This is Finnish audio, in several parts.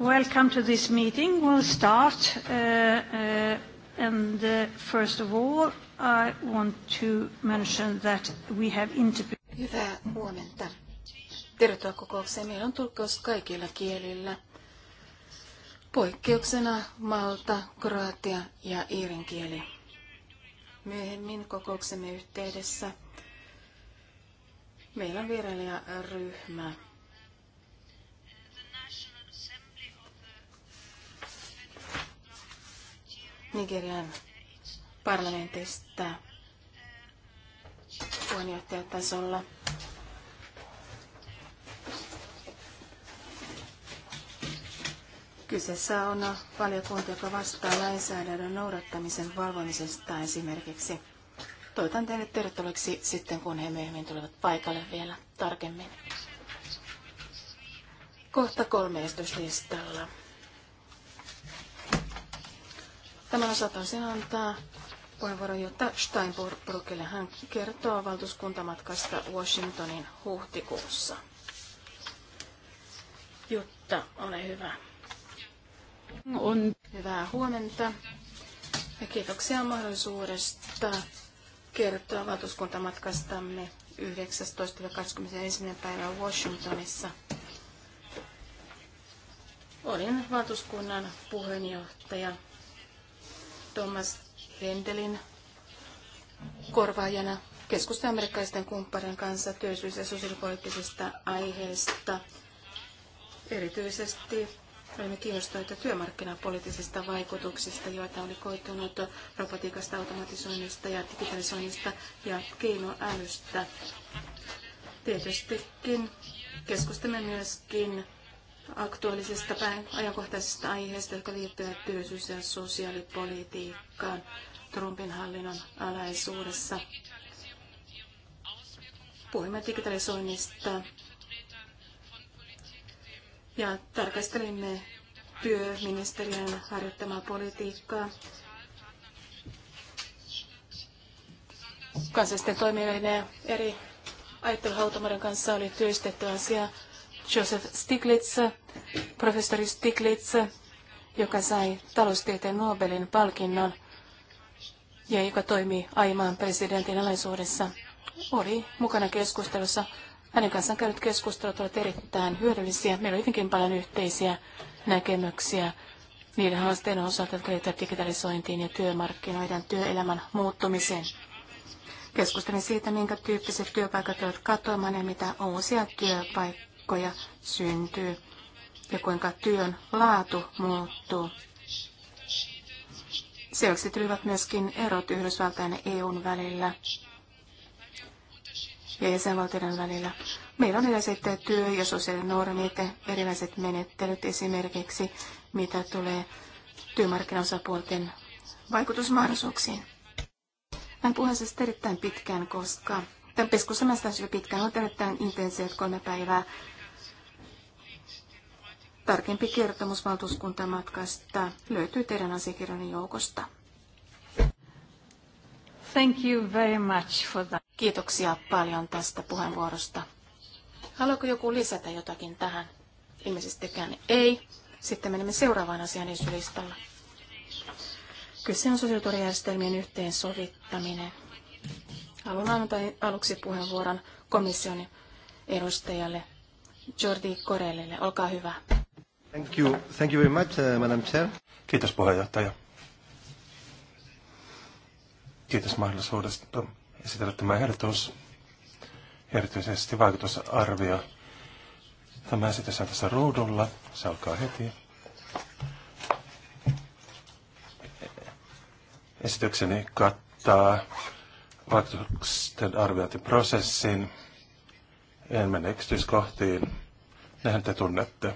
Welcome to this meeting. We'll start. Uh, uh, and uh, first of all, I want to mention that we have interpre- Hyvää huomenta. Tervetuloa kokoukseen. Meillä on tulkkaus kaikilla kielillä. Poikkeuksena Malta, Kroatia ja Iirin kieli. Myöhemmin kokouksemme yhteydessä meillä on vierailijaryhmä Nigerian parlamentista puheenjohtajatasolla. Kyseessä on valiokunta, joka vastaa lainsäädännön noudattamisen valvomisesta esimerkiksi. Toivotan teille tervetulleeksi sitten, kun he myöhemmin tulevat paikalle vielä tarkemmin. Kohta listalla. Tämän osaltaan sen antaa puheenvuoron Jutta Steinbrückille. Hän kertoo valtuuskuntamatkasta Washingtonin huhtikuussa. Jutta, ole hyvä. On hyvää huomenta ja kiitoksia mahdollisuudesta kertoa valtuuskuntamatkastamme 19-21. päivä Washingtonissa. Olin valtuuskunnan puheenjohtaja Thomas Rendelin korvaajana keskusta amerikkalaisten kumppanien kanssa työllisyys- ja sosiaalipoliittisista aiheista. Erityisesti olemme kiinnostuneita työmarkkinapoliittisista vaikutuksista, joita oli koitunut robotiikasta, automatisoinnista ja digitalisoinnista ja keinoälystä. Tietystikin keskustelemme myöskin aktuaalisesta ajankohtaisesta aiheesta, jotka liittyvät työllisyys- ja sosiaalipolitiikkaan Trumpin hallinnon alaisuudessa. Puhuimme digitalisoinnista ja tarkastelimme työministeriön harjoittamaa politiikkaa. Kansallisten toimijoiden ja eri ajatteluhautomaiden kanssa oli työstetty asiaa Joseph Stiglitz, professori Stiglitz, joka sai taloustieteen Nobelin palkinnon ja joka toimii aimaan presidentin alaisuudessa, oli mukana keskustelussa. Hänen kanssaan käynyt keskustelut ovat erittäin hyödyllisiä. Meillä on hyvinkin paljon yhteisiä näkemyksiä niiden haasteiden osalta, jotka liittyvät digitalisointiin ja työmarkkinoiden työelämän muuttumiseen. Keskustelin siitä, minkä tyyppiset työpaikat ovat katoamaan ja mitä uusia työpaikkoja työpaikkoja syntyy ja kuinka työn laatu muuttuu. Selväksi tulivat myöskin erot Yhdysvaltain ja EUn välillä ja jäsenvaltioiden välillä. Meillä on erilaiset työ- ja sosiaalinormit, erilaiset menettelyt esimerkiksi, mitä tulee työmarkkinaosapuolten vaikutusmahdollisuuksiin. Näin puheessa erittäin pitkään, koska tämän peskussa mä sitä pitkään. Olen erittäin intensiivinen kolme päivää Tarkempi kertomus valtuuskuntamatkasta löytyy teidän asiakirjan joukosta. Thank you very much for that. Kiitoksia paljon tästä puheenvuorosta. Haluatko joku lisätä jotakin tähän? Ilmeisestikään ei. Sitten menemme seuraavaan asiaan listalla. Kyse on sosiaaliturjärjestelmien yhteensovittaminen. Haluan antaa aluksi puheenvuoron komission edustajalle Jordi Korelille. Olkaa hyvä. Thank you. Thank you very much, uh, Madam Chair. Kiitos puheenjohtaja. Kiitos mahdollisuudesta esitellä tämä ehdotus, erityisesti vaikutusarvio. Tämä esitys on tässä ruudulla. Se alkaa heti. Esitykseni kattaa vaikutusten arviointiprosessin. En mene yksityiskohtiin. Nehän te tunnette.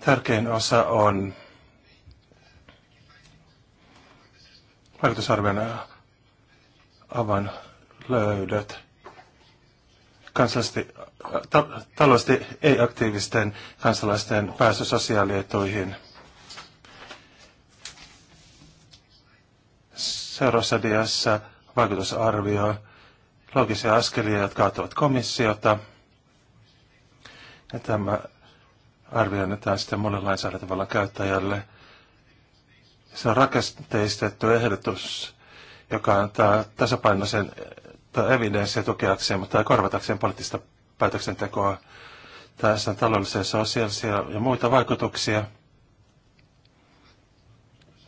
Tärkein osa on vaikutusarvion avan löydöt kansallisesti, ta, taloudellisesti ei-aktiivisten kansalaisten pääsy sosiaalietuihin. Seuraavassa diassa vaikutusarvio, logisia askelia, jotka auttavat komissiota. Ja tämä arvioinnetaan sitä monenlaisella tavalla käyttäjälle. Se on rakenteistettu ehdotus, joka antaa tasapainoisen evidenssiä tukeakseen, mutta ei korvatakseen poliittista päätöksentekoa. Tässä on taloudellisia, sosiaalisia ja muita vaikutuksia.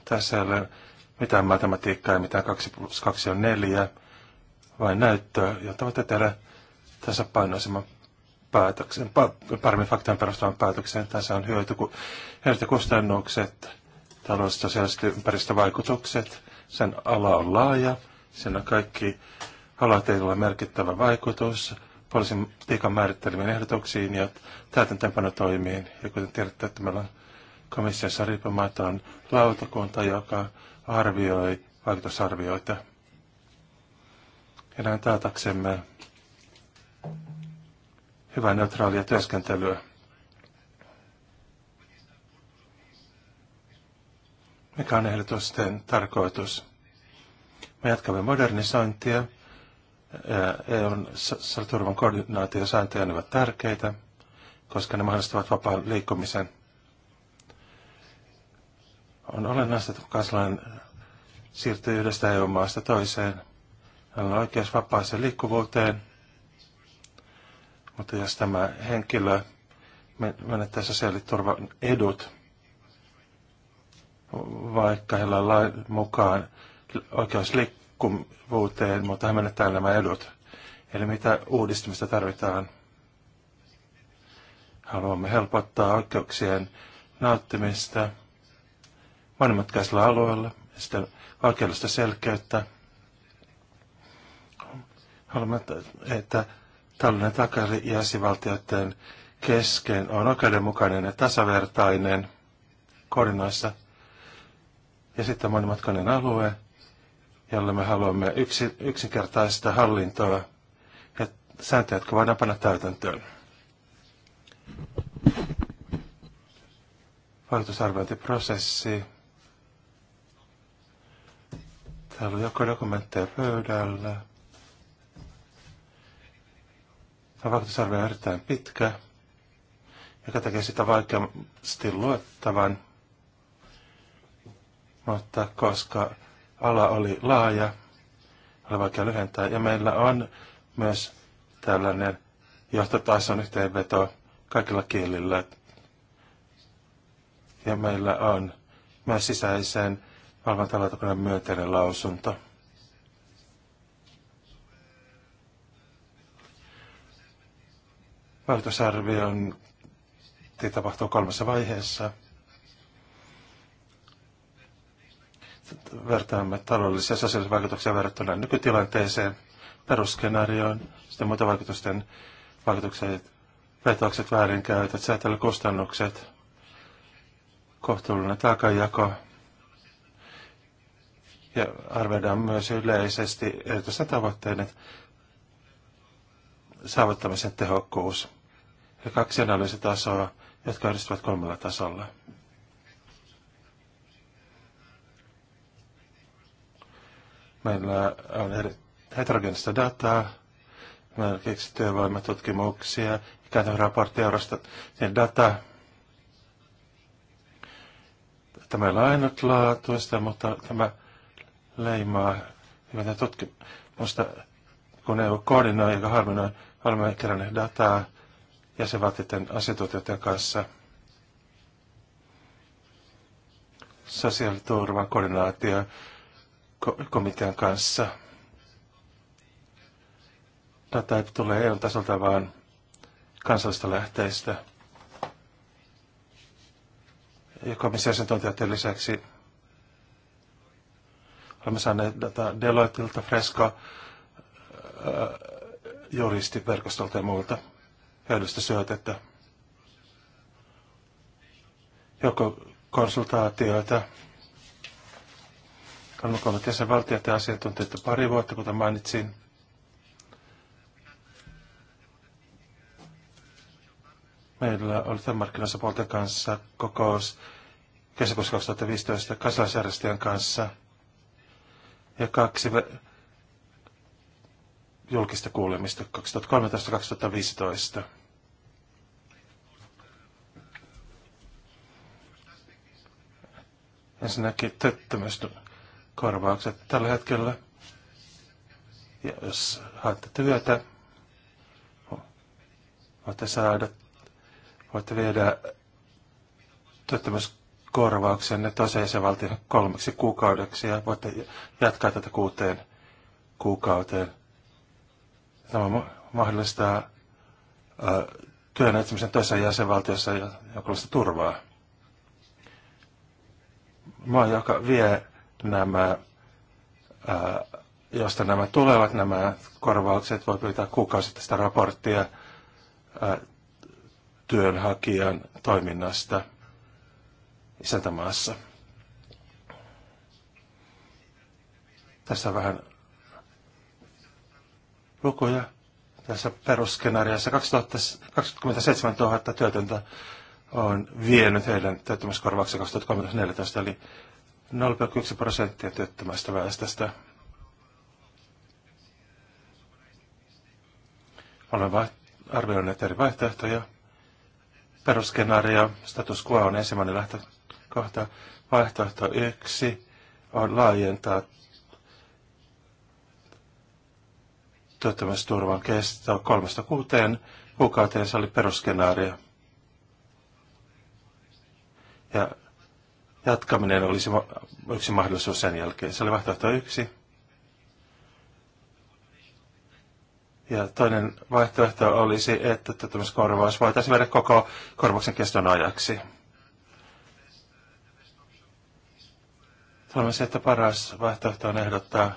Tässä ei ole mitään matematiikkaa ja mitään 2 plus 2 on 4, vain näyttöä, jotta voitte tehdä tasapainoisemman päätöksen, paremmin faktaan perustuvan päätöksen. Tässä on hyöty, kun kustannukset, taloudelliset, sosiaaliset ympäristövaikutukset, sen ala on laaja, sen on kaikki alateilla merkittävä vaikutus, politiikan määrittelemiin ehdotuksiin ja täytäntöönpanotoimiin. Ja kuten tiedätte, että meillä on komissiossa riippumaton lautakunta, joka arvioi vaikutusarvioita. Ja näin taataksemme hyvää neutraalia työskentelyä. Mikä on ehdotusten tarkoitus? Me jatkamme modernisointia. EUn sosiaaliturvan koordinaatiosääntöjä ovat tärkeitä, koska ne mahdollistavat vapaan liikkumisen. On olennaista, että kun kansalainen siirtyy yhdestä EU-maasta toiseen, hän on oikeus vapaaseen liikkuvuuteen, mutta jos tämä henkilö menettää sosiaaliturvan edut, vaikka heillä on lain mukaan oikeus liikkuvuuteen, mutta hän menettää nämä edut. Eli mitä uudistumista tarvitaan? Haluamme helpottaa oikeuksien nauttimista monimutkaisella alueella, sitten oikeudellista selkeyttä. Haluamme, että tällainen takari jäsivaltioiden kesken on oikeudenmukainen ja tasavertainen koordinoissa. Ja sitten monimatkainen alue, jolle me haluamme yksi, yksinkertaista hallintoa ja sääntöjä, jotka voidaan panna täytäntöön. Valitusarviointiprosessi. Täällä on joko dokumentteja pöydällä. Vaikutusarvio on erittäin pitkä, joka tekee sitä vaikeasti luettavan, mutta koska ala oli laaja, oli vaikea lyhentää. Ja meillä on myös tällainen johtotason yhteenveto kaikilla kielillä. Ja meillä on myös sisäisen valvontalautakunnan myönteinen lausunto. on tapahtuu kolmessa vaiheessa. Vertaamme taloudellisia ja sosiaalisia vaikutuksia verrattuna nykytilanteeseen, perusskenaarioon, sitten muita vaikutusten vaikutukset, vetokset, väärinkäytöt, säätelykustannukset, kohtuullinen takajako, ja arvioidaan myös yleisesti erityisten tavoitteiden saavuttamisen tehokkuus ja kaksi analyysitasoa, jotka yhdistyvät kolmella tasolla. Meillä on heterogeenista dataa, meillä keksi työvoimatutkimuksia, ikääntyvän raporttia, sen data. Tämä ei ole ainutlaatuista, mutta tämä leimaa hyvätä tutkimusta, kun EU koordinoi eikä harminoi, kolme kerran dataa jäsenvaltioiden asiantuntijoiden kanssa sosiaaliturvan koordinaatio komitean kanssa. Data no, ei tule EU-tasolta, vaan kansallista lähteistä. Ja komission asiantuntijoiden lisäksi olemme saaneet data deloitilta Fresco, äh, juristiverkostolta ja muilta äänestä syötettä. Joko konsultaatioita, Kalmakoulun jäsenvaltiot ja asiantuntijoita pari vuotta, kuten mainitsin. Meillä oli työmarkkinaosapuolten kanssa kokous kesäkuussa 2015 kansalaisjärjestöjen kanssa ja kaksi julkista kuulemista 2013-2015. Ensinnäkin työttömyyskorvaukset tällä hetkellä. Ja jos haette työtä, voitte saada, voitte viedä työttömyyskorvauksen toiseen valtion kolmeksi kuukaudeksi ja voitte jatkaa tätä kuuteen kuukauteen. Tämä mahdollistaa työn etsimisen toisessa jäsenvaltiossa ja jonkinlaista turvaa maa, joka vie nämä, ää, josta nämä tulevat nämä korvaukset, voi pyytää kuukausittaista raporttia ää, työnhakijan toiminnasta isäntämaassa. Tässä on vähän lukuja. Tässä perusskenaariossa 20, 27 000 työtöntä on vienyt heidän työttömyyskorvauksen 2013-2014, eli 0,1 prosenttia työttömästä väestöstä. Olemme arvioineet eri vaihtoehtoja. Perusskenaario, status quo on ensimmäinen lähtökohta. Vaihtoehto yksi on laajentaa työttömyysturvan kesto kolmesta kuuteen kuukauteen. Se oli perusskenaario. Ja jatkaminen olisi yksi mahdollisuus sen jälkeen. Se oli vaihtoehto yksi. Ja toinen vaihtoehto olisi, että työttömyyskorvaus voitaisiin viedä koko korvauksen keston ajaksi. Sanoisin, että paras vaihtoehto on ehdottaa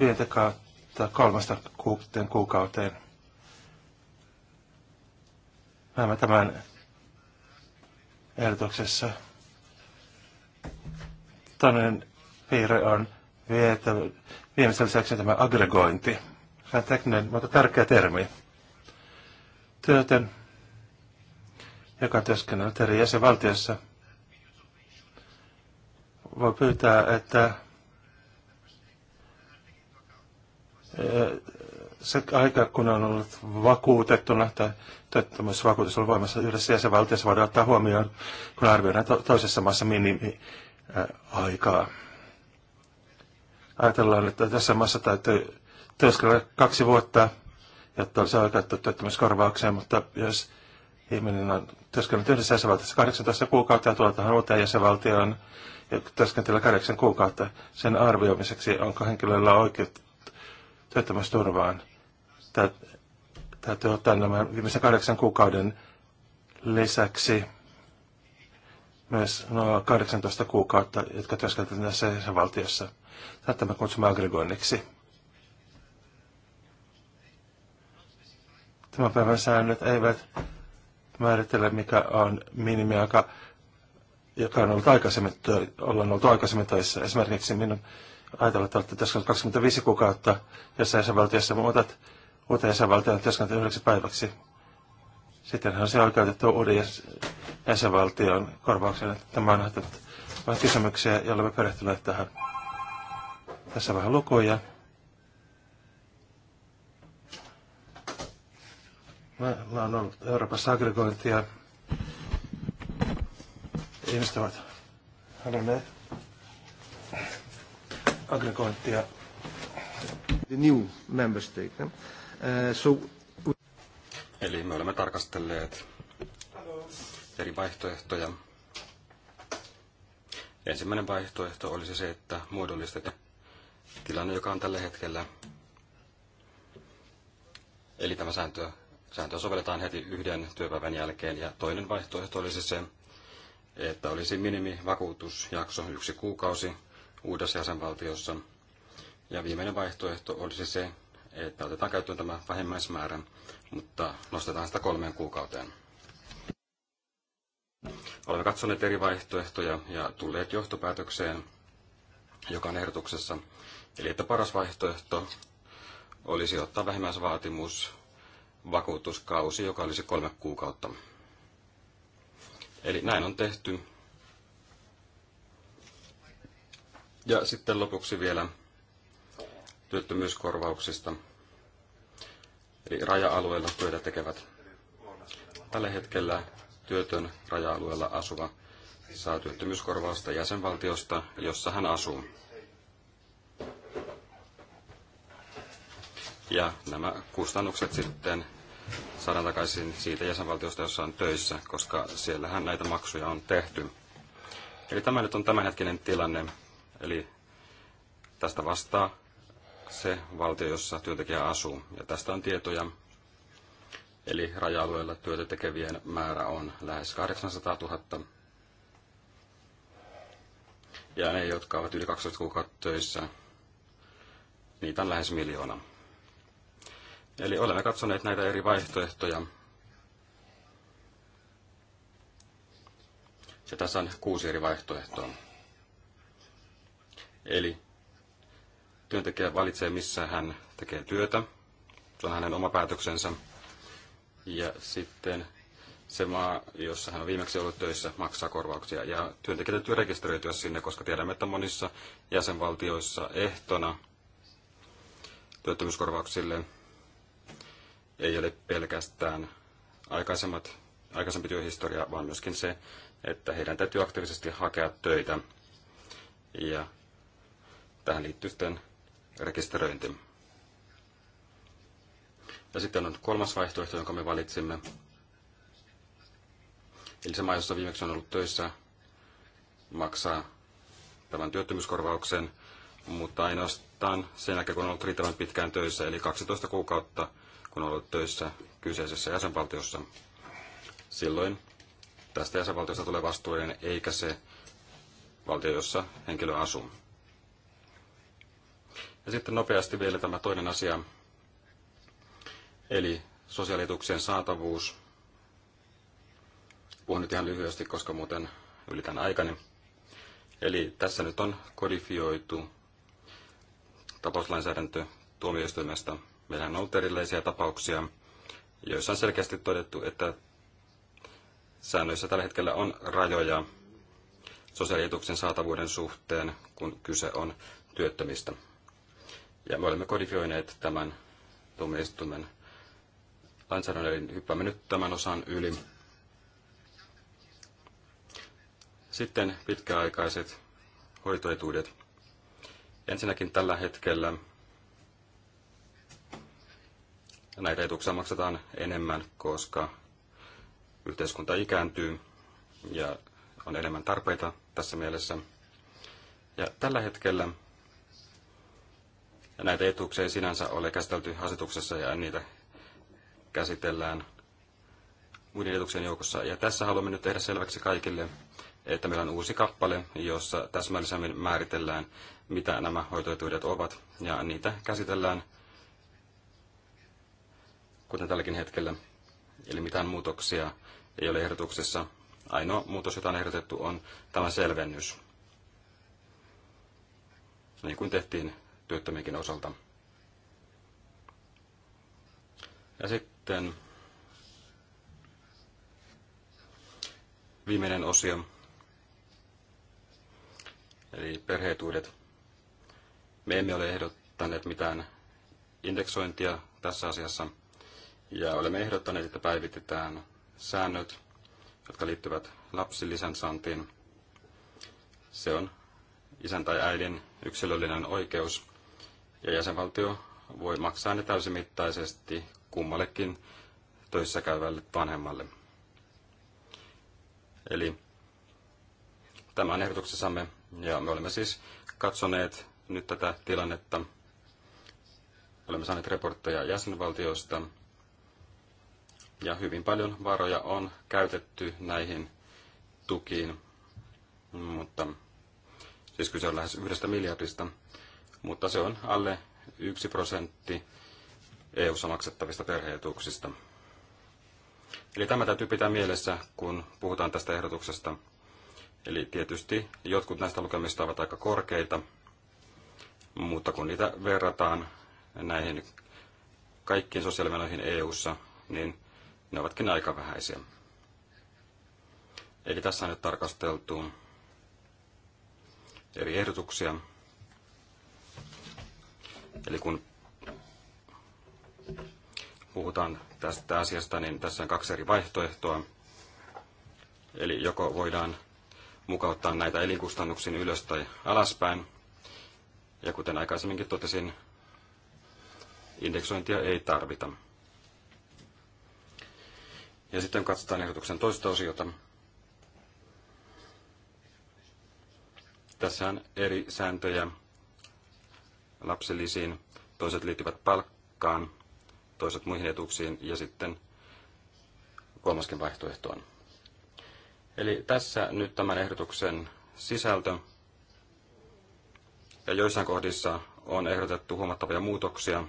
viitä kolmesta kuukauteen näemme tämän ehdotuksessa. Toinen piirre on viimeisen lisäksi tämä aggregointi. Se on tekninen, mutta tärkeä termi. Työtön, joka on työskennellyt eri jäsenvaltiossa, voi pyytää, että se aika, kun on ollut vakuutettuna tai vakuutus on voimassa yhdessä jäsenvaltiossa, voidaan ottaa huomioon, kun arvioidaan to- toisessa maassa minimiaikaa. Äh, Ajatellaan, että tässä maassa täytyy työskennellä kaksi vuotta, jotta olisi oikeutettu työttömyyskorvaukseen, mutta jos ihminen on työskennellyt yhdessä jäsenvaltiossa 18 kuukautta ja tuolla uuteen jäsenvaltioon, ja työskentelee kahdeksan kuukautta sen arvioimiseksi, onko henkilöllä oikeutta työttömyysturvaan täytyy ottaa nämä viimeisen kahdeksan kuukauden lisäksi myös noin 18 kuukautta, jotka työskentelevät näissä jäsenvaltiossa. Tätä me kutsumme aggregoinniksi. Tämän päivän säännöt eivät määrittele, mikä on minimiaika, joka on ollut aikaisemmin, ollaan ollut aikaisemmin töissä. Esimerkiksi minun ajatella, että olette tässä 25 kuukautta jossain jäsenvaltiossa, muutat uutta jäsenvaltiota työskentelyä yhdeksi päiväksi. Sittenhän on se oikeutettu uuden jäsenvaltion korvauksen, Tämä on nähtänyt vähän kysymyksiä, joilla me perehtyneet tähän. Tässä vähän lukuja. Meillä on ollut Euroopassa aggregointia. Ihmiset ovat halunneet aggregointia. The new member state. Eh? Eh, so... Eli me olemme tarkastelleet eri vaihtoehtoja. Ensimmäinen vaihtoehto olisi se, että muodollistetaan tilanne, joka on tällä hetkellä. Eli tämä sääntö, sääntö sovelletaan heti yhden työpäivän jälkeen. Ja toinen vaihtoehto olisi se, että olisi minimivakuutusjakso yksi kuukausi uudessa jäsenvaltiossa. Ja viimeinen vaihtoehto olisi se, että otetaan käyttöön tämä vähimmäismäärä, mutta nostetaan sitä kolmeen kuukauteen. Olemme katsoneet eri vaihtoehtoja ja tulleet johtopäätökseen, joka on ehdotuksessa. Eli että paras vaihtoehto olisi ottaa vähimmäisvaatimus vakuutuskausi, joka olisi kolme kuukautta. Eli näin on tehty. Ja sitten lopuksi vielä työttömyyskorvauksista, eli raja-alueella työtä tekevät. Tällä hetkellä työtön raja-alueella asuva saa työttömyyskorvausta jäsenvaltiosta, jossa hän asuu. Ja nämä kustannukset sitten saadaan takaisin siitä jäsenvaltiosta, jossa on töissä, koska siellähän näitä maksuja on tehty. Eli tämä nyt on tämänhetkinen tilanne. Eli tästä vastaa se valtio, jossa työntekijä asuu. Ja tästä on tietoja. Eli raja-alueella työtä tekevien määrä on lähes 800 000. Ja ne, jotka ovat yli 12 kuukautta töissä, niitä on lähes miljoona. Eli olemme katsoneet näitä eri vaihtoehtoja. Ja tässä on kuusi eri vaihtoehtoa. Eli työntekijä valitsee, missä hän tekee työtä. Se on hänen oma päätöksensä. Ja sitten se maa, jossa hän on viimeksi ollut töissä, maksaa korvauksia. Ja työntekijät täytyy rekisteröityä sinne, koska tiedämme, että monissa jäsenvaltioissa ehtona työttömyyskorvauksille ei ole pelkästään aikaisemmat, aikaisempi työhistoria, vaan myöskin se, että heidän täytyy aktiivisesti hakea töitä. Ja tähän liittyy sitten rekisteröinti. Ja sitten on kolmas vaihtoehto, jonka me valitsimme. Eli se maa, jossa viimeksi on ollut töissä, maksaa tämän työttömyyskorvauksen, mutta ainoastaan sen jälkeen, kun on ollut riittävän pitkään töissä, eli 12 kuukautta, kun on ollut töissä kyseisessä jäsenvaltiossa. Silloin tästä jäsenvaltiosta tulee vastuullinen, eikä se valtio, jossa henkilö asuu. Ja sitten nopeasti vielä tämä toinen asia, eli sosiaalietuuksien saatavuus. Puhun nyt ihan lyhyesti, koska muuten ylitän aikani. Eli tässä nyt on kodifioitu tapauslainsäädäntö tuomioistuimesta. Meillä on ollut erilaisia tapauksia, joissa on selkeästi todettu, että säännöissä tällä hetkellä on rajoja sosiaalietuuksien saatavuuden suhteen, kun kyse on työttömistä. Ja me olemme kodifioineet tämän tuomioistuimen lainsäädännön, eli hyppäämme nyt tämän osan yli. Sitten pitkäaikaiset hoitoetuudet. Ensinnäkin tällä hetkellä näitä etuuksia maksetaan enemmän, koska yhteiskunta ikääntyy ja on enemmän tarpeita tässä mielessä. Ja tällä hetkellä ja näitä etuuksia ei sinänsä ole käsitelty asetuksessa ja niitä käsitellään muiden etuuksien joukossa. Ja tässä haluamme nyt tehdä selväksi kaikille, että meillä on uusi kappale, jossa täsmällisemmin määritellään, mitä nämä hoitoetuudet ovat, ja niitä käsitellään kuten tälläkin hetkellä. Eli mitään muutoksia ei ole ehdotuksessa. Ainoa muutos, jota on ehdotettu, on tämä selvennys. Niin kuin tehtiin työttömienkin osalta. Ja sitten viimeinen osio, eli perheetuudet. Me emme ole ehdottaneet mitään indeksointia tässä asiassa, ja olemme ehdottaneet, että päivitetään säännöt, jotka liittyvät lapsilisän saantiin. Se on isän tai äidin yksilöllinen oikeus, ja jäsenvaltio voi maksaa ne täysimittaisesti kummallekin töissä käyvälle vanhemmalle. Eli tämä on ehdotuksessamme, ja me olemme siis katsoneet nyt tätä tilannetta. Olemme saaneet raportteja jäsenvaltioista, ja hyvin paljon varoja on käytetty näihin tukiin, mutta siis kyse on lähes yhdestä miljardista mutta se on alle 1 prosentti EU-ssa maksettavista perheetuuksista. Eli tämä täytyy pitää mielessä, kun puhutaan tästä ehdotuksesta. Eli tietysti jotkut näistä lukemista ovat aika korkeita, mutta kun niitä verrataan näihin kaikkiin sosiaalimenoihin EU-ssa, niin ne ovatkin aika vähäisiä. Eli tässä on nyt tarkasteltu eri ehdotuksia. Eli kun puhutaan tästä asiasta, niin tässä on kaksi eri vaihtoehtoa. Eli joko voidaan mukauttaa näitä elinkustannuksia ylös tai alaspäin. Ja kuten aikaisemminkin totesin, indeksointia ei tarvita. Ja sitten katsotaan ehdotuksen toista osiota. Tässä on eri sääntöjä lapsellisiin, toiset liittyvät palkkaan, toiset muihin etuuksiin ja sitten kolmaskin vaihtoehtoon. Eli tässä nyt tämän ehdotuksen sisältö. Ja joissain kohdissa on ehdotettu huomattavia muutoksia,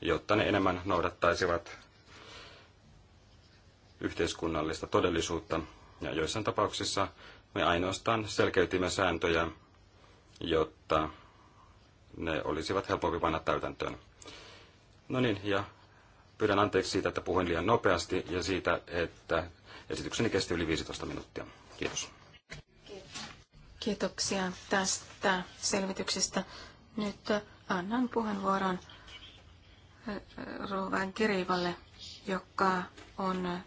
jotta ne enemmän noudattaisivat yhteiskunnallista todellisuutta. Ja joissain tapauksissa me ainoastaan selkeytimme sääntöjä, jotta ne olisivat helpompi panna täytäntöön. No niin, ja pyydän anteeksi siitä, että puhuin liian nopeasti ja siitä, että esitykseni kesti yli 15 minuuttia. Kiitos. Kiitoksia tästä selvityksestä. Nyt annan puheenvuoron eh, Ruvan Kirivalle, joka on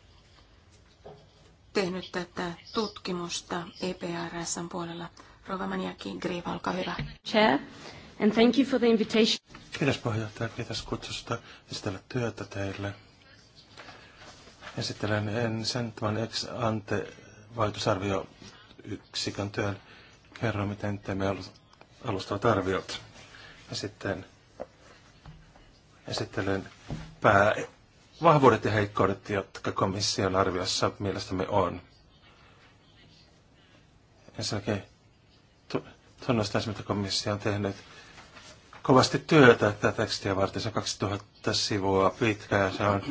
tehnyt tätä tutkimusta EPRSn puolella. Rova Maniaki Griiva, olkaa hyvä. Chair. And thank you for the invitation. Kiitos puheenjohtaja, kiitos kutsusta esitellä työtä teille. Esittelen ensin tämän ex ante vaikutusarvio yksikön työn. kerro miten teemme alustavat arviot. Ja sitten esittelen pää vahvuudet ja heikkoudet, jotka komission arviossa mielestämme on. Ensinnäkin tunnustaisi, mitä komissio on tehnyt kovasti työtä tätä tekstiä varten. Se on 2000 sivua pitkä ja se on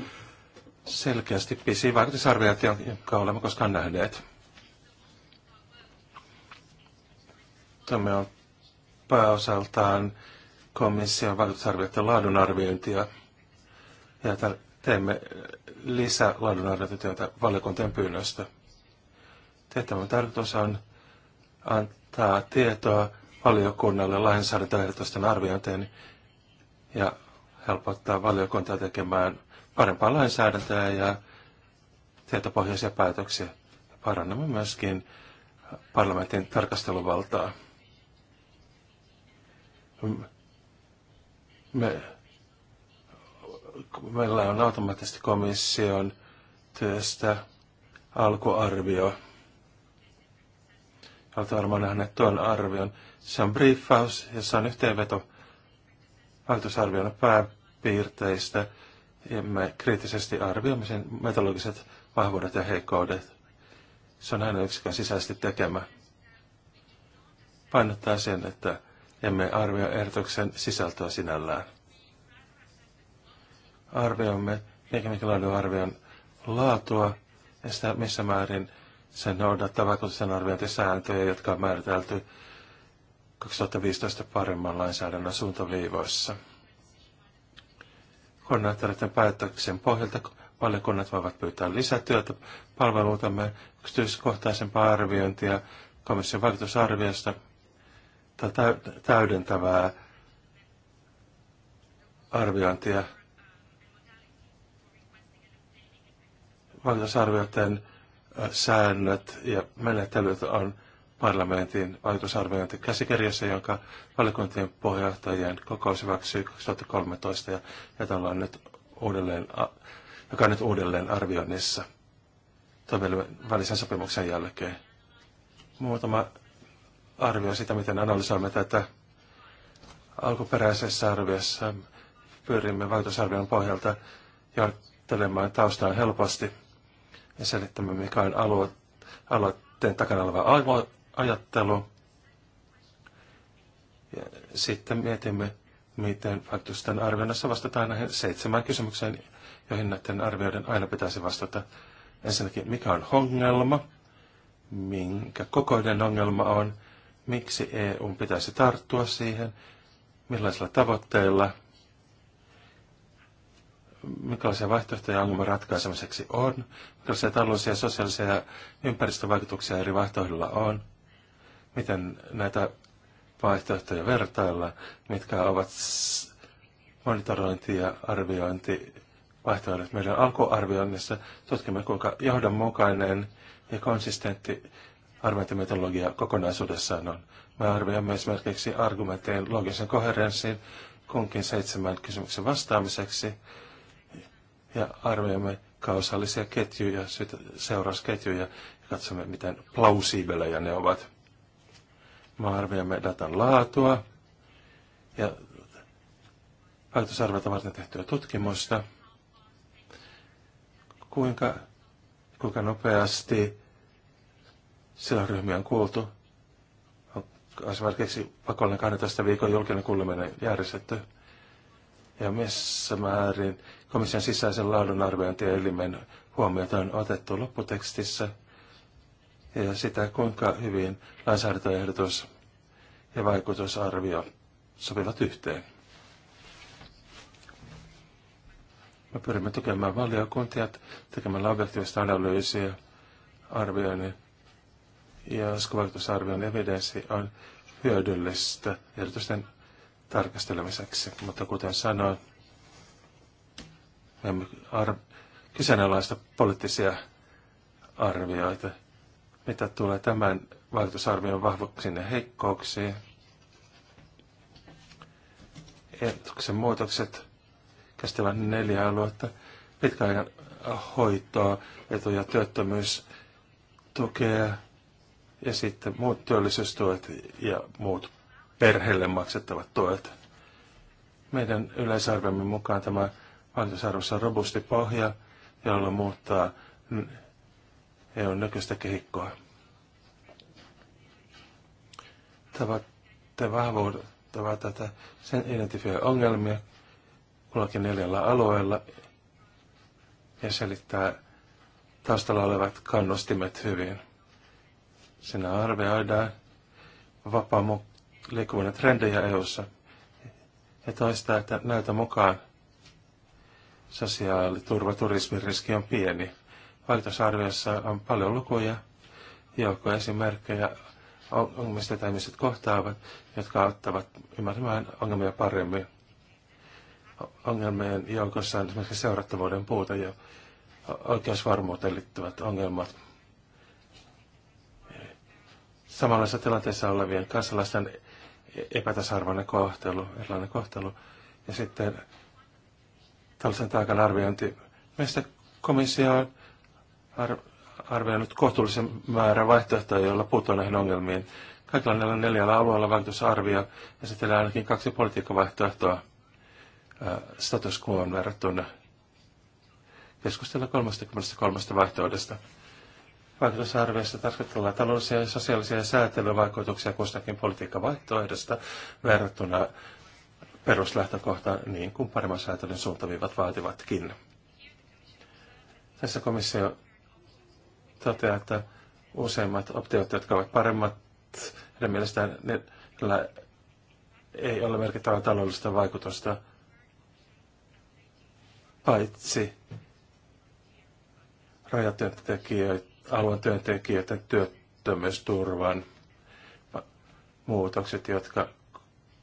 selkeästi pisi. vaikutusarviot, jonka olemme koskaan nähneet. Tämä on pääosaltaan komission vaikutusarvioiden laadunarviointia ja teemme lisää laadunarviointityötä valiokuntien pyynnöstä. Tehtävän tarkoitus on antaa tietoa valiokunnalle lainsäädäntöehdotusten arviointiin ja helpottaa valiokuntaa tekemään parempaa lainsäädäntöä ja tietopohjaisia päätöksiä. Parannamme myöskin parlamentin tarkasteluvaltaa. Me, meillä on automaattisesti komission työstä alkuarvio. Olet varmaan nähnyt tuon arvion. Se on briefaus, jossa on yhteenveto vaikutusarvion pääpiirteistä ja me kriittisesti arvioimme sen metodologiset vahvuudet ja heikkoudet. Se on aina yksikään sisäisesti tekemä. Painottaa sen, että emme arvioi ehdotuksen sisältöä sinällään. Arvioimme tekemisen arvion laatua ja sitä, missä määrin sen noudattaa vaikutusten arviointisääntöjä, jotka on määritelty 2015 paremman lainsäädännön suuntaviivoissa. Koordinaattoreiden päätöksen pohjalta valiokunnat voivat pyytää lisätyötä palveluutamme, yksityiskohtaisempaa arviointia, komission vaikutusarviosta tai täydentävää arviointia vaikutusarvioiden säännöt ja menettelyt on parlamentin vaikutusarviointi käsikirjassa, jonka valiokuntien puheenjohtajien kokous hyväksyi 2013 ja jota ollaan nyt uudelleen, joka on nyt uudelleen arvioinnissa välisen sopimuksen jälkeen. Muutama arvio sitä, miten analysoimme tätä alkuperäisessä arviossa. Pyrimme vaikutusarvion pohjalta jaottelemaan taustaa helposti ja selittämään, mikä on alue, aloitteen takana oleva ajattelu. Ja sitten mietimme, miten vaikutusten arvioinnissa vastataan näihin seitsemään kysymykseen, joihin näiden arvioiden aina pitäisi vastata. Ensinnäkin, mikä on ongelma, minkä kokoinen ongelma on, miksi EU pitäisi tarttua siihen, millaisilla tavoitteilla, minkälaisia vaihtoehtoja ongelman ratkaisemiseksi on, minkälaisia taloudellisia, sosiaalisia ja ympäristövaikutuksia eri vaihtoehdolla on – miten näitä vaihtoehtoja vertailla, mitkä ovat monitorointi ja arviointi Meidän alkuarvioinnissa tutkimme, kuinka johdonmukainen ja konsistentti argumenttimetodologia kokonaisuudessaan on. Me arvioimme esimerkiksi argumenttien logisen koherenssin kunkin seitsemän kysymyksen vastaamiseksi ja arvioimme kausaalisia ketjuja, seurausketjuja ja katsomme, miten plausibeleja ne ovat. Me arvioimme datan laatua ja päätösarvelta varten tehtyä tutkimusta, kuinka, kuinka nopeasti sidosryhmiä on kuultu. On esimerkiksi pakollinen 12 viikon julkinen kuuleminen järjestetty ja missä määrin komission sisäisen laadun laadunarviointielimen huomiota on otettu lopputekstissä – ja sitä, kuinka hyvin lainsäädäntöehdotus ja vaikutusarvio sopivat yhteen. Me pyrimme tukemaan valiokuntia tekemällä objektiivista analyysiä, arvioinnin ja vaikutusarvion evidenssi on hyödyllistä ehdotusten tarkastelemiseksi. Mutta kuten sanoin, me emme ar- kyseenalaista poliittisia arvioita mitä tulee tämän vaikutusarvion vahvuuksiin ja heikkouksiin? Ehdotuksen muutokset käsittelevät neljä aluetta. Pitkäaikan hoitoa, etu- ja työttömyystukea ja sitten muut työllisyystuet ja muut perheelle maksettavat tuet. Meidän yleisarvemme mukaan tämä vaikutusarvossa on robusti pohja, jolla muuttaa EUn näköistä kehikkoa. Tavoitteen vahvuudet tätä sen identifioi ongelmia kullakin neljällä alueella ja selittää taustalla olevat kannustimet hyvin. Sinä arvioidaan vapaa liikkuvuuden trendejä EU:ssa ja toistaa, että näitä mukaan sosiaaliturvaturismin riski on pieni – Valitusarviossa on paljon lukuja, joukko esimerkkejä ongelmista, joita ihmiset kohtaavat, jotka auttavat ymmärtämään ongelmia paremmin. Ongelmien joukossa on esimerkiksi seurattavuuden puute ja oikeusvarmuuteen liittyvät ongelmat. Samanlaisessa tilanteessa olevien kansalaisten epätasarvoinen kohtelu, erilainen kohtelu ja sitten tällaisen taakan arviointi. Meistä komissio on ar- arvioinut kohtuullisen määrän vaihtoehtoja, joilla puuttua näihin ongelmiin. Kaikilla näillä neljällä alueella vaikutusarvio sitten ainakin kaksi politiikkavaihtoehtoa status on verrattuna. Keskustella 33 vaihtoehdosta. Vaikutusarviossa tarkastellaan taloudellisia ja sosiaalisia säätelyvaikutuksia kustakin politiikkavaihtoehdosta verrattuna peruslähtökohtaan, niin kuin paremman säätelyn suuntaviivat vaativatkin. Tässä komissio toteaa, että useimmat optiot, jotka ovat paremmat, heidän mielestään niillä ei ole merkittävää taloudellista vaikutusta, paitsi rajatyöntekijöiden, alueen työntekijöiden työttömyysturvan muutokset, jotka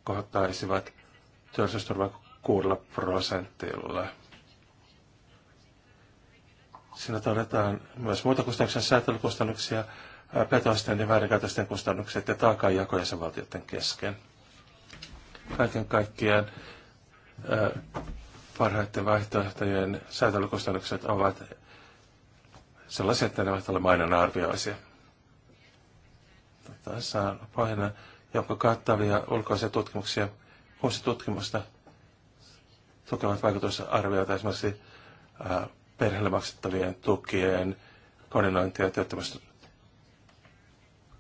kohottaisivat työllisyysturvan kuudella prosentilla. Siinä todetaan myös muita kustannuksia, säätelykustannuksia, petosten ja väärinkäytösten kustannukset ja taakanjako jäsenvaltioiden kesken. Kaiken kaikkiaan parhaiten vaihtoehtojen säätelykustannukset ovat sellaisia, että ne ovat ole mainon arvioisia. Tässä on pohjana joukko kattavia ulkoisia tutkimuksia, kuusi tutkimusta tukevat vaikutusarvioita esimerkiksi perheelle maksettavien tukien koordinointia ja työttömästä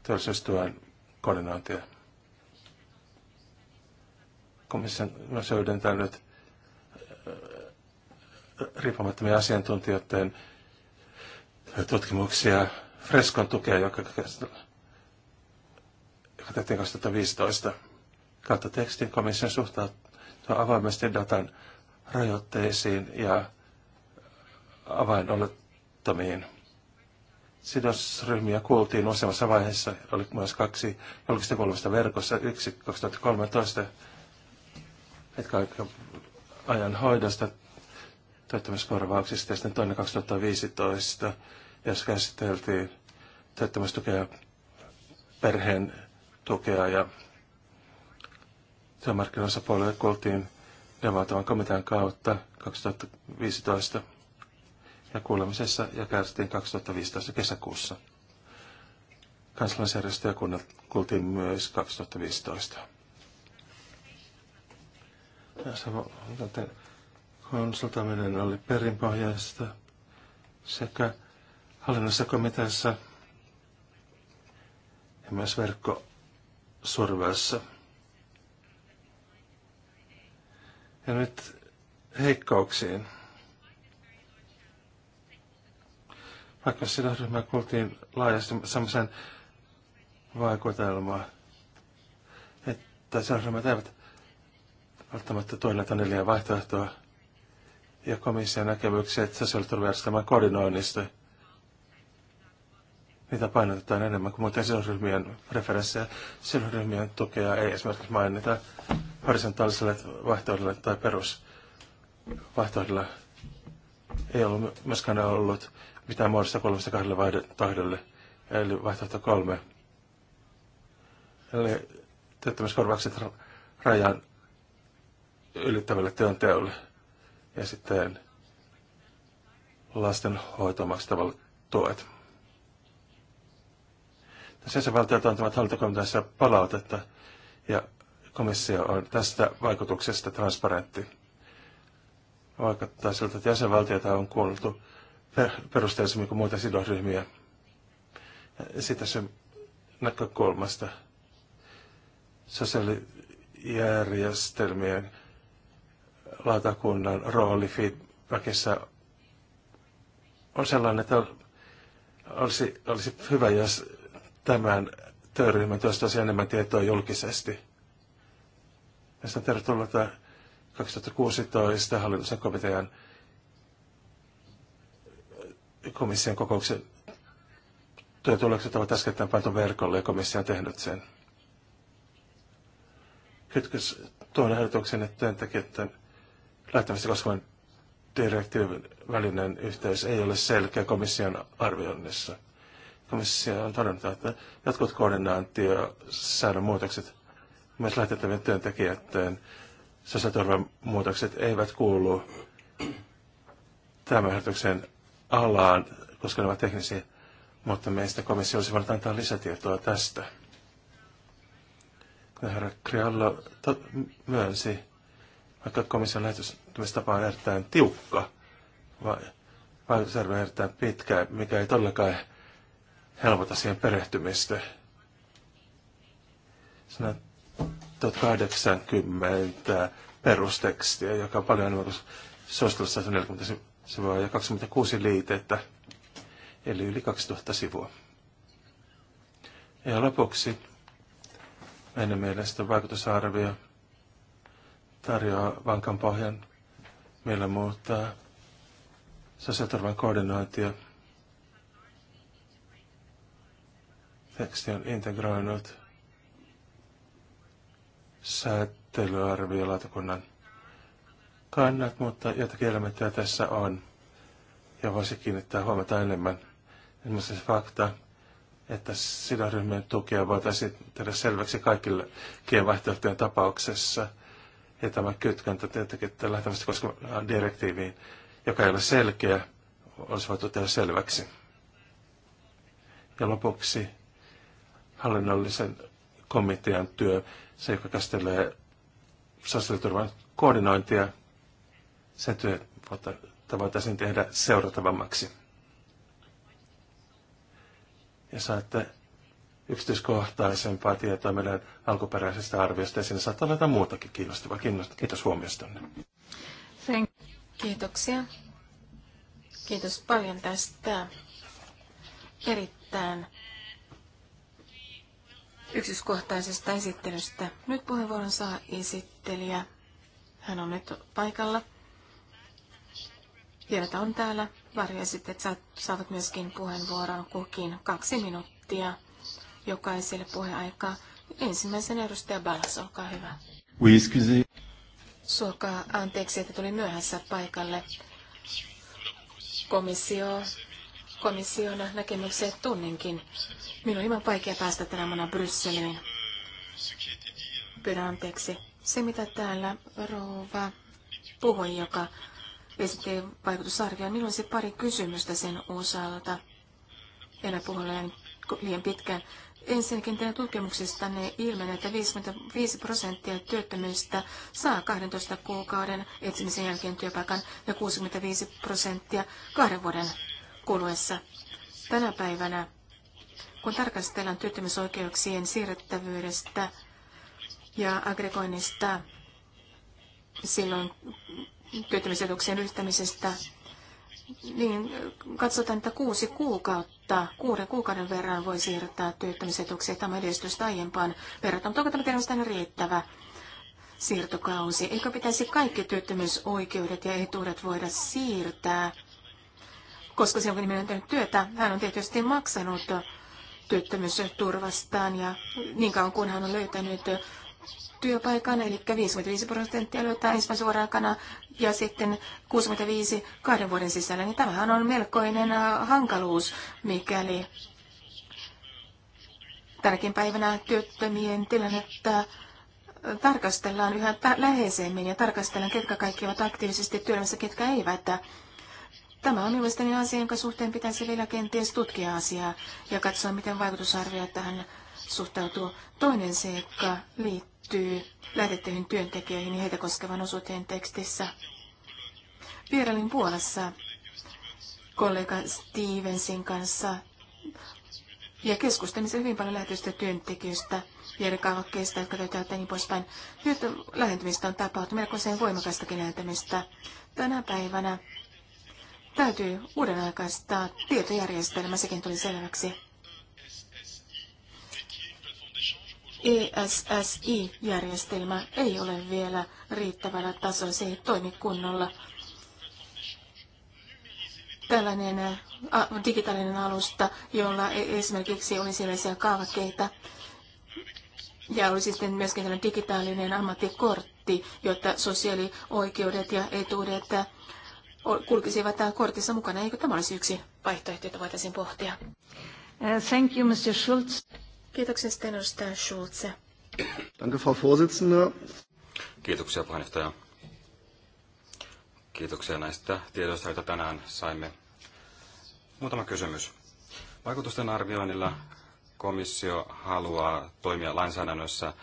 työllisyystyön koordinointia. Komission myös yhdentää nyt äh, riippumattomien asiantuntijoiden tutkimuksia Freskon tukea, joka, joka tehtiin 2015. Kautta tekstin komission suhtautua avoimesti datan rajoitteisiin ja avainolettamiin. Sidosryhmiä kuultiin useammassa vaiheessa. Oli myös kaksi julkista kuulemista verkossa. Yksi 2013 ajan hoidosta työttömyyskorvauksista ja sitten toinen 2015, jos käsiteltiin työttömyystukea, perheen tukea ja työmarkkinoissa puolelle kuultiin neuvotavan komitean kautta 2015 ja kuulemisessa järjestettiin 2015 kesäkuussa. Kansalaisjärjestöjä kuultiin myös 2015. Ja konsultaminen oli perinpohjaista sekä hallinnossa komiteassa ja myös verkkosurveessa. Ja nyt heikkauksiin. vaikka sidosryhmä kuultiin laajasti semmoisen vaikutelmaa, että sidosryhmät eivät välttämättä tuoneet neljä vaihtoehtoa ja komission että sosiaaliturvajärjestelmän koordinoinnista. Niitä painotetaan enemmän kuin muuten sidosryhmien referenssejä. Sidosryhmien tukea ei esimerkiksi mainita horisontaaliselle vaihtoehdolle tai perusvaihtoehdolle ei ollut myöskään ollut mitä muodosta kolmesta kahdelle tahdelle, eli vaihtoehto kolme. Eli työttömyyskorvaukset rajan ylittävälle työnteolle ja sitten lasten hoitomaksettavalle tuet. Tässä on antavat hallintokomiteassa palautetta ja komissio on tästä vaikutuksesta transparentti. Vaikuttaa siltä, että jäsenvaltioita on kuultu perusteellisemmin kuin muita sidosryhmiä. Sitä se näkökulmasta sosiaalijärjestelmien lautakunnan rooli feedbackissa on sellainen, että olisi, olisi hyvä, jos tämän työryhmän tuosta enemmän tietoa julkisesti. Tästä on tervetullutta 2016 hallituksen komitean komission kokouksen työtulokset ovat äskettäin pantu verkolle ja komissio on tehnyt sen. Kytkös tuon ehdotuksen, että työntekijöiden lähtemistä koskevan direktiivin välinen yhteys ei ole selkeä komission arvioinnissa. Komissio on todennut, että jotkut koordinaatiosäännön muutokset, myös lähetettävien työntekijöiden sosiaaliturvan muutokset eivät kuulu tämän ehdotuksen alaan, koska ne ovat teknisiä, mutta meistä komissio olisi voinut antaa lisätietoa tästä. herra Criallo myönsi, vaikka komission lähestymistapa on erittäin tiukka, vai on erittäin pitkä, mikä ei todellakaan helpota siihen perehtymistä. Sanat 1980 perustekstiä, joka on paljon enemmän kuin suosittelussa 40 sivua ja 26 liitettä, eli yli 2000 sivua. Ja lopuksi meidän mielestä vaikutusarvio tarjoaa vankan pohjan meillä muuttaa sosiaaliturvan koordinointia. Teksti on integroinut lautakunnan kannat, mutta jotakin elementtejä tässä on. Ja voisi kiinnittää huomata enemmän esimerkiksi fakta, että sidoryhmien tukea voitaisiin tehdä selväksi kaikille vaihtoehtojen tapauksessa. Ja tämä kytkentä tietenkin lähtevästi koskevaan direktiiviin, joka ei ole selkeä, olisi voitu tehdä selväksi. Ja lopuksi hallinnollisen komitean työ, se joka käsittelee sosiaaliturvan koordinointia se työ voitaisiin tehdä seuratavammaksi. Ja saatte yksityiskohtaisempaa tietoa meidän alkuperäisestä arviosta ja siinä saattaa olla muutakin kiinnostavaa. Kiitos huomiostanne. Thank. Kiitoksia. Kiitos paljon tästä erittäin yksityiskohtaisesta esittelystä. Nyt puheenvuoron saa esittelijä. Hän on nyt paikalla joita on täällä että saavat myöskin puheenvuoron kukin kaksi minuuttia jokaiselle puheaikaa. Ensimmäisen edustaja Balas, olkaa hyvä. Oui, Suokaa anteeksi, että tuli myöhässä paikalle. Komissio, komission näkemykset tunninkin. Minun on hieman vaikea päästä tänä mona Brysseliin. Pyydän anteeksi. Se, mitä täällä rouva puhui, joka esitti vaikutusarvio. Minulla olisi pari kysymystä sen osalta. En puhu liian pitkään. Ensinnäkin teidän tutkimuksistanne ilmenee, että 55 prosenttia työttömyystä saa 12 kuukauden etsimisen jälkeen työpaikan ja 65 prosenttia kahden vuoden kuluessa. Tänä päivänä, kun tarkastellaan työttömyysoikeuksien siirrettävyydestä ja agregoinnista, silloin työttömyysetuuksien yhtämisestä, niin katsotaan, että kuusi kuukautta, kuuden kuukauden verran voi siirtää työttömyysetuksia. tämä edistystä aiempaan verrattuna. Mutta onko tämä tietysti riittävä siirtokausi? Eikö pitäisi kaikki työttömyysoikeudet ja etuudet voida siirtää? Koska se, kun on tehnyt työtä, hän on tietysti maksanut työttömyysturvastaan ja niin kauan kun hän on löytänyt työpaikan, eli 55 prosenttia löytää ensimmäisen vuoden aikana ja sitten 65 kahden vuoden sisällä, niin tämähän on melkoinen äh, hankaluus, mikäli tänäkin päivänä työttömien tilannetta äh, tarkastellaan yhä läheisemmin ja tarkastellaan, ketkä kaikki ovat aktiivisesti työelämässä, ketkä eivät. Tämä on mielestäni asia, jonka suhteen pitäisi vielä kenties tutkia asiaa ja katsoa, miten vaikutusarviot tähän suhtautuu. Toinen seikka liittyy lähetettyihin työntekijöihin ja heitä koskevan osuuteen tekstissä. Vierailin Puolassa kollega Stevensin kanssa ja keskustelimme hyvin paljon lähetystä työntekijöistä järjikaavakkeista, jotka täytyy niin poispäin. Nyt lähentymistä on tapahtunut melkoiseen voimakastakin lähentymistä. Tänä päivänä täytyy uuden tietojärjestelmä, sekin tuli selväksi. ESSI-järjestelmä ei ole vielä riittävällä tasolla, se ei toimi kunnolla. Tällainen digitaalinen alusta, jolla e, esimerkiksi olisi erilaisia kaavakeita, ja olisi sitten myöskin tällainen digitaalinen ammattikortti, jotta sosiaalioikeudet ja etuudet kulkisivat kortissa mukana. Eikö tämä olisi yksi vaihtoehto, jota voitaisiin pohtia? Uh, thank you, Mr. Schulz. Kiitoksia sitten edustaja Schulze. Danke, Frau Vorsitzende. Kiitoksia puheenjohtaja. Kiitoksia näistä tiedoista, joita tänään saimme. Muutama kysymys. Vaikutusten arvioinnilla komissio haluaa toimia lainsäädännössä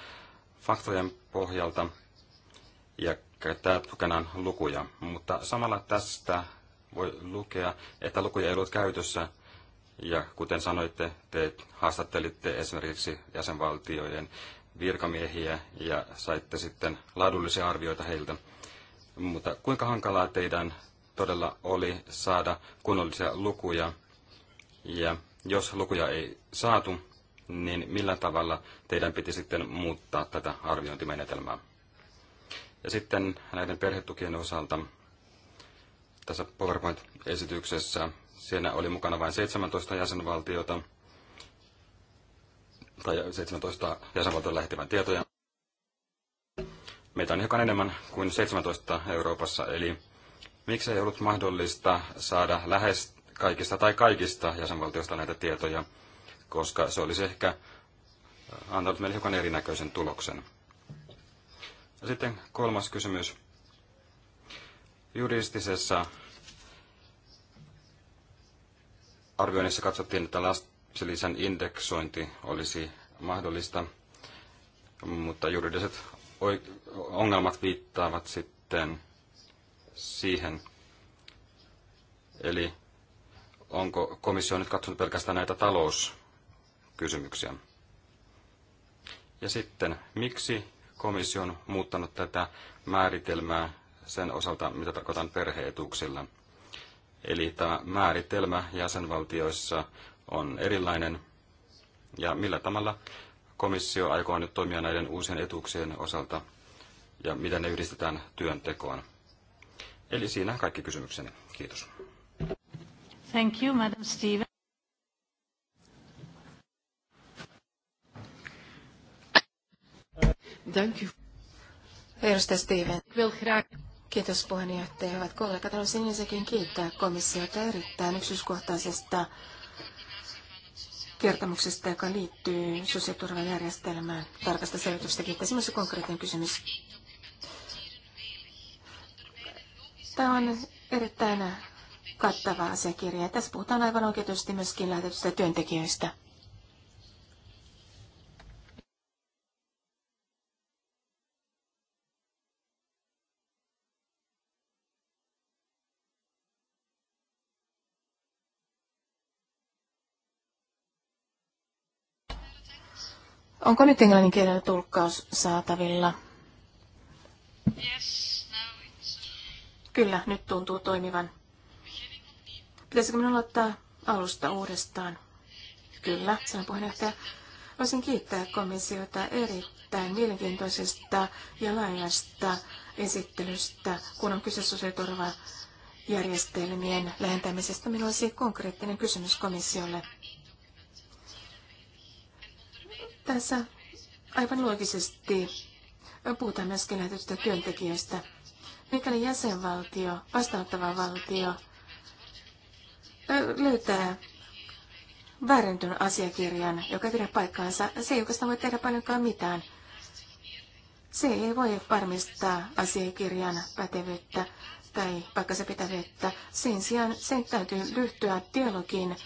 faktojen pohjalta ja käyttää tukenaan lukuja, mutta samalla tästä voi lukea, että lukuja ei ollut käytössä ja kuten sanoitte, te haastattelitte esimerkiksi jäsenvaltioiden virkamiehiä ja saitte sitten laadullisia arvioita heiltä. Mutta kuinka hankalaa teidän todella oli saada kunnollisia lukuja? Ja jos lukuja ei saatu, niin millä tavalla teidän piti sitten muuttaa tätä arviointimenetelmää? Ja sitten näiden perhetukien osalta tässä PowerPoint-esityksessä Siinä oli mukana vain 17 jäsenvaltiota, tai 17 jäsenvaltiota lähettivän tietoja. Meitä on hiukan enemmän kuin 17 Euroopassa, eli miksi ei ollut mahdollista saada lähes kaikista tai kaikista jäsenvaltioista näitä tietoja, koska se olisi ehkä äh, antanut meille hiukan erinäköisen tuloksen. Ja sitten kolmas kysymys. Juristisessa arvioinnissa katsottiin, että lapsilisän indeksointi olisi mahdollista, mutta juridiset ongelmat viittaavat sitten siihen, eli onko komissio nyt katsonut pelkästään näitä talouskysymyksiä. Ja sitten, miksi komissio on muuttanut tätä määritelmää sen osalta, mitä tarkoitan perheetuuksilla – Eli tämä määritelmä jäsenvaltioissa on erilainen. Ja millä tavalla komissio aikoo nyt toimia näiden uusien etuuksien osalta ja miten ne yhdistetään työntekoon. Eli siinä kaikki kysymykseni. Kiitos. Thank you, Madam Steven. Dank you. Eerste Steven. Ik graag Kiitos puheenjohtaja. Hyvät kollegat, haluaisin ensinnäkin kiittää komissiota erittäin yksityiskohtaisesta kertomuksesta, joka liittyy sosiaaliturvajärjestelmään. Tarkasta selvitystä Kiitos. myös konkreettinen kysymys. Tämä on erittäin kattava asiakirja. Tässä puhutaan aivan oikeutusti myöskin lähetetystä työntekijöistä. Onko nyt kielellä tulkkaus saatavilla? Yes, now it's... Kyllä, nyt tuntuu toimivan. Pitäisikö minun aloittaa alusta uudestaan? Kyllä, sanon puheenjohtaja. Voisin kiittää komissiota erittäin mielenkiintoisesta ja laajasta esittelystä, kun on kyse sosiaaliturvajärjestelmien lähentämisestä. Minulla olisi konkreettinen kysymys komissiolle. Tässä aivan loogisesti puhutaan myöskin lähetetystä työntekijöistä. Mikäli jäsenvaltio, vastaanottava valtio, löytää väärentyn asiakirjan, joka ei pidä paikkaansa, se ei oikeastaan voi tehdä paljonkaan mitään. Se ei voi varmistaa asiakirjan pätevyyttä tai paikkansa pitävyyttä. Sen sijaan sen täytyy ryhtyä dialogiin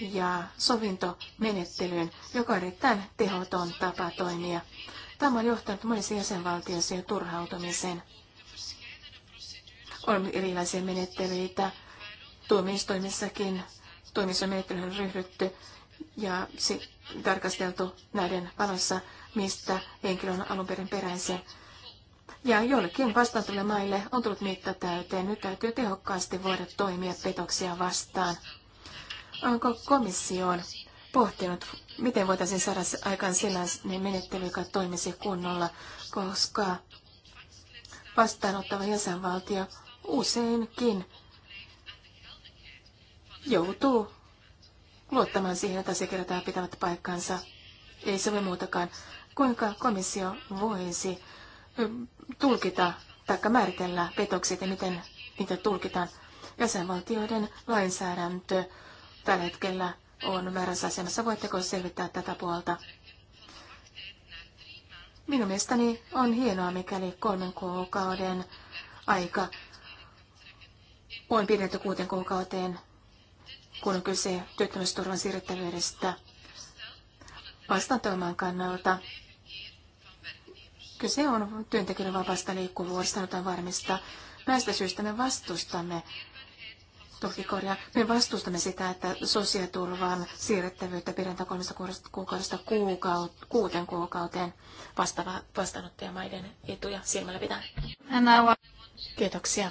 ja sovintomenettelyyn, joka on erittäin tehoton tapa toimia. Tämä on johtanut monissa jäsenvaltioissa jo turhautumiseen. On erilaisia menettelyitä. Tuomioistuimissakin tuomioistuimenettelyyn ryhdytty ja tarkasteltu näiden valossa, mistä henkilö on alun perin peräisin. Ja joillekin vastaantuville maille on tullut mitta täyteen. Nyt täytyy tehokkaasti voida toimia petoksia vastaan. Onko on pohtinut, miten voitaisiin saada aikaan sellainen menettely, joka toimisi kunnolla, koska vastaanottava jäsenvaltio useinkin joutuu luottamaan siihen, että asiakirjat pitävät paikkansa. Ei se voi muutakaan. Kuinka komissio voisi tulkita tai määritellä petokset ja miten niitä tulkitaan? Jäsenvaltioiden lainsäädäntö tällä hetkellä on väärässä asemassa. Voitteko selvittää tätä puolta? Minun mielestäni on hienoa, mikäli kolmen kuukauden aika on pidetty kuuteen kuukauteen, kun on kyse työttömyysturvan siirrettävyydestä vastaantoimaan kannalta. Kyse on työntekijöiden vapaasta liikkuvuudesta, halutaan varmistaa. Näistä syistä me vastustamme Toki korjaa. Me vastustamme sitä, että sosiaaliturvan siirrettävyyttä pidetään kolmesta kuukaudesta kuukaut, kuuteen kuukauteen vastaava, vastaanottajamaiden etuja silmällä pitää. Kiitoksia.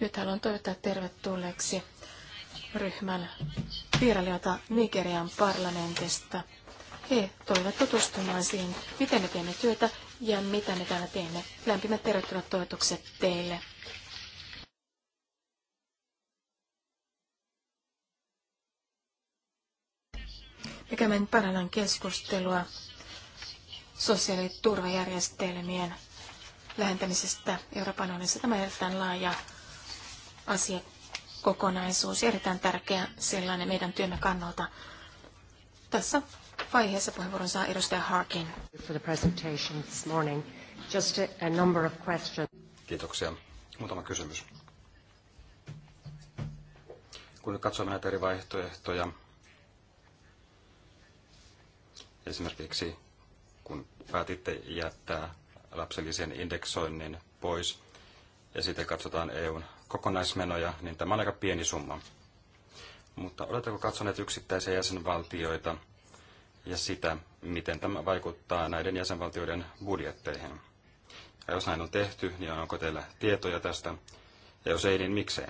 Nyt haluan toivottaa tervetulleeksi ryhmän vierailijoita Nigerian parlamentista. He toivat tutustumaan siihen, miten me teemme työtä ja mitä me täällä teemme. Lämpimät tervetuloa toivotukset teille. ja käymään parhaillaan keskustelua sosiaaliturvajärjestelmien lähentämisestä Euroopan unionissa. Tämä on erittäin laaja asiakokonaisuus, erittäin tärkeä sellainen meidän työmme kannalta. Tässä vaiheessa puheenvuoron saa edustaja Harkin. Kiitoksia. Muutama kysymys. Kun katsomme näitä eri vaihtoehtoja, Esimerkiksi kun päätitte jättää lapsellisen indeksoinnin pois ja sitten katsotaan EUn kokonaismenoja, niin tämä on aika pieni summa. Mutta oletteko katsoneet yksittäisiä jäsenvaltioita ja sitä, miten tämä vaikuttaa näiden jäsenvaltioiden budjetteihin? Ja jos näin on tehty, niin onko teillä tietoja tästä? Ja jos ei, niin miksei?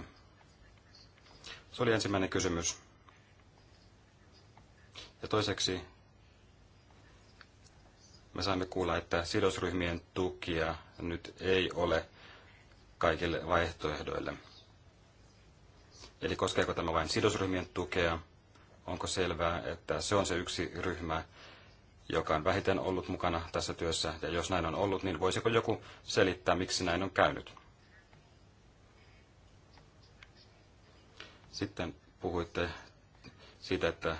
Se oli ensimmäinen kysymys. Ja toiseksi me saimme kuulla, että sidosryhmien tukia nyt ei ole kaikille vaihtoehdoille. Eli koskeeko tämä vain sidosryhmien tukea? Onko selvää, että se on se yksi ryhmä, joka on vähiten ollut mukana tässä työssä? Ja jos näin on ollut, niin voisiko joku selittää, miksi näin on käynyt? Sitten puhuitte siitä, että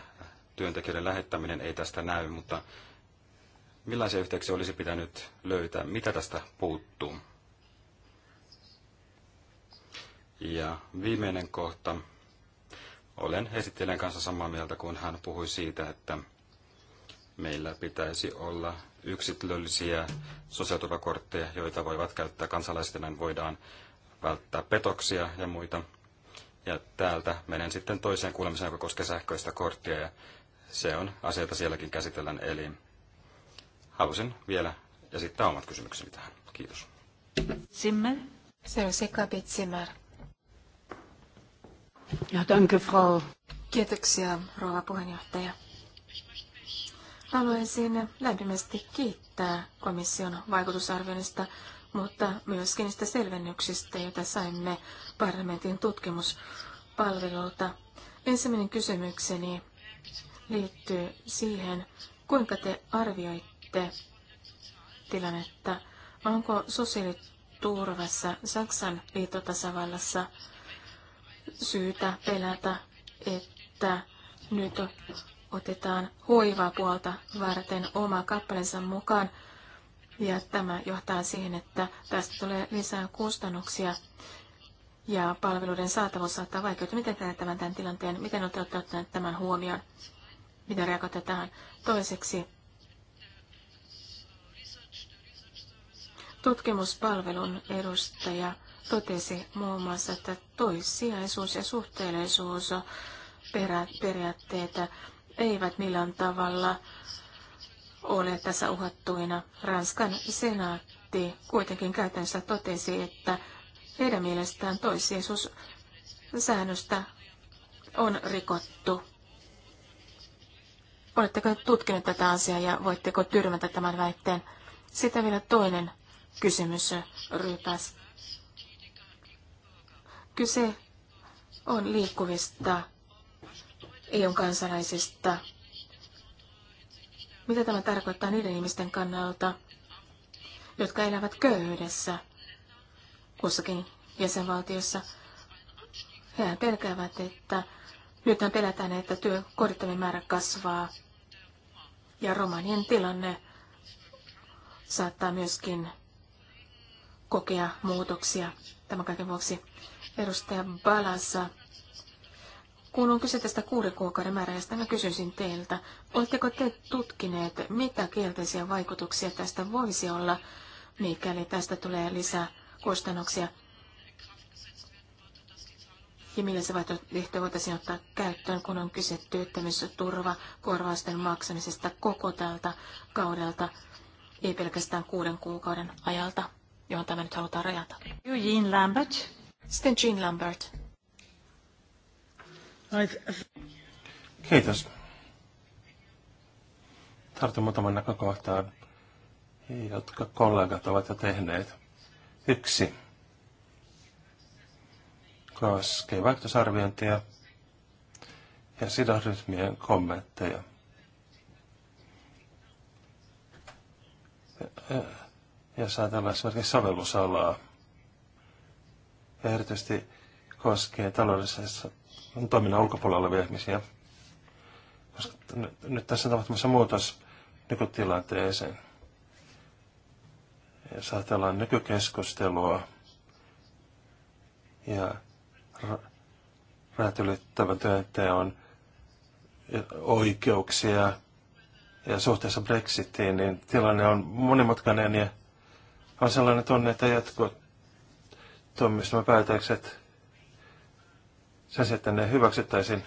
työntekijöiden lähettäminen ei tästä näy, mutta millaisia yhteyksiä olisi pitänyt löytää, mitä tästä puuttuu. Ja viimeinen kohta. Olen esittelijän kanssa samaa mieltä, kun hän puhui siitä, että meillä pitäisi olla yksilöllisiä sosiaaliturvakortteja, joita voivat käyttää kansalaiset, ja näin voidaan välttää petoksia ja muita. Ja täältä menen sitten toiseen kuulemiseen, joka koskee sähköistä korttia, ja se on asia, jota sielläkin käsitellään, eli halusin vielä esittää omat kysymykseni tähän. Kiitos. Zimmer. Se on Sekabit Zimmer. Ja, danke, Frau. Kiitoksia, rouva puheenjohtaja. Haluaisin lämpimästi kiittää komission vaikutusarvioinnista, mutta myöskin niistä selvennyksistä, joita saimme parlamentin tutkimuspalvelulta. Ensimmäinen kysymykseni liittyy siihen, kuinka te arvioitte tilanne, tilannetta. Onko sosiaaliturvassa Saksan liittotasavallassa syytä pelätä, että nyt otetaan hoivapuolta varten oma kappalensa mukaan. Ja tämä johtaa siihen, että tästä tulee lisää kustannuksia ja palveluiden saatavuus saattaa vaikeutua. Miten teet tämän, tämän tilanteen? Miten olette ottaneet tämän huomioon? Miten reagoitte tähän? Toiseksi Tutkimuspalvelun edustaja totesi muun muassa, että toissijaisuus ja suhteellisuus periaatteita eivät millään tavalla ole tässä uhattuina. Ranskan senaatti kuitenkin käytännössä totesi, että heidän mielestään toissijaisuussäännöstä on rikottu. Oletteko tutkineet tätä asiaa ja voitteko tyrmätä tämän väitteen? Sitä vielä toinen kysymysrypäs. Kyse on liikkuvista EU-kansalaisista. Mitä tämä tarkoittaa niiden ihmisten kannalta, jotka elävät köyhyydessä kussakin jäsenvaltiossa? He pelkäävät, että nythän pelätään, että työ määrä kasvaa ja romanien tilanne saattaa myöskin kokea muutoksia tämän kaiken vuoksi. Edustaja Balassa, kun on kyse tästä kuuden kuukauden määräajasta, mä kysyisin teiltä, oletteko te tutkineet, mitä kielteisiä vaikutuksia tästä voisi olla, mikäli tästä tulee lisää kustannuksia? Ja millä se vaihtoehto voitaisiin ottaa käyttöön, kun on kyse työttömyysturva korvausten maksamisesta koko tältä kaudelta, ei pelkästään kuuden kuukauden ajalta? johon tämä nyt halutaan rajata. Eugene Lambert. Sitten Jean Lambert. Kiitos. Tartun muutaman näkökohtaan, jotka kollegat ovat jo tehneet. Yksi koskee vaikutusarviointia ja sidosryhmien kommentteja ja ajatellaan esimerkiksi sovellusalaa, ja erityisesti koskee taloudellisessa toiminnan ulkopuolella olevia ihmisiä, koska nyt tässä on tapahtumassa muutos nykytilanteeseen. Jos ajatellaan nykykeskustelua ja rajat ylittävän työnteon oikeuksia ja suhteessa Brexitiin, niin tilanne on monimutkainen ja on sellainen tunne, että jotkut tuomioistuimen päätökset sen että ne hyväksyttäisiin.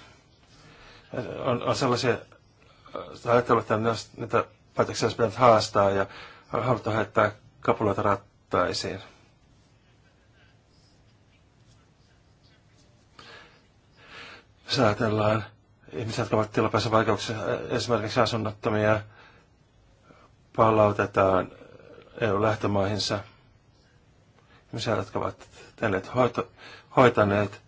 On, on sellaisia, äh, ajattelut, että niitä päätöksiä olisi pitänyt haastaa ja haluttu heittää kapuloita rattaisiin. Säätellään ihmisiä, jotka ovat tilapäisessä vaikeuksissa, esimerkiksi asunnottomia, palautetaan EU-lähtömaihinsa. Ihmisiä, jotka ovat tänne hoito, hoitaneet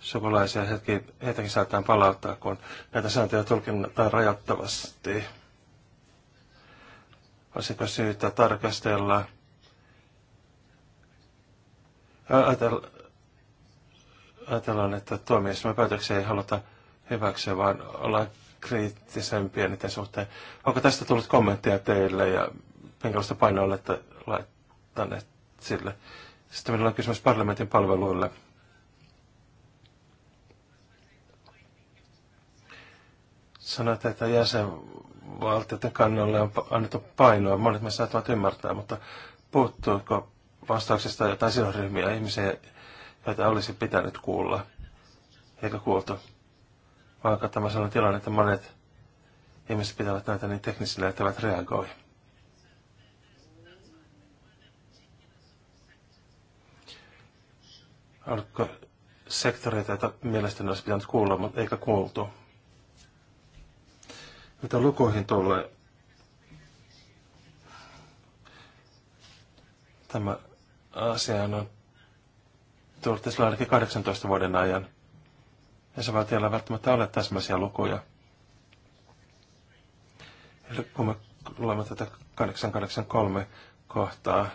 sukulaisia, hetki, heitäkin saattaa palauttaa, kun näitä sääntöjä tulkinnataan rajoittavasti. Olisiko syytä tarkastella ajatellaan, että tuomioistuimen päätöksiä ei haluta hyväksyä, vaan olla kriittisempiä niiden suhteen. Onko tästä tullut kommentteja teille ja minkälaista painoa olette laittaneet sille. Sitten meillä on kysymys parlamentin palveluille. Sanoit, että jäsenvaltioiden kannalle on annettu painoa. Monet me saattavat ymmärtää, mutta puuttuuko vastauksesta jotain sidosryhmiä ihmisiä, joita olisi pitänyt kuulla, eikä kuultu? Vaikka tämä sellainen tilanne, että monet ihmiset pitävät näitä niin teknisillä, että eivät reagoi. Oliko sektoreita, joita mielestäni olisi pitänyt kuulla, mutta eikä kuultu? Mitä lukuihin tulee? Tämä asia on tullut esille ainakin 18 vuoden ajan. Ja se vaatii välttämättä ole täsmäisiä lukuja. Eli kun me luemme tätä 883 kohtaa,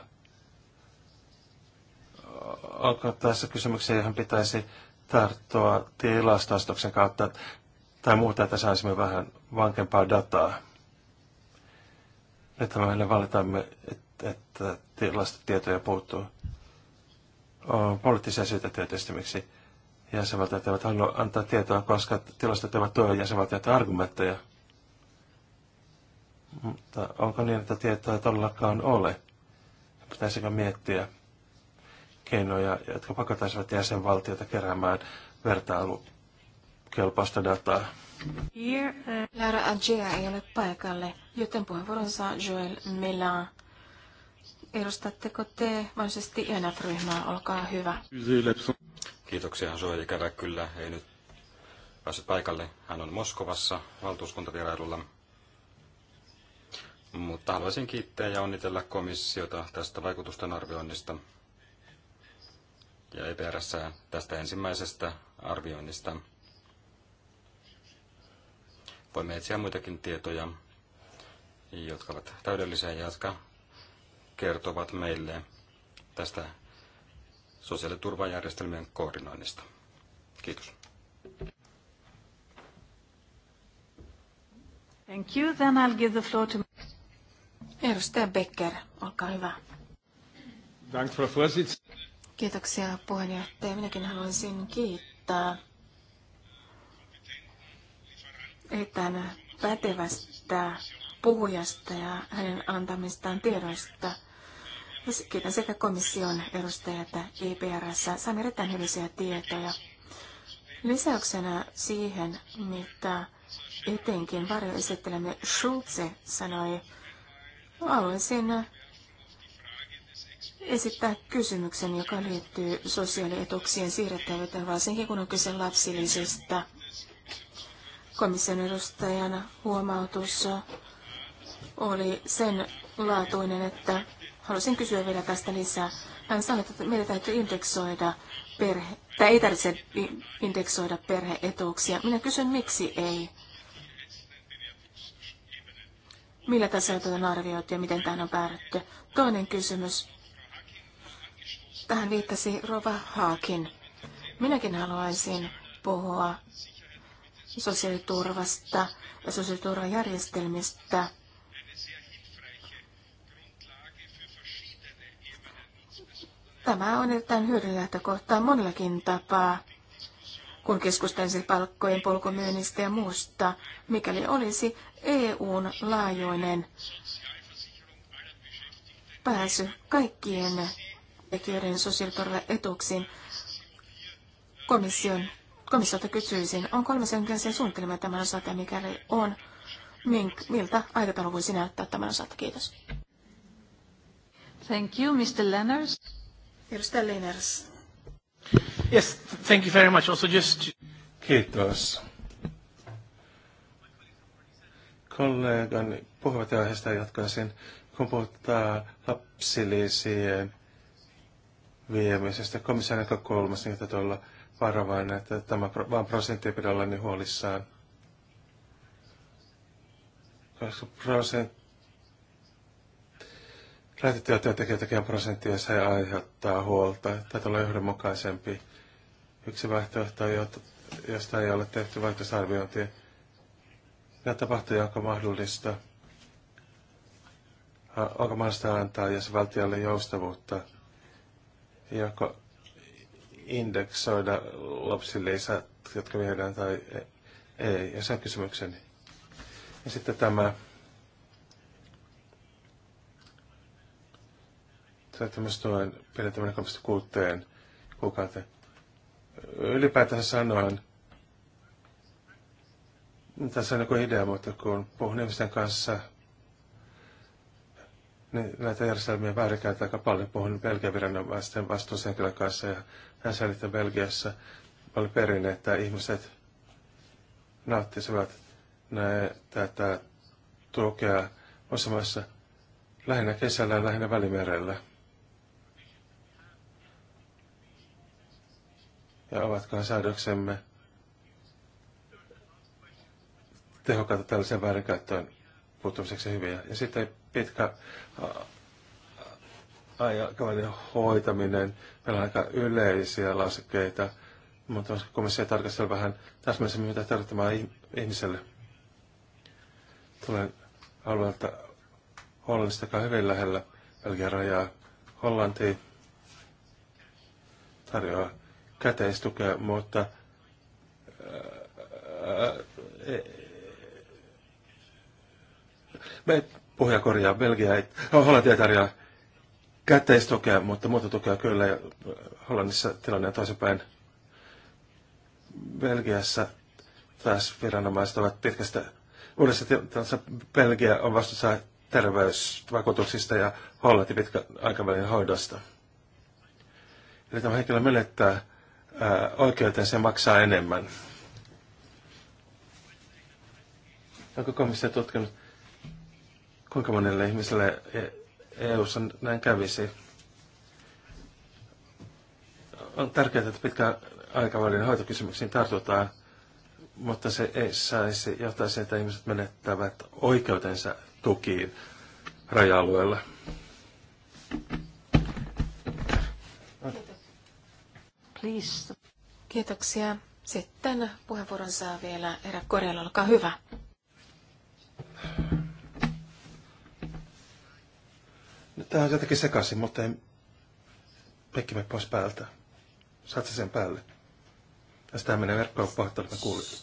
Alkaa tässä kysymyksiä, johon pitäisi tarttua tilastoistoksen kautta tai muuta, että saisimme vähän vankempaa dataa? Nyt meille valitamme, että, että tilastotietoja puuttuu. On poliittisia syitä tietysti, miksi jäsenvaltiot eivät halua antaa tietoa, koska tilastot eivät tuo jäsenvaltiot argumentteja. Mutta onko niin, että tietoa todellakaan ole? Pitäisikö miettiä? keinoja, jotka pakottaisivat jäsenvaltiota keräämään vertailukelpoista dataa. Uh, Lara Agea ei ole paikalle, joten puheenvuoron saa Joel Melan. Edustatteko te mahdollisesti enf ryhmää Olkaa hyvä. Kiitoksia Joel, ikävä kyllä. Ei nyt pääse paikalle. Hän on Moskovassa valtuuskuntavierailulla. Mutta haluaisin kiittää ja onnitella komissiota tästä vaikutusten arvioinnista ja EPRS tästä ensimmäisestä arvioinnista. Voimme etsiä muitakin tietoja, jotka ovat täydellisiä ja jotka kertovat meille tästä sosiaaliturvajärjestelmien koordinoinnista. Kiitos. Thank you. Then I'll give the floor to... Edustaja Becker, olkaa hyvä. Dank, Frau Vorsitzende. Kiitoksia puheenjohtaja. Minäkin haluaisin kiittää etän pätevästä puhujasta ja hänen antamistaan tiedoista. Kiitän sekä komission edustajia että IPRS. E Saamme erittäin hyviä tietoja. Lisäyksenä siihen, mitä etenkin varjoesittelemme Schulze sanoi, haluaisin esittää kysymyksen, joka liittyy sosiaalietuuksien siirrettävyyteen, varsinkin kun on kyse lapsillisista. Komission edustajan huomautus oli sen laatuinen, että halusin kysyä vielä tästä lisää. Hän sanoi, että meidän täytyy indeksoida perhe, tai ei tarvitse indeksoida perheetuuksia. Minä kysyn, miksi ei? Millä tasolla tätä on arvioitu ja miten tähän on päädytty? Toinen kysymys. Tähän viittasi Rova Haakin. Minäkin haluaisin puhua sosiaaliturvasta ja sosiaaliturvajärjestelmistä. Tämä on erittäin hyödyllinen kohtaa monellakin tapaa, kun keskustelisi palkkojen polkumyynnistä ja muusta, mikäli olisi EUn laajoinen pääsy kaikkien työntekijöiden sosiaaliturvalle etuuksiin. Komission, komissiota kysyisin, on kolmisen kanssa suunnitelma tämän osalta ja mikäli on, mink, miltä aikataulu voisi näyttää tämän osalta? Kiitos. Thank you, Mr. Lenners. Edustaja Lenners. Yes, thank you very much. Also just... Kiitos. Kollegani puhuvat aiheesta jatkaisin, kun puhutaan lapsilisien viemisestä komission näkökulmasta, niin täytyy olla varovainen, että tämä vaan prosentti ei pidä olla niin huolissaan. Koska prosent... tekee prosenttia, se aiheuttaa huolta. Täytyy olla yhdenmukaisempi. Yksi vaihtoehto, josta ei ole tehty vaikutusarviointia. Mitä tapahtuu, onko mahdollista, onko mahdollista antaa, jos valtiolle joustavuutta – joko indeksoida lapsille jotka viedään tai ei. Ja se on kysymykseni. Ja sitten tämä työttömyystuen pidentäminen 36 kuukauteen. Ylipäätään sanoen, tässä on joku idea, mutta kun puhun ihmisten kanssa – niin, näitä järjestelmiä väärinkäytetään aika paljon. Puhun Belgian viranomaisten vastuushenkilön kanssa ja hän että Belgiassa paljon perinne, että ihmiset nauttisivat tätä tukea osamassa lähinnä kesällä ja lähinnä välimerellä. Ja ovatkohan säädöksemme tehokkaita tällaisen väärinkäyttöön puuttumiseksi hyviä. Ja sitten pitkä aikavälin hoitaminen. Meillä on aika yleisiä lasikkeita, mutta olisiko komissio tarkastella vähän täsmällisemmin, mitä tarvitaan ihmiselle. Tulen alueelta Hollannista, joka on hyvin lähellä Belgian rajaa Hollantiin. Tarjoaa käteistukea, mutta ää, ää, me puhuja korjaa, Belgia ei, no, oh, Hollanti käteistukea, mutta muuta tukea kyllä. Ja äh, Hollannissa tilanne on toisinpäin. Belgiassa taas viranomaiset ovat pitkästä uudessa tilanteessa. Belgia on vastuussa terveysvakuutuksista ja Hollanti pitkän aikavälin hoidosta. Eli tämä henkilö menettää ää, äh, oikeutensa ja maksaa enemmän. Onko komissio tutkinut Kuinka monelle ihmiselle EU-ssa e näin kävisi? On tärkeää, että pitkän aikavälin hoitokysymyksiin tartutaan, mutta se ei saisi johtaa siihen, että ihmiset menettävät oikeutensa tukiin raja-alueella. Please. Kiitoksia. Sitten puheenvuoron saa vielä Erä Korjalla. Olkaa hyvä. Tämä on jotenkin sekaisin, mutta en me pois päältä. Saat sen päälle. Jos tämä menee verkkokauppaan, että olemme kuulleet.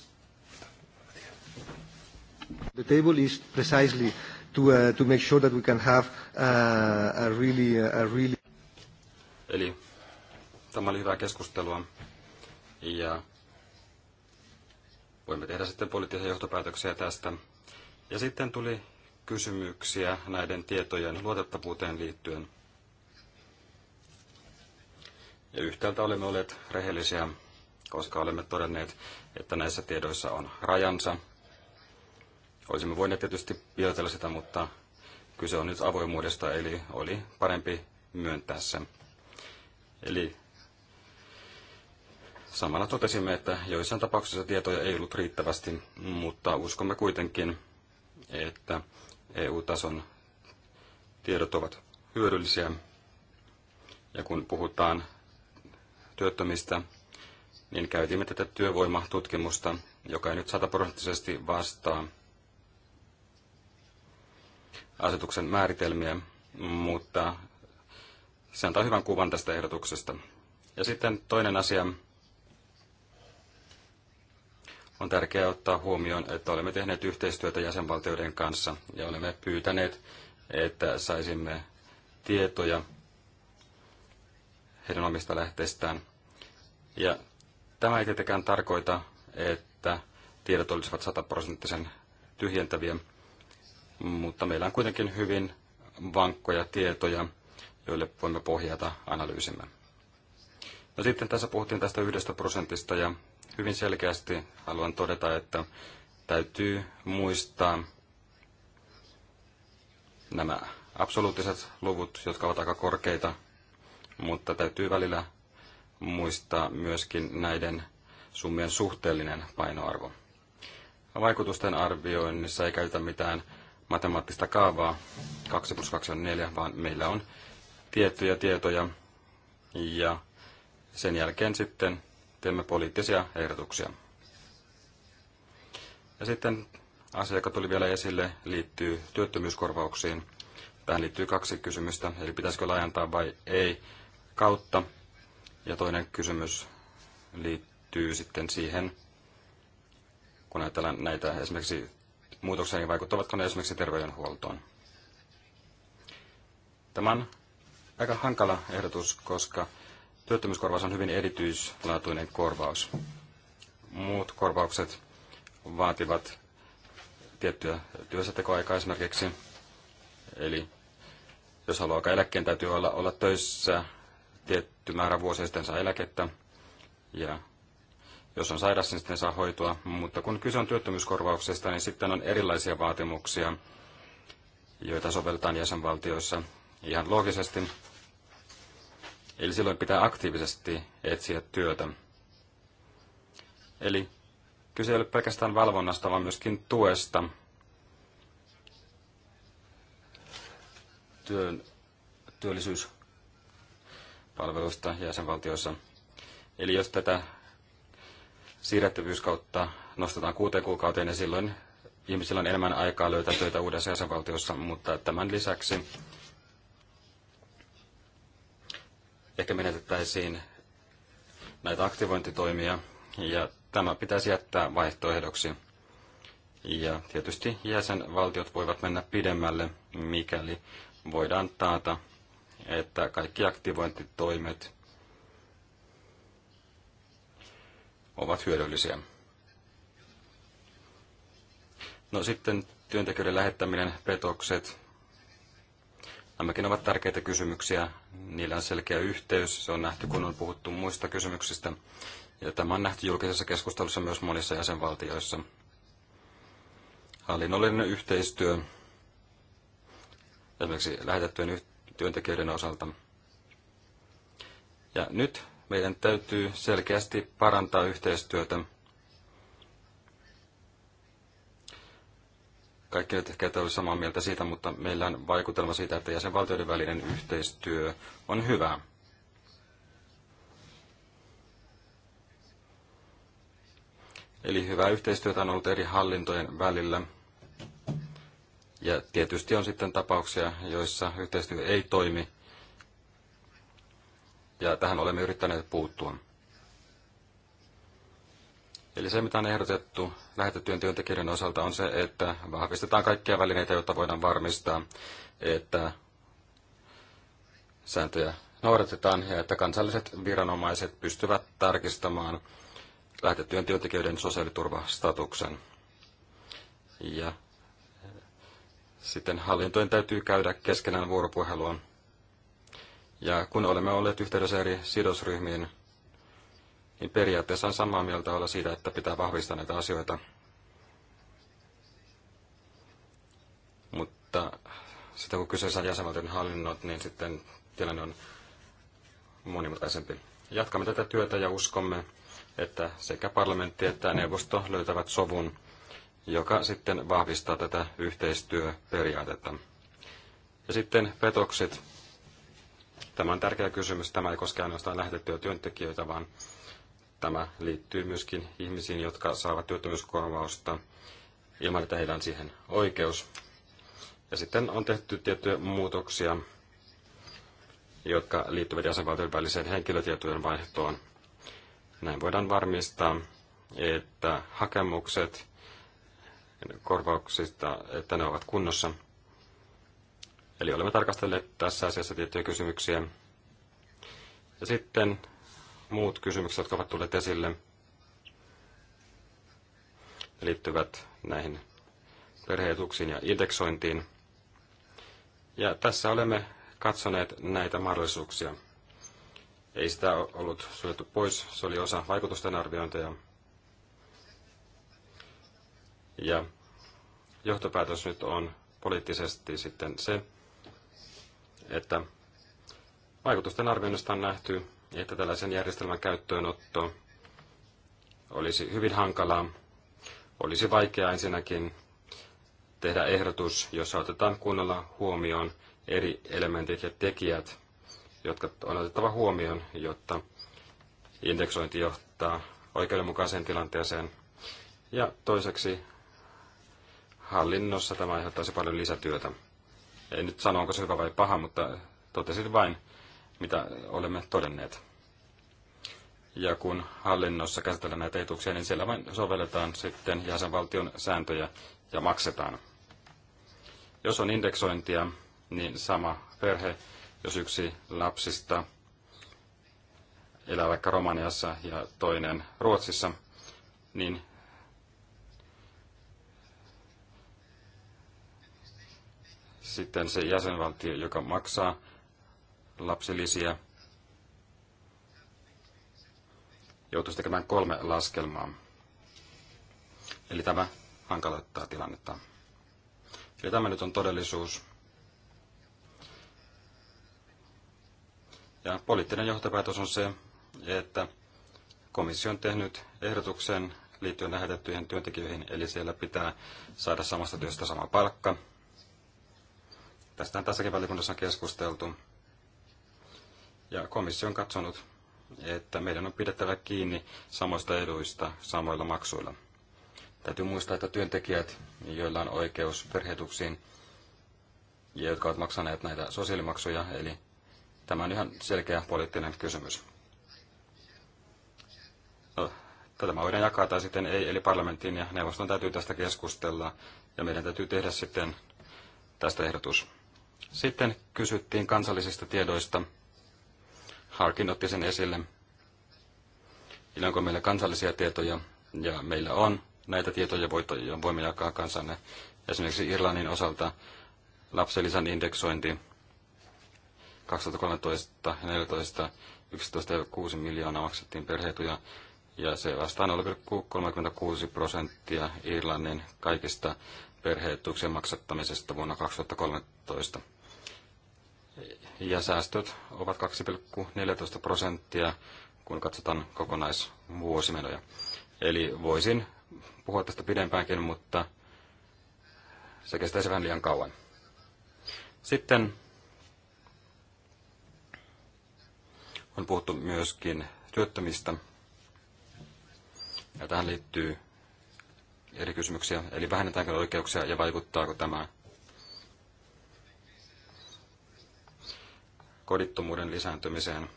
The table is precisely to, uh, to make sure that we can have uh, a really, uh, a really... Eli tämä oli hyvää keskustelua ja voimme tehdä sitten poliittisia johtopäätöksiä tästä. Ja sitten tuli kysymyksiä näiden tietojen luotettavuuteen liittyen. Ja yhtäältä olemme olleet rehellisiä, koska olemme todenneet, että näissä tiedoissa on rajansa. Olisimme voineet tietysti piilotella sitä, mutta kyse on nyt avoimuudesta, eli oli parempi myöntää se. Eli samalla totesimme, että joissain tapauksissa tietoja ei ollut riittävästi, mutta uskomme kuitenkin, että EU-tason tiedot ovat hyödyllisiä. Ja kun puhutaan työttömistä, niin käytimme tätä työvoimatutkimusta, joka ei nyt sataprosenttisesti vastaa asetuksen määritelmiä, mutta se antaa hyvän kuvan tästä ehdotuksesta. Ja sitten toinen asia, on tärkeää ottaa huomioon, että olemme tehneet yhteistyötä jäsenvaltioiden kanssa ja olemme pyytäneet, että saisimme tietoja heidän omista lähteistään. Ja tämä ei tietenkään tarkoita, että tiedot olisivat sataprosenttisen tyhjentäviä, mutta meillä on kuitenkin hyvin vankkoja tietoja, joille voimme pohjata analyysimme. No sitten tässä puhuttiin tästä yhdestä prosentista ja hyvin selkeästi haluan todeta, että täytyy muistaa nämä absoluuttiset luvut, jotka ovat aika korkeita, mutta täytyy välillä muistaa myöskin näiden summien suhteellinen painoarvo. Vaikutusten arvioinnissa ei käytä mitään matemaattista kaavaa 2 plus 2 on 4, vaan meillä on tiettyjä tietoja ja sen jälkeen sitten teemme poliittisia ehdotuksia. Ja sitten asia, joka tuli vielä esille, liittyy työttömyyskorvauksiin. Tähän liittyy kaksi kysymystä, eli pitäisikö laajentaa vai ei kautta. Ja toinen kysymys liittyy sitten siihen, kun ajatellaan näitä esimerkiksi muutoksia, niin vaikuttavatko ne esimerkiksi terveydenhuoltoon. Tämä on aika hankala ehdotus, koska työttömyyskorvaus on hyvin erityislaatuinen korvaus. Muut korvaukset vaativat tiettyä työssätekoaikaa esimerkiksi. Eli jos haluaa aika eläkkeen, täytyy olla, olla töissä tietty määrä vuosia, sitten saa eläkettä. Ja jos on sairas, niin sitten saa hoitoa. Mutta kun kyse on työttömyyskorvauksesta, niin sitten on erilaisia vaatimuksia, joita sovelletaan jäsenvaltioissa ihan loogisesti. Eli silloin pitää aktiivisesti etsiä työtä. Eli kyse ei ole pelkästään valvonnasta, vaan myöskin tuesta työn, työllisyyspalveluista jäsenvaltioissa. Eli jos tätä siirrettävyyskautta nostetaan kuuteen kuukauteen, niin silloin ihmisillä on enemmän aikaa löytää töitä uudessa jäsenvaltiossa, mutta tämän lisäksi ehkä menetettäisiin näitä aktivointitoimia, ja tämä pitäisi jättää vaihtoehdoksi. Ja tietysti jäsenvaltiot voivat mennä pidemmälle, mikäli voidaan taata, että kaikki aktivointitoimet ovat hyödyllisiä. No sitten työntekijöiden lähettäminen, petokset, Nämäkin ovat tärkeitä kysymyksiä. Niillä on selkeä yhteys. Se on nähty, kun on puhuttu muista kysymyksistä. Ja tämä on nähty julkisessa keskustelussa myös monissa jäsenvaltioissa. Hallinnollinen yhteistyö, esimerkiksi lähetettyjen työntekijöiden osalta. Ja nyt meidän täytyy selkeästi parantaa yhteistyötä Kaikki nyt ehkä ole samaa mieltä siitä, mutta meillä on vaikutelma siitä, että jäsenvaltioiden välinen yhteistyö on hyvä. Eli hyvää yhteistyötä on ollut eri hallintojen välillä. Ja tietysti on sitten tapauksia, joissa yhteistyö ei toimi. Ja tähän olemme yrittäneet puuttua. Eli se, mitä on ehdotettu lähetettyjen työntekijöiden osalta, on se, että vahvistetaan kaikkia välineitä, jotta voidaan varmistaa, että sääntöjä noudatetaan ja että kansalliset viranomaiset pystyvät tarkistamaan lähetettyjen työntekijöiden sosiaaliturvastatuksen. Ja sitten hallintojen täytyy käydä keskenään vuoropuhelua. Ja kun olemme olleet yhteydessä eri sidosryhmiin, niin periaatteessa on samaa mieltä olla siitä, että pitää vahvistaa näitä asioita. Mutta sitten kun kyseessä on jäsenvaltion hallinnot, niin sitten tilanne on monimutkaisempi. Jatkamme tätä työtä ja uskomme, että sekä parlamentti että neuvosto löytävät sovun, joka sitten vahvistaa tätä yhteistyöperiaatetta. Ja sitten petokset. Tämä on tärkeä kysymys. Tämä ei koske ainoastaan lähetettyjä työntekijöitä, vaan Tämä liittyy myöskin ihmisiin, jotka saavat työttömyyskorvausta ilman, että heillä on siihen oikeus. Ja sitten on tehty tiettyjä muutoksia, jotka liittyvät jäsenvaltion väliseen henkilötietojen vaihtoon. Näin voidaan varmistaa, että hakemukset korvauksista, että ne ovat kunnossa. Eli olemme tarkastelleet tässä asiassa tiettyjä kysymyksiä. Ja sitten muut kysymykset, jotka ovat tulleet esille, liittyvät näihin perheetuksiin ja indeksointiin. Ja tässä olemme katsoneet näitä mahdollisuuksia. Ei sitä ollut suljettu pois, se oli osa vaikutusten arviointeja. Ja johtopäätös nyt on poliittisesti sitten se, että vaikutusten arvioinnista on nähty, että tällaisen järjestelmän käyttöönotto olisi hyvin hankalaa. Olisi vaikeaa ensinnäkin tehdä ehdotus, jossa otetaan kunnolla huomioon eri elementit ja tekijät, jotka on otettava huomioon, jotta indeksointi johtaa oikeudenmukaiseen tilanteeseen. Ja toiseksi hallinnossa tämä aiheuttaisi paljon lisätyötä. En nyt sano, onko se hyvä vai paha, mutta totesin vain, mitä olemme todenneet. Ja kun hallinnossa käsitellään näitä etuuksia, niin siellä vain sovelletaan sitten jäsenvaltion sääntöjä ja maksetaan. Jos on indeksointia, niin sama perhe, jos yksi lapsista elää vaikka Romaniassa ja toinen Ruotsissa, niin sitten se jäsenvaltio, joka maksaa lapsilisiä, joutuisi tekemään kolme laskelmaa. Eli tämä hankaloittaa tilannetta. Eli tämä nyt on todellisuus. Ja poliittinen johtopäätös on se, että komissio on tehnyt ehdotuksen liittyen lähetettyihin työntekijöihin, eli siellä pitää saada samasta työstä sama palkka. Tästä on tässäkin valiokunnassa keskusteltu. Ja komissio on katsonut, että meidän on pidettävä kiinni samoista eduista samoilla maksuilla. Täytyy muistaa, että työntekijät, joilla on oikeus perheetuksiin ja jotka ovat maksaneet näitä sosiaalimaksuja, eli tämä on ihan selkeä poliittinen kysymys. No, tämä voidaan jakaa tai sitten ei, eli parlamenttiin ja neuvoston täytyy tästä keskustella ja meidän täytyy tehdä sitten tästä ehdotus. Sitten kysyttiin kansallisista tiedoista. Harkin otti sen esille. Eli onko meillä kansallisia tietoja, ja meillä on näitä tietoja, voimme jakaa kansanne. Esimerkiksi Irlannin osalta lapsilisän indeksointi 2013 ja 14 11,6 miljoonaa maksettiin perheetuja, ja se vastaa 0,36 prosenttia Irlannin kaikista perheetuuksien maksattamisesta vuonna 2013 ja säästöt ovat 2,14 prosenttia, kun katsotaan kokonaisvuosimenoja. Eli voisin puhua tästä pidempäänkin, mutta se kestäisi vähän liian kauan. Sitten on puhuttu myöskin työttömistä. Ja tähän liittyy eri kysymyksiä, eli vähennetäänkö oikeuksia ja vaikuttaako tämä kodittomuuden lisääntymiseen.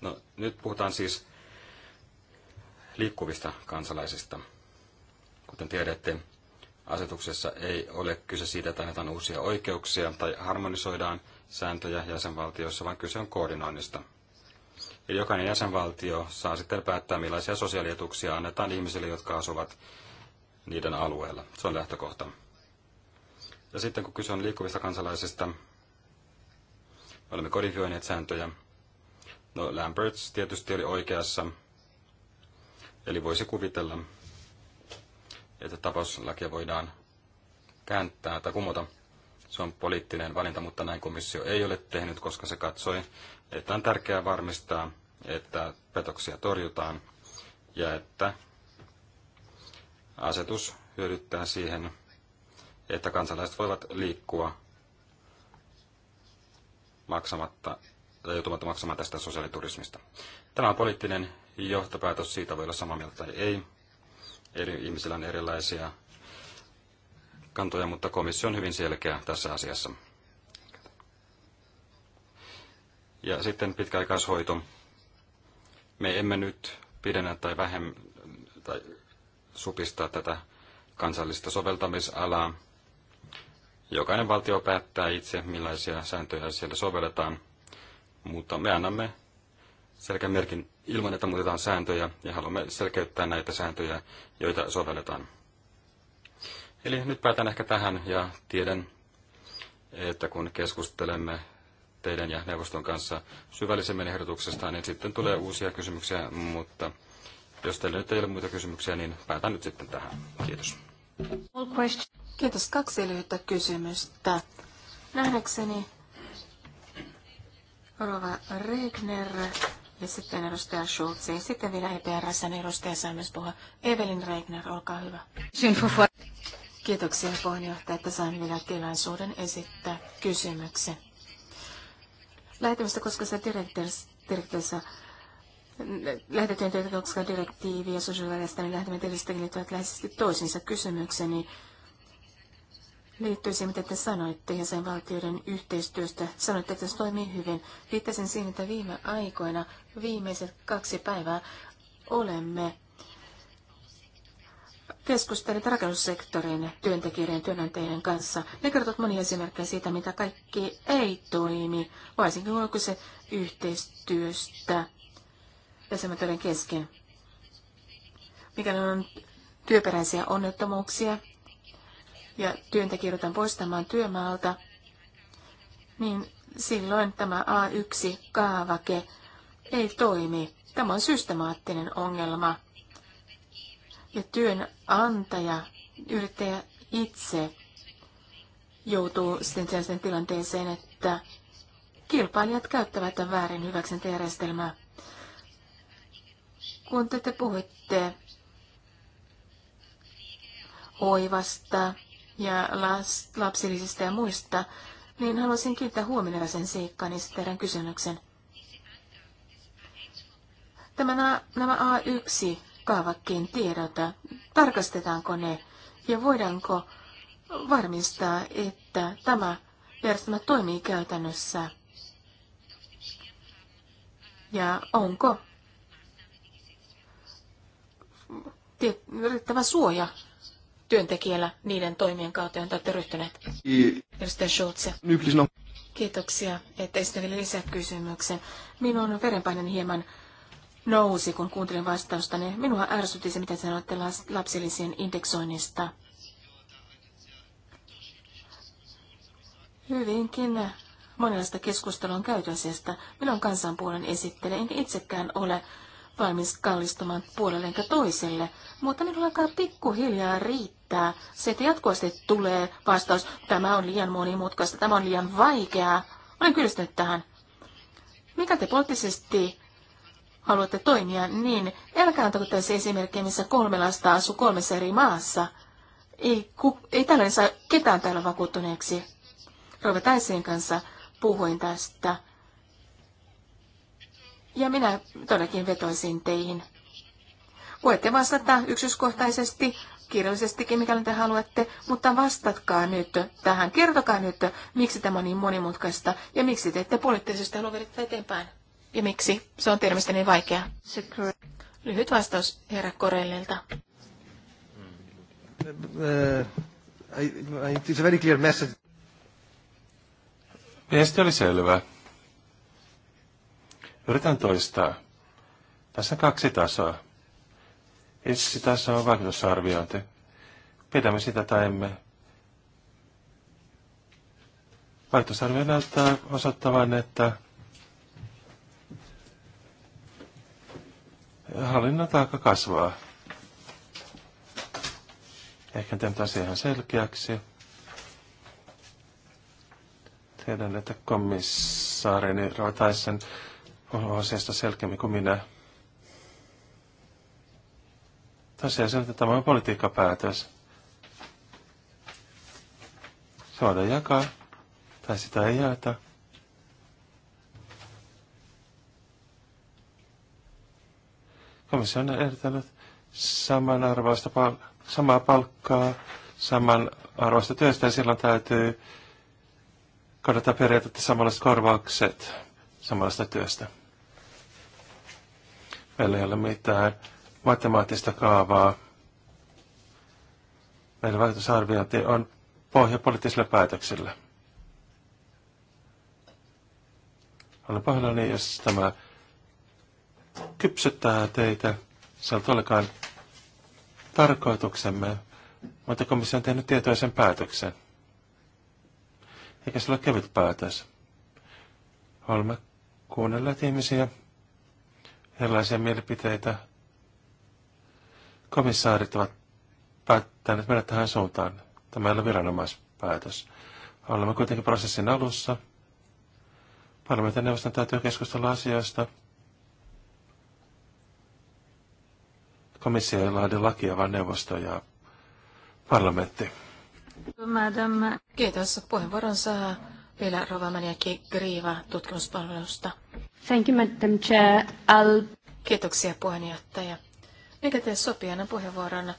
No, nyt puhutaan siis liikkuvista kansalaisista. Kuten tiedätte, asetuksessa ei ole kyse siitä, että annetaan uusia oikeuksia tai harmonisoidaan sääntöjä jäsenvaltioissa, vaan kyse on koordinoinnista. Eli jokainen jäsenvaltio saa sitten päättää, millaisia sosiaalietuuksia annetaan ihmisille, jotka asuvat niiden alueella. Se on lähtökohta. Ja sitten kun kyse on liikkuvista kansalaisista, olemme kodifioineet sääntöjä. No Lamberts tietysti oli oikeassa, eli voisi kuvitella, että tapauslakia voidaan kääntää tai kumota. Se on poliittinen valinta, mutta näin komissio ei ole tehnyt, koska se katsoi, että on tärkeää varmistaa, että petoksia torjutaan ja että asetus hyödyttää siihen, että kansalaiset voivat liikkua maksamatta, joutumatta maksamaan tästä sosiaaliturismista. Tämä on poliittinen johtopäätös, siitä voi olla samaa mieltä tai ei. Eri ihmisillä on erilaisia kantoja, mutta komissio on hyvin selkeä tässä asiassa. Ja sitten pitkäaikaishoito. Me emme nyt pidennä tai, vähemmän tai supistaa tätä kansallista soveltamisalaa Jokainen valtio päättää itse, millaisia sääntöjä siellä sovelletaan, mutta me annamme selkeän merkin ilman, että muutetaan sääntöjä, ja haluamme selkeyttää näitä sääntöjä, joita sovelletaan. Eli nyt päätän ehkä tähän, ja tiedän, että kun keskustelemme teidän ja neuvoston kanssa syvällisemmin ehdotuksesta, niin sitten tulee uusia kysymyksiä, mutta jos teillä nyt ei ole muita kysymyksiä, niin päätän nyt sitten tähän. Kiitos. Kiitos. Kaksi lyhyttä kysymystä. Nähdäkseni Rova Regner ja sitten edustaja Schulz. Ja sitten vielä EPRS edustaja saa myös puhua. Evelin Regner, olkaa hyvä. Kiitoksia puheenjohtaja, että sain vielä tilaisuuden esittää kysymyksen. Lähetämistä se direktiivissä lähetettyjen työtä koska direktiivi ja sosiaalivälistä niin lähetämme tietysti liittyvät läheisesti toisiinsa kysymykseni. Niin liittyy siihen, mitä te sanoitte valtioiden yhteistyöstä. Sanoitte, että se toimii hyvin. Viittasin siihen, että viime aikoina, viimeiset kaksi päivää, olemme keskustelleet rakennussektorin työntekijöiden ja työnantajien kanssa Ne kertovat monia esimerkkejä siitä, mitä kaikki ei toimi, varsinkin kun se yhteistyöstä jäsenvaltioiden kesken. Mikäli on työperäisiä onnettomuuksia, ja työntekijöitä poistamaan työmaalta, niin silloin tämä A1-kaavake ei toimi. Tämä on systemaattinen ongelma. Ja työnantaja, yrittäjä itse joutuu sitten sellaisen tilanteeseen, että kilpailijat käyttävät tämän väärin hyväksyntäjärjestelmää. Kun te, te puhuitte oivasta ja lapsilisistä ja muista, niin haluaisin kiittää huomioon sen seikkaan ja teidän kysymyksen. Tämä, nämä A1-kaavakkeen tiedot, tarkastetaanko ne ja voidaanko varmistaa, että tämä järjestelmä toimii käytännössä ja onko riittävä suoja työntekijällä niiden toimien kautta, joita olette ryhtyneet. Edustaja Schulze. Kiitoksia, että esitin vielä lisäkysymyksen. Minun verenpaineni hieman nousi, kun kuuntelin vastaustanne. Niin minua ärsytti se, mitä sanoitte lapsilisien indeksoinnista. Hyvinkin monenlaista keskustelua on käyty asiasta. Minä olen kansanpuolen esittelijä, enkä itsekään ole valmis kallistumaan puolelle enkä toiselle, mutta minulla alkaa pikkuhiljaa riittää. Se, että jatkuvasti tulee vastaus, tämä on liian monimutkaista, tämä on liian vaikeaa. Olen kyllästynyt tähän. Mikä te poliittisesti haluatte toimia, niin älkää antako tässä esimerkkejä, missä kolme lasta asuu kolmessa eri maassa. Ei, ku, ei tällainen saa ketään täällä vakuuttuneeksi. Rova Taisen kanssa puhuin tästä ja minä todellakin vetoisin teihin. Voitte vastata yksityiskohtaisesti, kirjallisestikin, mikäli te haluatte, mutta vastatkaa nyt tähän. Kertokaa nyt, miksi tämä on niin monimutkaista ja miksi te ette poliittisesti halua vedettä eteenpäin. Ja miksi se on termistä niin vaikeaa. Lyhyt vastaus herra Korellilta. Uh, I, I, it's a very clear message. Viesti oli selvä. Yritän toistaa. Tässä on kaksi tasoa. Ensi taso on vaikutusarviointi. Pidämme sitä tai emme. Vaikutusarvio näyttää osoittavan, että hallinnan taakka kasvaa. Ehkä tämän asian ihan selkeäksi. Tiedän, että komissaarini Rotaisen asiasta selkeämmin kuin minä. Tosiaan se, että tämä on politiikkapäätös. Se voidaan jakaa, tai sitä ei jaeta. Komissio on ehdottanut samanarvoista pal- samaa palkkaa, samanarvoista työstä, ja silloin täytyy kannattaa periaatteessa samanlaiset korvaukset samanlaista työstä. Meillä ei ole mitään matemaattista kaavaa. Meidän vaikutusarviointi on pohja poliittisille päätöksille. Olen pahoillani, jos tämä kypsyttää teitä. Se on ollenkaan tarkoituksemme, mutta komissio on tehnyt tietoisen päätöksen. Eikä se ole kevyt päätös. Olemme kuunnelleet ihmisiä, erilaisia mielipiteitä. Komissaarit ovat päättäneet mennä tähän suuntaan. Tämä ei ole viranomaispäätös. Olemme kuitenkin prosessin alussa. Parlamentin neuvoston täytyy keskustella asioista. Komissio ei laadi lakia, vaan neuvosto ja parlamentti. Kiitos. Puheenvuoron saa vielä Rovamaniaki Griiva tutkimuspalvelusta. Thank you, Madam Chair. I'll... Kiitoksia puheenjohtaja. Mikä tee sopii annan puheenvuoron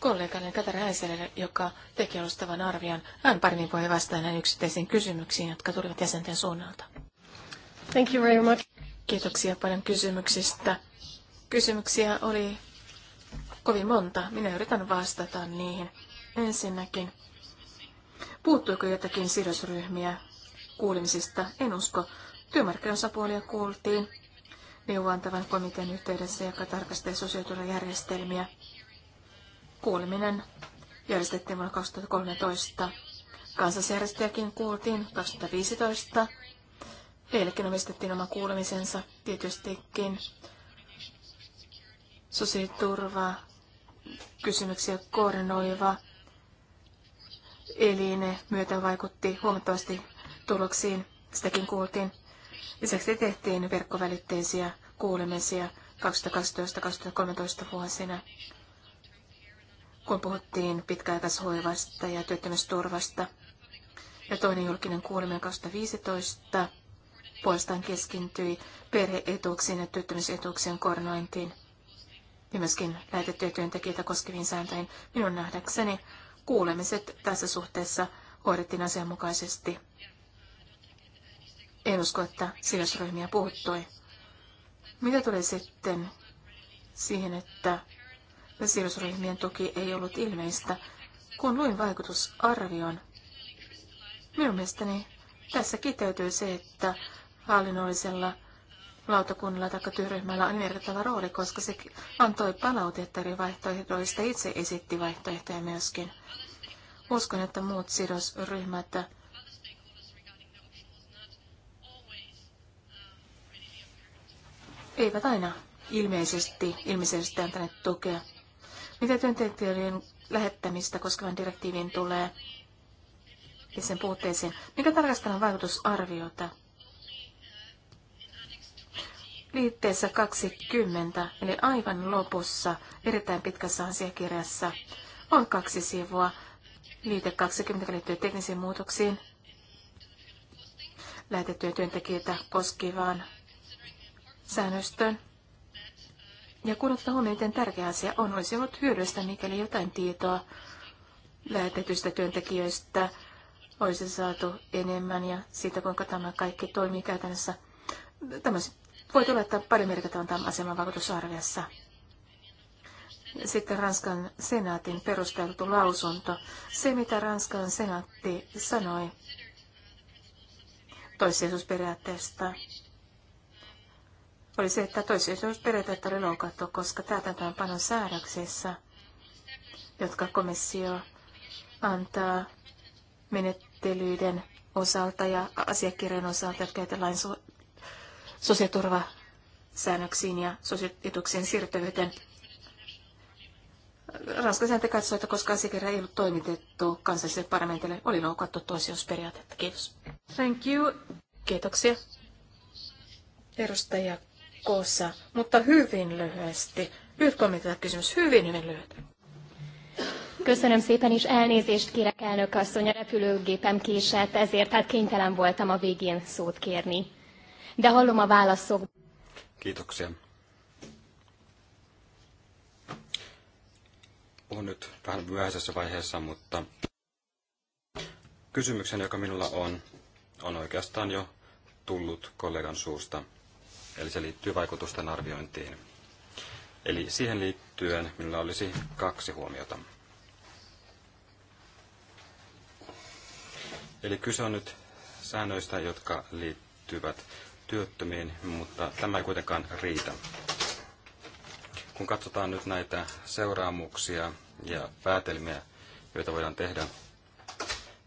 kollegalle Katara Häiselle, joka teki alustavan arvion. Hän paremmin voi vastata näihin yksittäisiin kysymyksiin, jotka tulivat jäsenten suunnalta. Thank you very much. Kiitoksia paljon kysymyksistä. Kysymyksiä oli kovin monta. Minä yritän vastata niihin. Ensinnäkin, puuttuiko jotakin sidosryhmiä kuulemisista? En usko. Työmarkkinosapuolia kuultiin neuvontavan komitean yhteydessä, joka tarkastaa sosiaaliturvajärjestelmiä. Kuuleminen järjestettiin vuonna 2013. Kansasjärjestäjäkin kuultiin 2015. Heillekin omistettiin oma kuulemisensa tietystikin. Sosiaaliturva, kysymyksiä koordinoiva elin myötä vaikutti huomattavasti tuloksiin. Sitäkin kuultiin. Lisäksi tehtiin verkkovälitteisiä kuulemisia 2012-2013 vuosina, kun puhuttiin pitkäaikaishoivasta ja työttömyysturvasta. Ja toinen julkinen kuuleminen 2015 puolestaan keskintyi perheetuuksien ja työttömyysetuuksien koordinointiin ja myöskin lähetettyjä työntekijöitä koskeviin sääntöihin. Minun nähdäkseni kuulemiset tässä suhteessa hoidettiin asianmukaisesti en usko, että sidosryhmiä puuttui. Mitä tulee sitten siihen, että sidosryhmien tuki ei ollut ilmeistä, kun luin vaikutusarvion, minun mielestäni tässä kiteytyy se, että hallinnollisella lautakunnalla tai työryhmällä on merkittävä rooli, koska se antoi palautetta eri vaihtoehdoista, itse esitti vaihtoehtoja myöskin. Uskon, että muut sidosryhmät eivät aina ilmeisesti, ilmeisesti antaneet tukea. Mitä työntekijöiden lähettämistä koskevan direktiivin tulee ja sen puutteeseen? mikä tarkastellaan vaikutusarviota? Liitteessä 20, eli aivan lopussa, erittäin pitkässä asiakirjassa, on kaksi sivua. Liite 20 liittyy teknisiin muutoksiin, lähetettyjä työntekijöitä koskevaan säännöstön. Ja kun ottaa huomioon, miten tärkeä asia on, olisi ollut hyödyllistä, mikäli jotain tietoa lähetetyistä työntekijöistä olisi saatu enemmän ja siitä, kuinka tämä kaikki toimii käytännössä. Tämä voi tulla, että paljon merkitään tämän aseman vaikutusarviassa. Sitten Ranskan senaatin perusteltu lausunto. Se, mitä Ranskan senaatti sanoi toissijaisuusperiaatteesta, oli se, että toisiosuusperiaatetta oli loukattu, koska täytäntöönpanon säädöksissä, jotka komissio antaa menettelyiden osalta ja asiakirjan osalta, jotka käytetään sosiaaliturvasäännöksiin ja sosiaalietuuksien siirtyvyyteen. Ranskan sääntö katsoi, että koska asiakirja ei ollut toimitettu kansalliselle parlamentille, oli loukattu toisiosperiaatetta. Kiitos. Thank you. Kiitoksia. Edustaja koossa, mutta hyvin lyhyesti. Lyhyt kommentti kysymys, hyvin hyvin lyhyt. Köszönöm szépen, is elnézést kérek, elnök asszony, a repülőgépem késett, ezért hát kénytelen voltam a végén szót kérni. De hallom a válaszok. Kiitoksia. Olen nyt vähän myöhäisessä vaiheessa, mutta kysymyksen, joka minulla on, on oikeastaan jo tullut kollegan suusta eli se liittyy vaikutusten arviointiin. Eli siihen liittyen minulla olisi kaksi huomiota. Eli kyse on nyt säännöistä, jotka liittyvät työttömiin, mutta tämä ei kuitenkaan riitä. Kun katsotaan nyt näitä seuraamuksia ja päätelmiä, joita voidaan tehdä,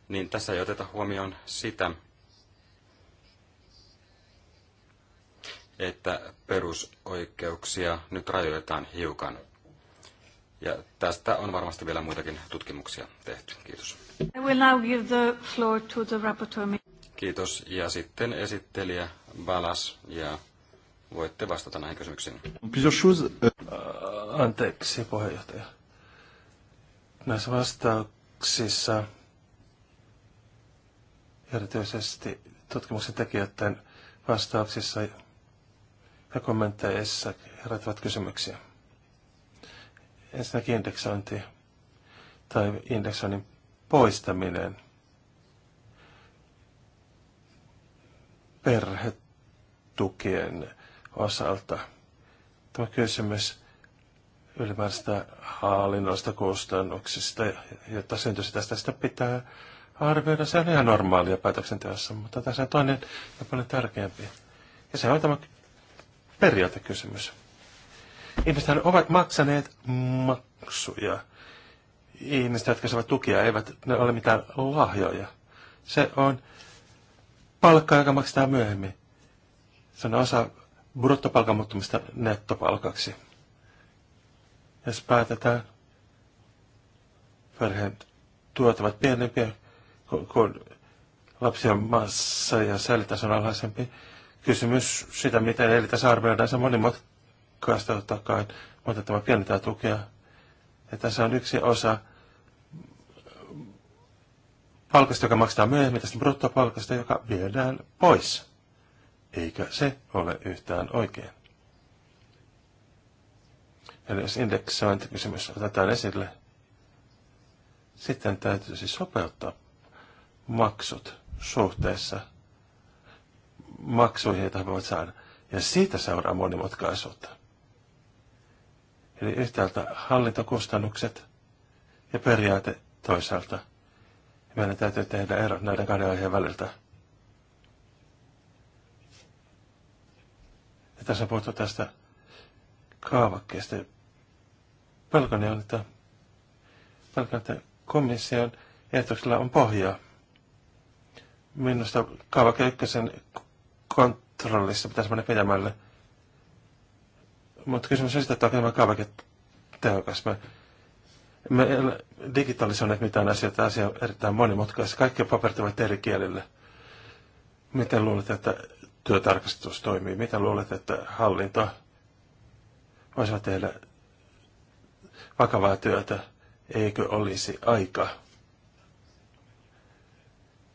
niin tässä ei oteta huomioon sitä, että perusoikeuksia nyt rajoitetaan hiukan. Ja tästä on varmasti vielä muitakin tutkimuksia tehty. Kiitos. I will now give the floor to the Kiitos. Ja sitten esittelijä Balas ja voitte vastata näihin kysymyksiin. Euh, Anteeksi, puheenjohtaja. Näissä vastauksissa erityisesti tutkimuksen tekijöiden vastauksissa ja kommentteissa herättävät kysymyksiä. Ensinnäkin indeksointi tai indeksoinnin poistaminen perhetukien osalta. Tämä kysymys ylimääräistä hallinnoista kustannuksista, jotta syntyisi tästä, sitä pitää arvioida. Se on ihan normaalia päätöksenteossa, mutta tässä on toinen ja paljon tärkeämpi. Ja se on tämä periaatekysymys. Ihmisethän ovat maksaneet maksuja. Ihmiset, jotka saavat tukia, eivät ne ole mitään lahjoja. Se on palkka, joka maksetaan myöhemmin. Se on osa bruttopalkan muuttumista nettopalkaksi. Jos päätetään, perheen tuot ovat pienempiä, kun lapsia on ja säälitaso on alhaisempi, kysymys sitä, miten eli tässä arvioidaan se monimutkaista totta kai, mutta tämä pienentää tukea. Ja tässä on yksi osa palkasta, joka maksetaan myöhemmin, tästä bruttopalkasta, joka viedään pois. Eikä se ole yhtään oikein. Eli jos indeksointikysymys otetaan esille, sitten täytyisi sopeuttaa maksut suhteessa – maksuihin, joita he voivat saada. Ja siitä seuraa monimutkaisuutta. Eli yhtäältä hallintokustannukset ja periaate toisaalta. Meidän täytyy tehdä erot näiden kahden aiheen väliltä. Ja tässä on puhuttu tästä kaavakkeesta. Pelkoni on, että, pelkoni, että komission ehdotuksella on pohjaa. Minusta kaavake ykkösen kontrollissa pitäisi mennä pidemmälle. Mutta kysymys on sitä, että onko tämä kaavake tehokas. Me, me ole digitalisoineet mitään asioita, asia on erittäin monimutkaista. Kaikki paperit ovat eri kielille. Miten luulet, että työtarkastus toimii? Miten luulet, että hallinto voisi tehdä vakavaa työtä? Eikö olisi aika?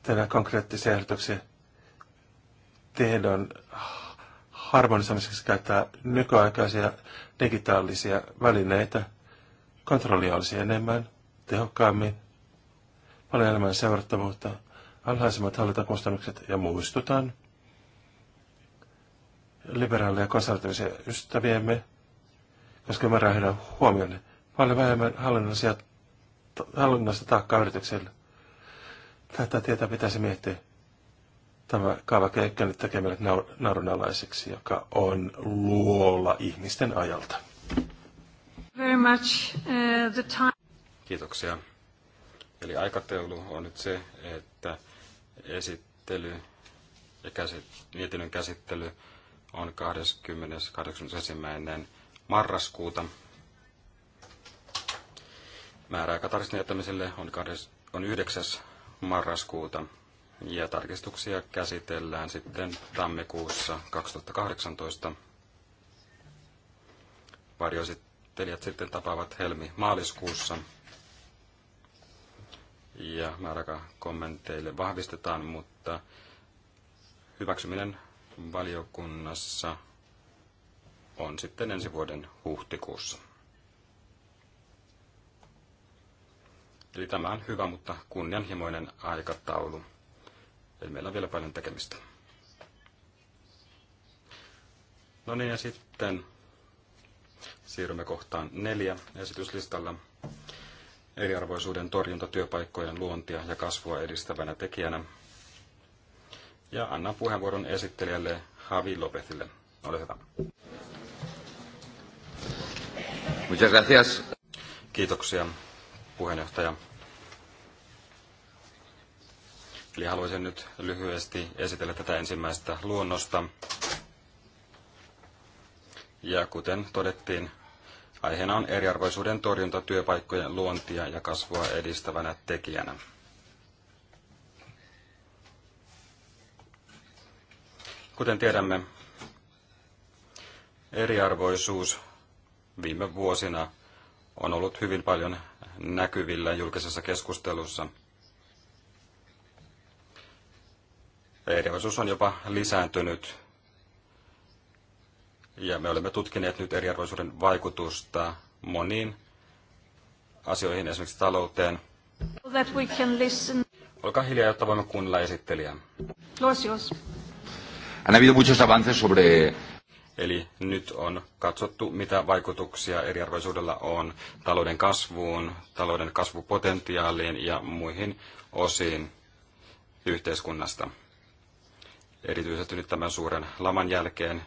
Tehdään konkreettisia ehdotuksia tehdään harmonisoimiseksi käyttää nykyaikaisia digitaalisia välineitä. Kontrolli olisi enemmän, tehokkaammin, paljon enemmän seurattavuutta, alhaisemmat hallintakustannukset ja muistutan liberaaleja konservatiivisia ystäviemme, koska me heidän huomioon paljon vähemmän hallinnollista taakkaa yritykselle. Tätä tietä pitäisi miettiä. Tämä Kaava nyt tekee narunalaiseksi, joka on luola ihmisten ajalta. Very much, uh, the time. Kiitoksia. Eli aikataulu on nyt se, että esittely ja käsit- mietinnön käsittely on 20.81. marraskuuta. Määräaika tarkistin jättämiselle on, 9. marraskuuta ja tarkistuksia käsitellään sitten tammikuussa 2018. Varjoesittelijät sitten tapaavat helmi maaliskuussa ja määräkä kommenteille vahvistetaan, mutta hyväksyminen valiokunnassa on sitten ensi vuoden huhtikuussa. Eli tämä on hyvä, mutta kunnianhimoinen aikataulu. Eli meillä on vielä paljon tekemistä. No niin, ja sitten siirrymme kohtaan neljä esityslistalla. Eriarvoisuuden torjunta työpaikkojen luontia ja kasvua edistävänä tekijänä. Ja annan puheenvuoron esittelijälle Javi Lopezille. Ole hyvä. Muchas gracias. Kiitoksia, puheenjohtaja. Eli haluaisin nyt lyhyesti esitellä tätä ensimmäistä luonnosta. Ja kuten todettiin, aiheena on eriarvoisuuden torjunta työpaikkojen luontia ja kasvua edistävänä tekijänä. Kuten tiedämme, eriarvoisuus viime vuosina on ollut hyvin paljon näkyvillä julkisessa keskustelussa – eriarvoisuus on jopa lisääntynyt. Ja me olemme tutkineet nyt eriarvoisuuden vaikutusta moniin asioihin, esimerkiksi talouteen. Olkaa hiljaa, jotta voimme kuunnella esittelijää. Han habido muchos avances sobre... Eli nyt on katsottu, mitä vaikutuksia eriarvoisuudella on talouden kasvuun, talouden kasvupotentiaaliin ja muihin osiin yhteiskunnasta erityisesti nyt tämän suuren laman jälkeen,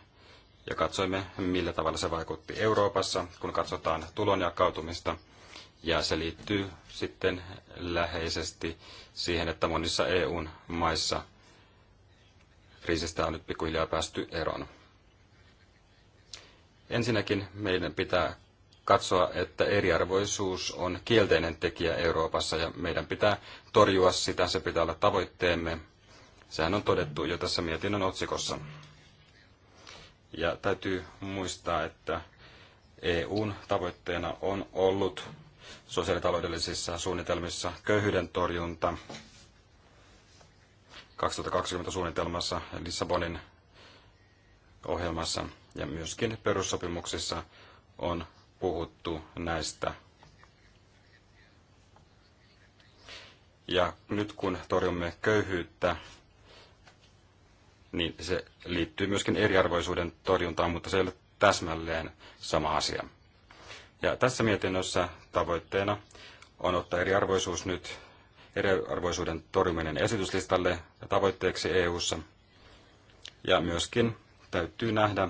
ja katsoimme, millä tavalla se vaikutti Euroopassa, kun katsotaan tulonjakautumista. Ja se liittyy sitten läheisesti siihen, että monissa EUn maissa kriisistä on nyt pikkuhiljaa päästy eroon. Ensinnäkin meidän pitää katsoa, että eriarvoisuus on kielteinen tekijä Euroopassa ja meidän pitää torjua sitä, se pitää olla tavoitteemme Sehän on todettu jo tässä mietinnön otsikossa. Ja täytyy muistaa, että EUn tavoitteena on ollut sosiaalitaloudellisissa suunnitelmissa köyhyyden torjunta 2020 suunnitelmassa Lissabonin ohjelmassa ja myöskin perussopimuksissa on puhuttu näistä. Ja nyt kun torjumme köyhyyttä niin se liittyy myöskin eriarvoisuuden torjuntaan, mutta se ei ole täsmälleen sama asia. Ja tässä mietinnössä tavoitteena on ottaa eriarvoisuus nyt eriarvoisuuden torjuminen esityslistalle ja tavoitteeksi EU:ssa. Ja myöskin täytyy nähdä,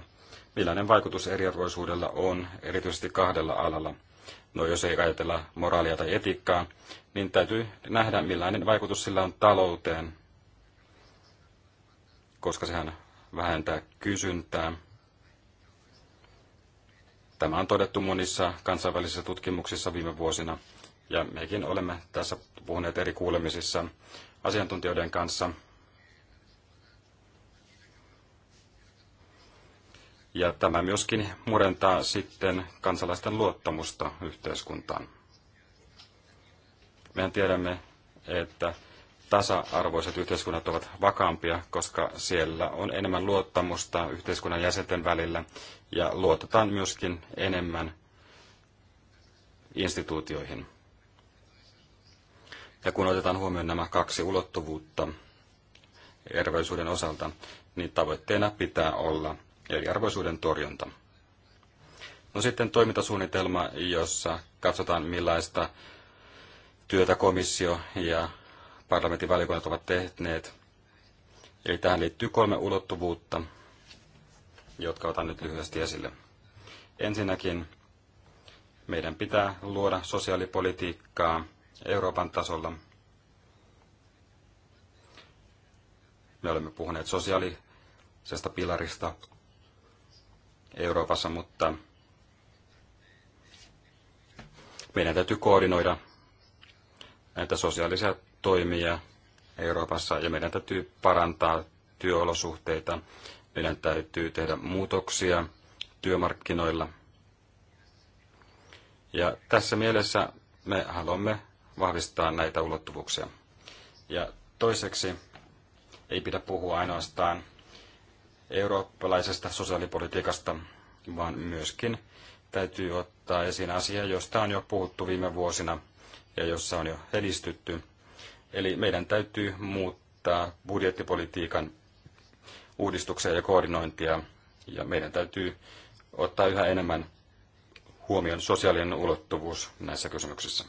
millainen vaikutus eriarvoisuudella on erityisesti kahdella alalla. No jos ei ajatella moraalia tai etiikkaa, niin täytyy nähdä, millainen vaikutus sillä on talouteen koska sehän vähentää kysyntää. Tämä on todettu monissa kansainvälisissä tutkimuksissa viime vuosina, ja mekin olemme tässä puhuneet eri kuulemisissa asiantuntijoiden kanssa. Ja tämä myöskin murentaa sitten kansalaisten luottamusta yhteiskuntaan. Mehän tiedämme, että tasa-arvoiset yhteiskunnat ovat vakaampia, koska siellä on enemmän luottamusta yhteiskunnan jäsenten välillä ja luotetaan myöskin enemmän instituutioihin. Ja kun otetaan huomioon nämä kaksi ulottuvuutta eriarvoisuuden osalta, niin tavoitteena pitää olla eriarvoisuuden torjunta. No sitten toimintasuunnitelma, jossa katsotaan millaista työtä komissio ja parlamentin valiokunnat ovat tehneet. Eli tähän liittyy kolme ulottuvuutta, jotka otan nyt lyhyesti esille. Ensinnäkin meidän pitää luoda sosiaalipolitiikkaa Euroopan tasolla. Me olemme puhuneet sosiaalisesta pilarista Euroopassa, mutta meidän täytyy koordinoida näitä sosiaalisia toimia Euroopassa ja meidän täytyy parantaa työolosuhteita, meidän täytyy tehdä muutoksia työmarkkinoilla. Ja tässä mielessä me haluamme vahvistaa näitä ulottuvuuksia. Ja toiseksi ei pidä puhua ainoastaan eurooppalaisesta sosiaalipolitiikasta, vaan myöskin täytyy ottaa esiin asia, josta on jo puhuttu viime vuosina ja jossa on jo edistytty – Eli meidän täytyy muuttaa budjettipolitiikan uudistuksia ja koordinointia, ja meidän täytyy ottaa yhä enemmän huomioon sosiaalinen ulottuvuus näissä kysymyksissä.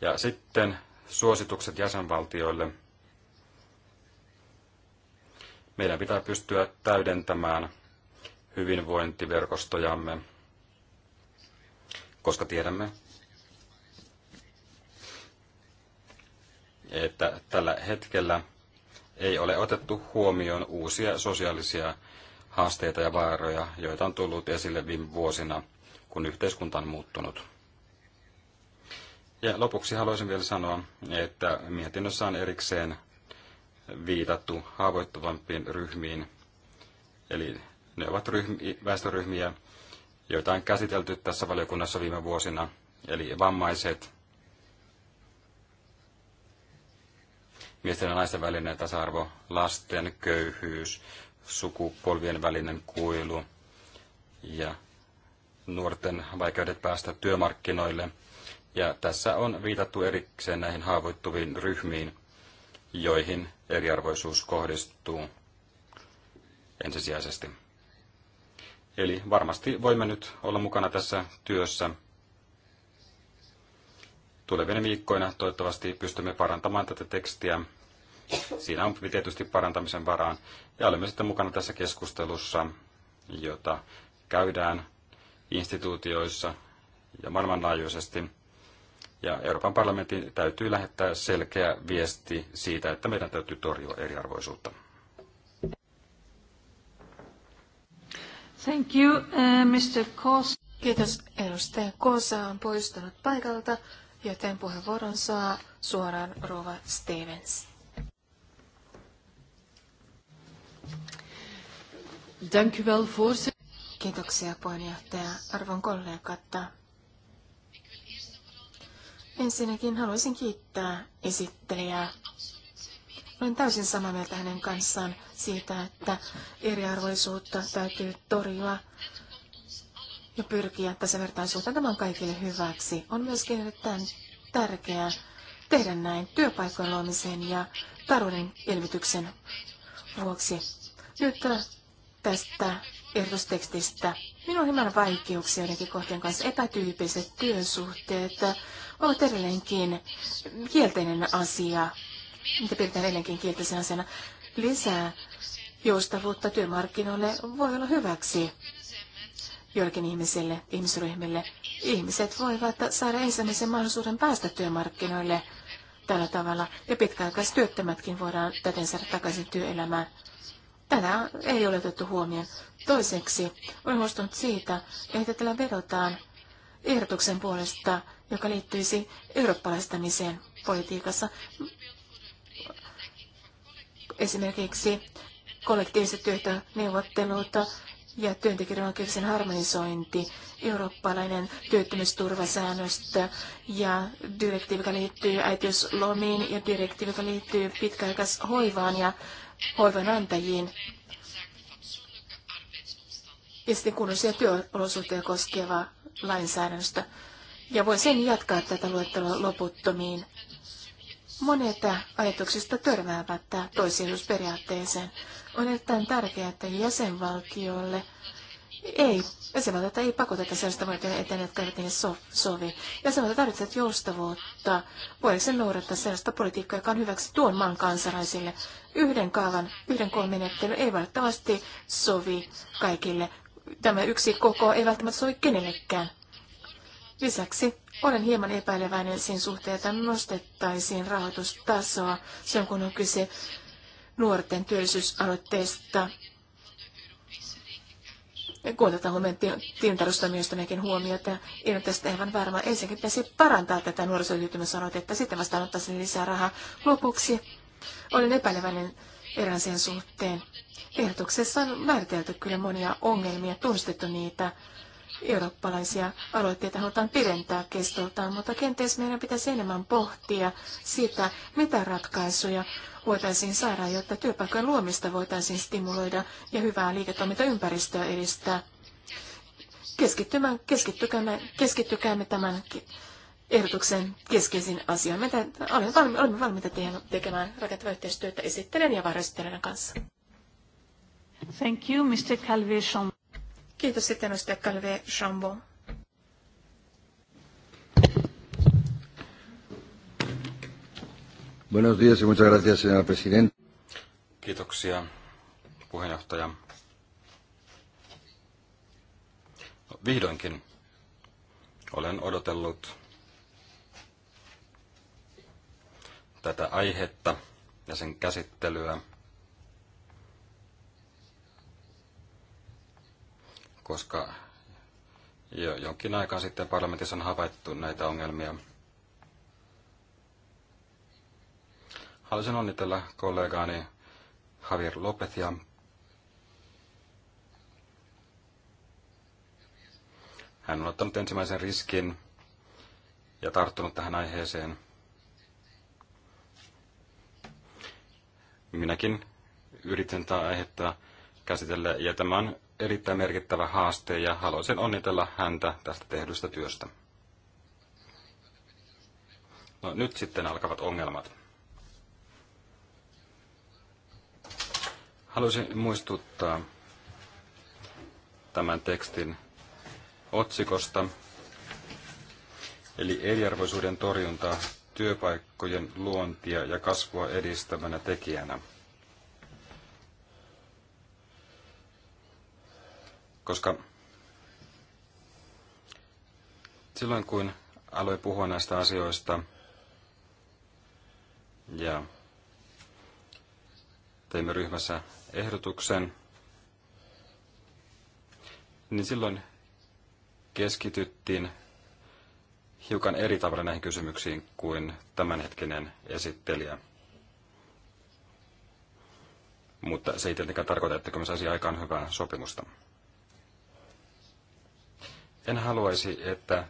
Ja sitten suositukset jäsenvaltioille. Meidän pitää pystyä täydentämään hyvinvointiverkostojamme, koska tiedämme, että tällä hetkellä ei ole otettu huomioon uusia sosiaalisia haasteita ja vaaroja, joita on tullut esille viime vuosina, kun yhteiskunta on muuttunut. Ja lopuksi haluaisin vielä sanoa, että mietinnössä on erikseen viitattu haavoittuvampiin ryhmiin, eli ne ovat ryhmi, väestöryhmiä, joita on käsitelty tässä valiokunnassa viime vuosina, eli vammaiset, miesten ja naisten välinen tasa-arvo, lasten köyhyys, sukupolvien välinen kuilu ja nuorten vaikeudet päästä työmarkkinoille. Ja tässä on viitattu erikseen näihin haavoittuviin ryhmiin, joihin eriarvoisuus kohdistuu ensisijaisesti. Eli varmasti voimme nyt olla mukana tässä työssä tulevina viikkoina toivottavasti pystymme parantamaan tätä tekstiä. Siinä on tietysti parantamisen varaan. Ja olemme sitten mukana tässä keskustelussa, jota käydään instituutioissa ja maailmanlaajuisesti. Ja Euroopan parlamentin täytyy lähettää selkeä viesti siitä, että meidän täytyy torjua eriarvoisuutta. Thank you, uh, eh, Mr. Kos. Kiitos edustaja Kosa on poistunut paikalta joten puheenvuoron saa suoraan Rova Stevens. Dank u wel, Kiitoksia puheenjohtaja, arvon kollegat. Ensinnäkin haluaisin kiittää esittelijää. Olen täysin samaa mieltä hänen kanssaan siitä, että eriarvoisuutta täytyy torjua ja pyrkiä tasavertaisuuteen. Tämä on kaikille hyväksi. On myöskin erittäin tärkeää tehdä näin työpaikkojen luomisen ja talouden elvytyksen vuoksi. Nyt tästä ehdotustekstistä. Minun on hieman vaikeuksia joidenkin kohtien kanssa. Epätyypilliset työsuhteet ovat edelleenkin kielteinen asia. mitä pidetään edelleenkin kielteisen asiana. Lisää joustavuutta työmarkkinoille voi olla hyväksi joillekin ihmisille, ihmisryhmille. Ihmiset voivat saada ensimmäisen mahdollisuuden päästä työmarkkinoille tällä tavalla, ja pitkäaikaistyöttömätkin voidaan täten saada takaisin työelämään. Tätä ei ole otettu huomioon. Toiseksi olen huostunut siitä, että tällä vedotaan ehdotuksen puolesta, joka liittyisi eurooppalaistamiseen politiikassa. Esimerkiksi kollektiiviset työtä, neuvottelut ja työntekijöiden oikeuksien harmonisointi, eurooppalainen työttömyysturvasäännöstö ja direktiivi, joka liittyy äitiyslomiin ja direktiivi, joka liittyy pitkäaikaishoivaan ja hoivanantajiin. Ja sitten kunnollisia työolosuhteita koskeva lainsäädäntö. Ja voi sen jatkaa tätä luettelua loputtomiin. Monet ajatuksista törmäävät toisiusperiaatteeseen. On erittäin tärkeää, että jäsenvaltiolle ei, jäsenvaltiota ei pakoteta sellaista valtion eteen, jotka eivät niille sovi. Jäsenvaltiot tarvitsevat joustavuutta, sen noudattaa sellaista politiikkaa, joka on hyväksi tuon maan kansalaisille. Yhden kaavan, yhden koon menettely ei valitettavasti sovi kaikille. Tämä yksi koko ei välttämättä sovi kenellekään. Lisäksi olen hieman epäileväinen sen suhteen, että nostettaisiin rahoitustasoa on kun on kyse nuorten työllisyysaloitteesta. Kun tätä huomioon tilintarustamiestanekin huomiota, en ole tästä aivan varma. Ensinnäkin pitäisi parantaa tätä nuorisotyöttömyysaloitetta, sitten vasta annettaisiin lisää rahaa. Lopuksi olen epäileväinen erään sen suhteen. Ehdotuksessa on määritelty kyllä monia ongelmia, tunnistettu niitä, eurooppalaisia aloitteita halutaan pidentää kestoltaan, mutta kenties meidän pitäisi enemmän pohtia sitä, mitä ratkaisuja voitaisiin saada, jotta työpaikkojen luomista voitaisiin stimuloida ja hyvää liiketoimintaympäristöä edistää. keskittykäämme, keskittykäämme tämän ehdotuksen keskeisin asia. Me olemme valmiita tekemään rakentavaa yhteistyötä esittelijän ja varjoesittelijän kanssa. Thank you, Mr. Calvi Kiitos sitten edustaja Calvé Chambon. Buenos días y muchas gracias, señora presidenta. Kiitoksia, puheenjohtaja. No, vihdoinkin olen odotellut tätä aihetta ja sen käsittelyä koska jo jonkin aikaa sitten parlamentissa on havaittu näitä ongelmia. Haluaisin onnitella kollegaani Javier Lopetia. Hän on ottanut ensimmäisen riskin ja tarttunut tähän aiheeseen. Minäkin yritän tätä aihetta käsitellä, ja tämä on erittäin merkittävä haaste ja haluaisin onnitella häntä tästä tehdystä työstä. No nyt sitten alkavat ongelmat. Haluaisin muistuttaa tämän tekstin otsikosta, eli eriarvoisuuden torjunta työpaikkojen luontia ja kasvua edistävänä tekijänä – koska silloin kun aloin puhua näistä asioista ja teimme ryhmässä ehdotuksen, niin silloin keskityttiin hiukan eri tavalla näihin kysymyksiin kuin tämänhetkinen esittelijä. Mutta se ei tietenkään tarkoita, että me saisi aikaan hyvää sopimusta. En haluaisi, että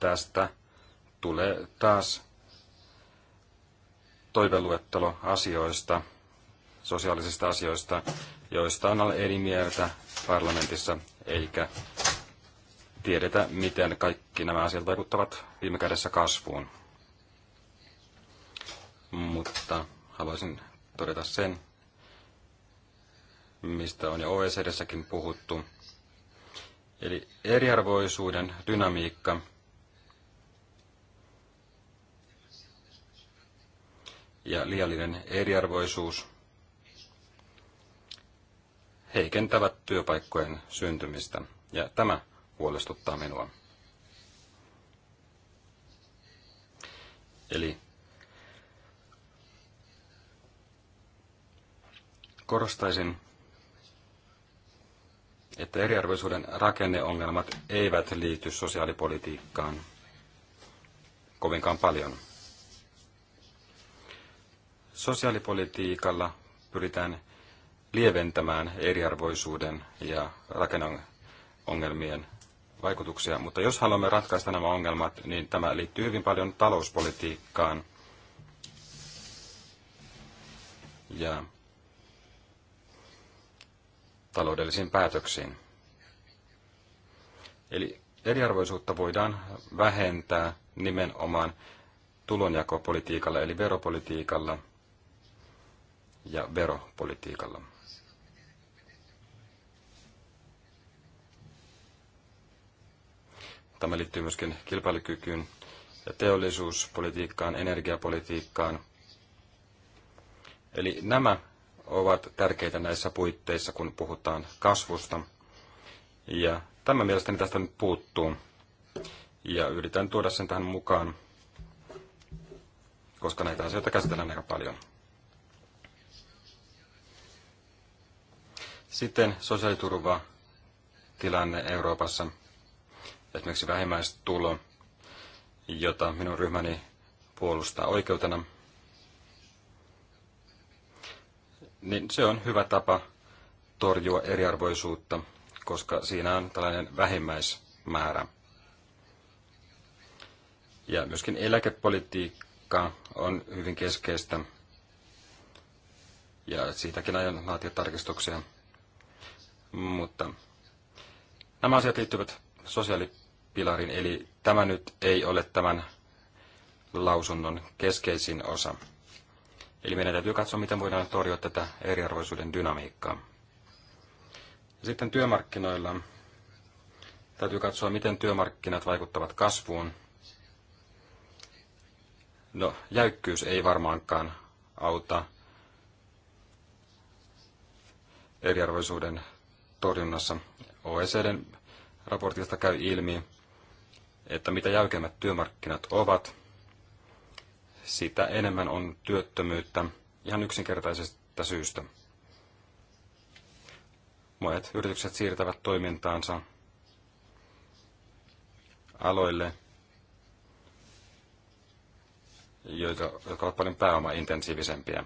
tästä tulee taas toiveluettelo asioista, sosiaalisista asioista, joista on eri mieltä parlamentissa, eikä tiedetä, miten kaikki nämä asiat vaikuttavat viime kädessä kasvuun. Mutta haluaisin todeta sen, mistä on jo OECDssäkin puhuttu, Eli eriarvoisuuden dynamiikka. ja liiallinen eriarvoisuus heikentävät työpaikkojen syntymistä, ja tämä huolestuttaa minua. Eli korostaisin että eriarvoisuuden rakenneongelmat eivät liity sosiaalipolitiikkaan kovinkaan paljon. Sosiaalipolitiikalla pyritään lieventämään eriarvoisuuden ja rakenneongelmien vaikutuksia, mutta jos haluamme ratkaista nämä ongelmat, niin tämä liittyy hyvin paljon talouspolitiikkaan. Ja taloudellisiin päätöksiin. Eli eriarvoisuutta voidaan vähentää nimenomaan tulonjakopolitiikalla eli veropolitiikalla ja veropolitiikalla. Tämä liittyy myöskin kilpailukykyyn ja teollisuuspolitiikkaan, energiapolitiikkaan. Eli nämä ovat tärkeitä näissä puitteissa, kun puhutaan kasvusta. Ja tämä mielestäni tästä nyt puuttuu. Ja yritän tuoda sen tähän mukaan, koska näitä asioita käsitellään aika paljon. Sitten sosiaaliturva tilanne Euroopassa, esimerkiksi vähimmäistulo, jota minun ryhmäni puolustaa oikeutena – niin se on hyvä tapa torjua eriarvoisuutta, koska siinä on tällainen vähimmäismäärä. Ja myöskin eläkepolitiikka on hyvin keskeistä, ja siitäkin aion laatia tarkistuksia. Mutta nämä asiat liittyvät sosiaalipilarin, eli tämä nyt ei ole tämän lausunnon keskeisin osa. Eli meidän täytyy katsoa, miten voidaan torjua tätä eriarvoisuuden dynamiikkaa. Sitten työmarkkinoilla täytyy katsoa, miten työmarkkinat vaikuttavat kasvuun. No, jäykkyys ei varmaankaan auta eriarvoisuuden torjunnassa. OECDn raportista käy ilmi, että mitä jäykemmät työmarkkinat ovat, sitä enemmän on työttömyyttä ihan yksinkertaisesta syystä. Monet yritykset siirtävät toimintaansa aloille, joita, jotka ovat paljon pääomaintensiivisempiä.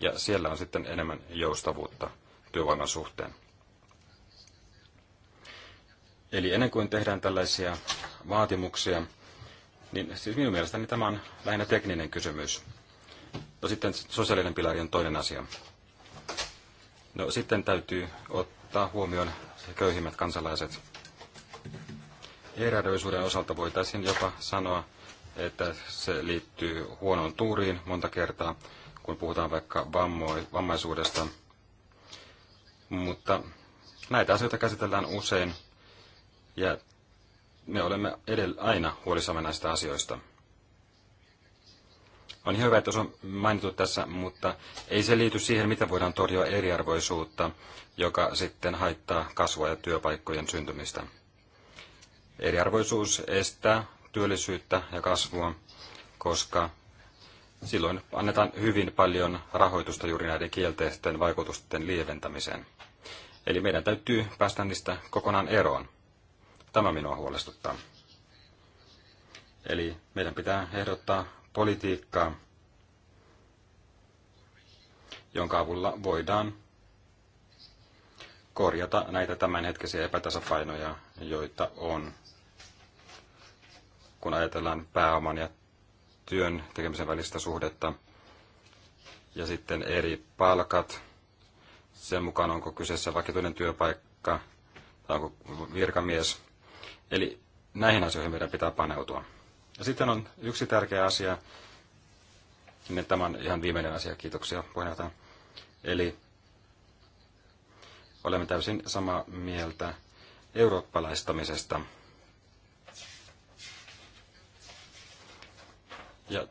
Ja siellä on sitten enemmän joustavuutta työvoiman suhteen. Eli ennen kuin tehdään tällaisia vaatimuksia, niin siis minun mielestäni tämä on lähinnä tekninen kysymys. No sitten sosiaalinen pilari on toinen asia. No sitten täytyy ottaa huomioon köyhimmät kansalaiset. Eräädöisyyden osalta voitaisiin jopa sanoa, että se liittyy huonoon tuuriin monta kertaa, kun puhutaan vaikka vammoi, vammaisuudesta. Mutta näitä asioita käsitellään usein, ja me olemme edellä, aina huolissamme näistä asioista. On hyvä, että se on mainittu tässä, mutta ei se liity siihen, miten voidaan torjua eriarvoisuutta, joka sitten haittaa kasvua ja työpaikkojen syntymistä. Eriarvoisuus estää työllisyyttä ja kasvua, koska silloin annetaan hyvin paljon rahoitusta juuri näiden kielteisten vaikutusten lieventämiseen. Eli meidän täytyy päästä niistä kokonaan eroon. Tämä minua huolestuttaa. Eli meidän pitää ehdottaa politiikkaa, jonka avulla voidaan korjata näitä tämänhetkisiä epätasapainoja, joita on, kun ajatellaan pääoman ja työn tekemisen välistä suhdetta ja sitten eri palkat, sen mukaan onko kyseessä vakituinen työpaikka tai onko virkamies. Eli näihin asioihin meidän pitää paneutua. Ja sitten on yksi tärkeä asia, niin tämä on ihan viimeinen asia, kiitoksia puheenjohtaja. Eli olemme täysin samaa mieltä eurooppalaistamisesta. Ja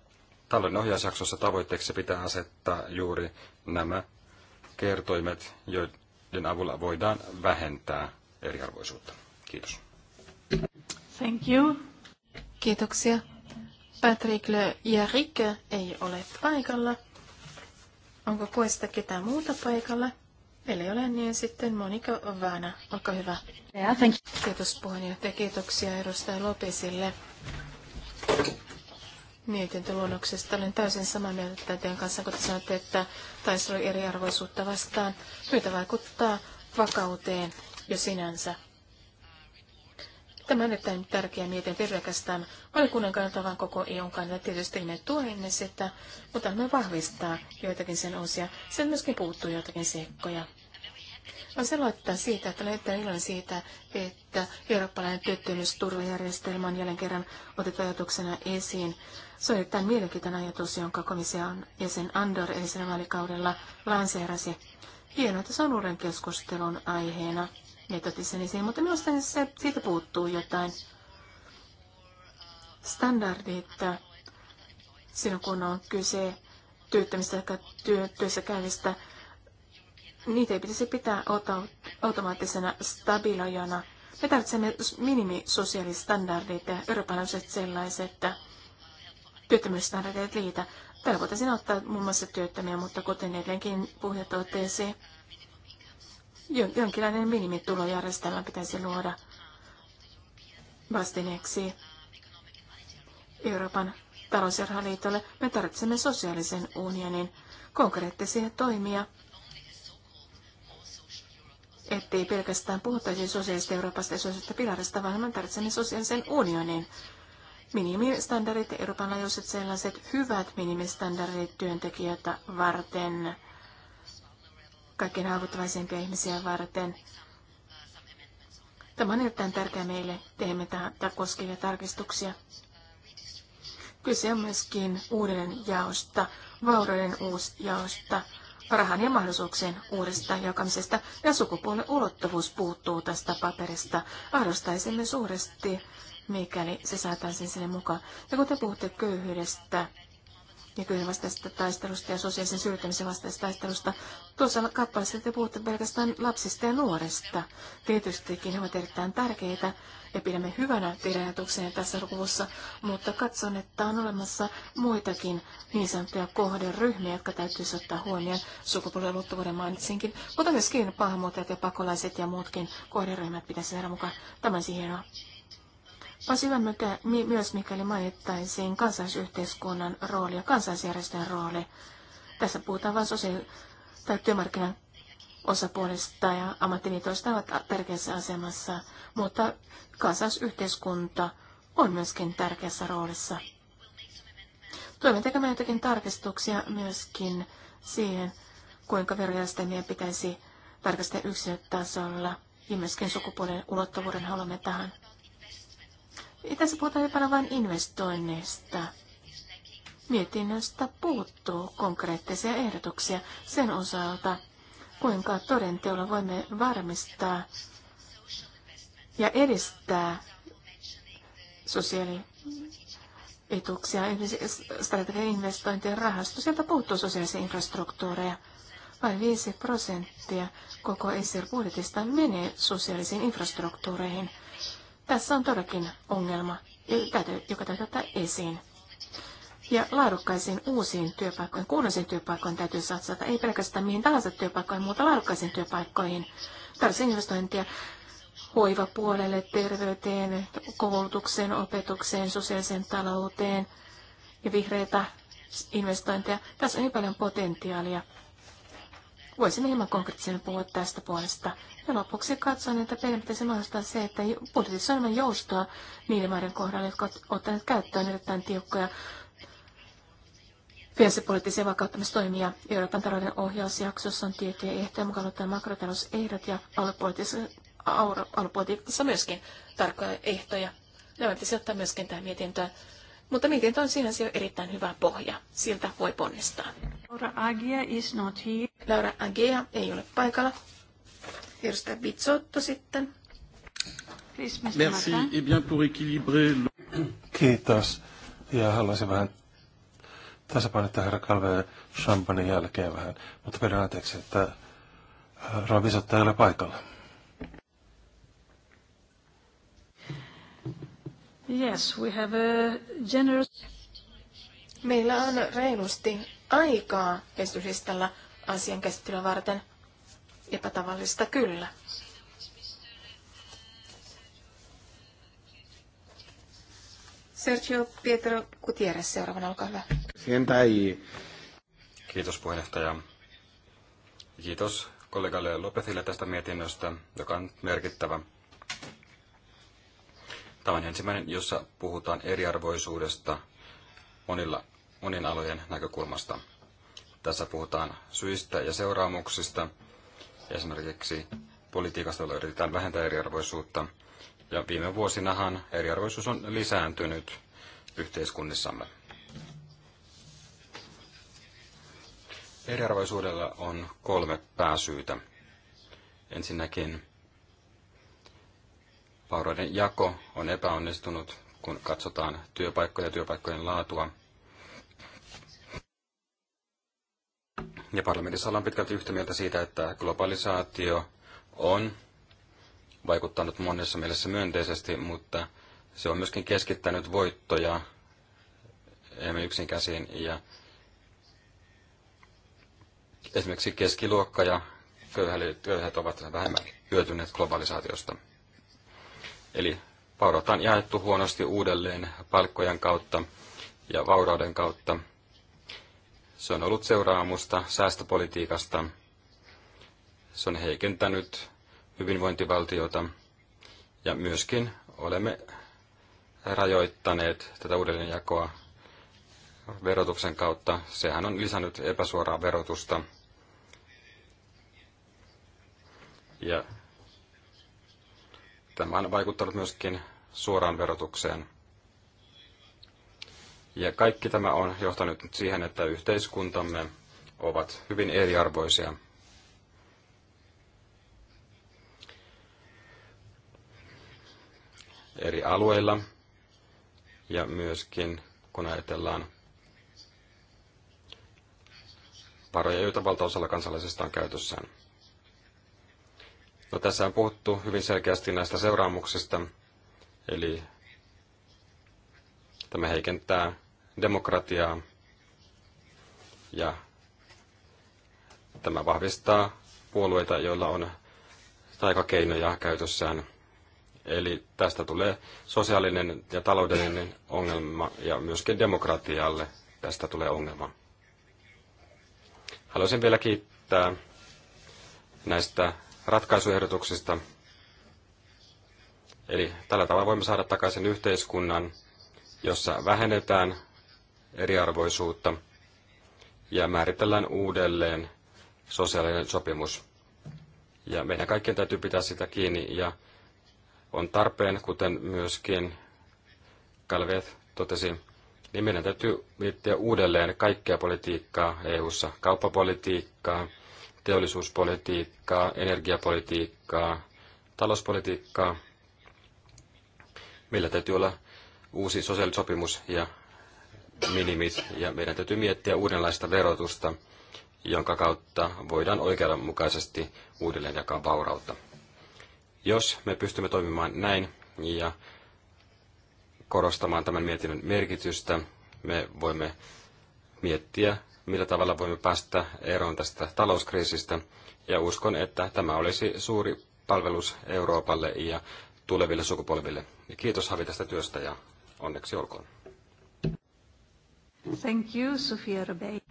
tällöin ohjausjaksossa tavoitteeksi pitää asettaa juuri nämä kertoimet, joiden avulla voidaan vähentää eriarvoisuutta. Kiitos. Thank you. Kiitoksia. Patrick Le Rick ei ole paikalla. Onko kuesta ketään muuta paikalla? Eli ole niin sitten Monika Vaana, olkaa hyvä. Yeah, thank you. Kiitos puheenjohtaja, kiitoksia edustaja Lopesille mietintöluonnoksesta. Olen täysin samaa mieltä teidän kanssa, kun te sanotte, että taistelu eriarvoisuutta vastaan myötä vaikuttaa vakauteen jo sinänsä. Tämä on erittäin tärkeä mietin pelkästään valiokunnan kannalta, vaan koko EUn kannalta. Tietysti me tuemme sitä, mutta me vahvistaa joitakin sen osia. Sen myöskin puuttuu joitakin seikkoja. On se siitä, että olen erittäin iloinen siitä, että eurooppalainen työttömyysturvajärjestelmä on jälleen kerran otettu ajatuksena esiin. Se on erittäin mielenkiintoinen ajatus, jonka on jäsen Andor edellisellä vaalikaudella lanseerasi. Hienoa, että se on uuden keskustelun aiheena jätätte sen esiin, mutta minusta se, siitä puuttuu jotain standardit silloin, kun on kyse työttömistä tai työ, työssä käyvistä. Niitä ei pitäisi pitää automaattisena stabiloijana. Me tarvitsemme minimisosiaalistandardit ja eurooppalaiset sellaiset, että työttömyysstandardit liitä. Täällä voitaisiin ottaa muun muassa työttömiä, mutta kuten edelleenkin puhuja totesi, jonkinlainen minimitulojärjestelmä pitäisi luoda vastineeksi Euroopan talousjärjestelylle. Me tarvitsemme sosiaalisen unionin konkreettisia toimia, ettei pelkästään puhuttaisi sosiaalista Euroopasta ja sosiaalista pilarista, vaan me tarvitsemme sosiaalisen unionin. Minimistandardit, Euroopan laajuiset sellaiset hyvät minimistandardit työntekijöitä varten – kaikkein haavoittuvaisempia ihmisiä varten. Tämä on erittäin tärkeää meille, teemme tätä koskevia tarkistuksia. Kyse on myöskin uuden jaosta, vaurauden uusjaosta, rahan ja mahdollisuuksien uudesta jakamisesta ja sukupuolen ulottuvuus puuttuu tästä paperista. Arvostaisimme suuresti, mikäli se saataisiin sinne mukaan. Ja kun te puhutte köyhyydestä, nykyisen vastaisesta taistelusta ja sosiaalisen syrjäytymisen vastaisesta taistelusta. Tuossa kappaleessa te puhutte pelkästään lapsista ja nuoresta Tietystikin he ovat erittäin tärkeitä ja pidämme hyvänä teidän ajatuksenne tässä luvussa, mutta katson, että on olemassa muitakin niin sanottuja kohderyhmiä, jotka täytyisi ottaa huomioon. Sukupuolen luottuvuuden mainitsinkin, mutta myöskin pahamuuttajat ja pakolaiset ja muutkin kohderyhmät pitäisi saada mukaan. Tämä on siis hienoa. Olisi hyvä myös, mikäli mainittaisiin kansaisyhteiskunnan rooli ja kansaisjärjestön rooli. Tässä puhutaan vain sosiaali- tai työmarkkinan osapuolista ja ammattiliitoista ovat tärkeässä asemassa, mutta kansaisyhteiskunta on myöskin tärkeässä roolissa. Tulemme tekemään jotakin tarkistuksia myöskin siihen, kuinka verojärjestelmiä pitäisi tarkastella yksilötasolla ja myöskin sukupuolen ulottuvuuden haluamme tähän. Ei tässä puhuta jopa vain investoinneista. Mietinnöstä puuttuu konkreettisia ehdotuksia sen osalta, kuinka todenteolla voimme varmistaa ja edistää etuuksia, strategian investointien rahasto. Sieltä puuttuu sosiaalisia infrastruktuureja. Vain 5 prosenttia koko ESIR-budjetista menee sosiaalisiin infrastruktuureihin – tässä on todellakin ongelma, joka täytyy ottaa esiin. Ja laadukkaisiin uusiin työpaikkoihin, kuuluisiin työpaikkoihin täytyy satsata, ei pelkästään mihin tahansa työpaikkoihin, mutta laadukkaisiin työpaikkoihin. Tarvitsee investointia hoivapuolelle, terveyteen, koulutukseen, opetukseen, sosiaaliseen talouteen ja vihreitä investointeja. Tässä on niin paljon potentiaalia. Voisimme hieman konkreettisemmin puhua tästä puolesta. Ja lopuksi katson, että meidän pitäisi mahdollistaa se, että budjetissa on enemmän joustoa niiden maiden kohdalla, jotka ovat ottaneet käyttöön erittäin tiukkoja finanssipoliittisia vakauttamistoimia. Euroopan talouden ohjausjaksossa on tiettyjä ehtoja mukaan ottaen makrotalousehdot ja alupolitiikassa myöskin tarkkoja ehtoja. Nämä pitäisi ottaa myöskin tähän mietintöön. Mutta mietintö on sinänsä jo erittäin hyvä pohja. Siltä voi ponnistaa. Laura Agia is not here. Laura Agia ei ole paikalla. Edustaja Bizzotto sitten. Merci. bien, pour équilibrer... Kiitos. Ja haluaisin vähän tasapainottaa herra Kalve champagne jälkeen vähän, mutta pidän anteeksi, että äh, Ravisotta ei ole paikalla. Yes, we have a generous... Meillä on reilusti aikaa esityslistalla asian käsittelyä varten. Epätavallista kyllä. Sergio Pietro Gutierrez, seuraavana, olkaa hyvä. Kiitos puheenjohtaja. Kiitos kollegalle Lopezille tästä mietinnöstä, joka on merkittävä. Tämä on ensimmäinen, jossa puhutaan eriarvoisuudesta monilla, monin alojen näkökulmasta. Tässä puhutaan syistä ja seuraamuksista, esimerkiksi politiikasta, jolla yritetään vähentää eriarvoisuutta. Ja viime vuosinahan eriarvoisuus on lisääntynyt yhteiskunnissamme. Eriarvoisuudella on kolme pääsyytä. Ensinnäkin vauroiden jako on epäonnistunut, kun katsotaan työpaikkoja ja työpaikkojen laatua – Ja parlamentissa ollaan pitkälti yhtä mieltä siitä, että globalisaatio on vaikuttanut monessa mielessä myönteisesti, mutta se on myöskin keskittänyt voittoja emme yksin käsiin. Ja esimerkiksi keskiluokka ja köyhät ovat vähemmän hyötyneet globalisaatiosta. Eli vaurautta on jaettu huonosti uudelleen palkkojen kautta ja vaurauden kautta – se on ollut seuraamusta säästöpolitiikasta. Se on heikentänyt hyvinvointivaltiota ja myöskin olemme rajoittaneet tätä uudelleenjakoa verotuksen kautta. Sehän on lisännyt epäsuoraa verotusta. Ja tämä on vaikuttanut myöskin suoraan verotukseen. Ja kaikki tämä on johtanut nyt siihen, että yhteiskuntamme ovat hyvin eriarvoisia. eri alueilla ja myöskin kun ajatellaan varoja, joita valtaosalla kansalaisista on käytössään. No, tässä on puhuttu hyvin selkeästi näistä seuraamuksista, eli Tämä heikentää demokratiaa ja tämä vahvistaa puolueita, joilla on taikakeinoja käytössään. Eli tästä tulee sosiaalinen ja taloudellinen ongelma ja myöskin demokratialle tästä tulee ongelma. Haluaisin vielä kiittää näistä ratkaisuehdotuksista. Eli tällä tavalla voimme saada takaisin yhteiskunnan, jossa vähennetään eriarvoisuutta ja määritellään uudelleen sosiaalinen sopimus. Ja meidän kaikkien täytyy pitää sitä kiinni ja on tarpeen, kuten myöskin Kalvet totesi, niin meidän täytyy miettiä uudelleen kaikkea politiikkaa EU-ssa, kauppapolitiikkaa, teollisuuspolitiikkaa, energiapolitiikkaa, talouspolitiikkaa. Meillä täytyy olla uusi sosiaalisopimus ja minimit, ja meidän täytyy miettiä uudenlaista verotusta, jonka kautta voidaan oikeudenmukaisesti uudelleen jakaa vaurautta. Jos me pystymme toimimaan näin ja korostamaan tämän mietinnön merkitystä, me voimme miettiä, millä tavalla voimme päästä eroon tästä talouskriisistä, ja uskon, että tämä olisi suuri palvelus Euroopalle ja tuleville sukupolville. Kiitos Havi tästä työstä ja Onneksi olkoon. Thank you, Sofia Ribeiro.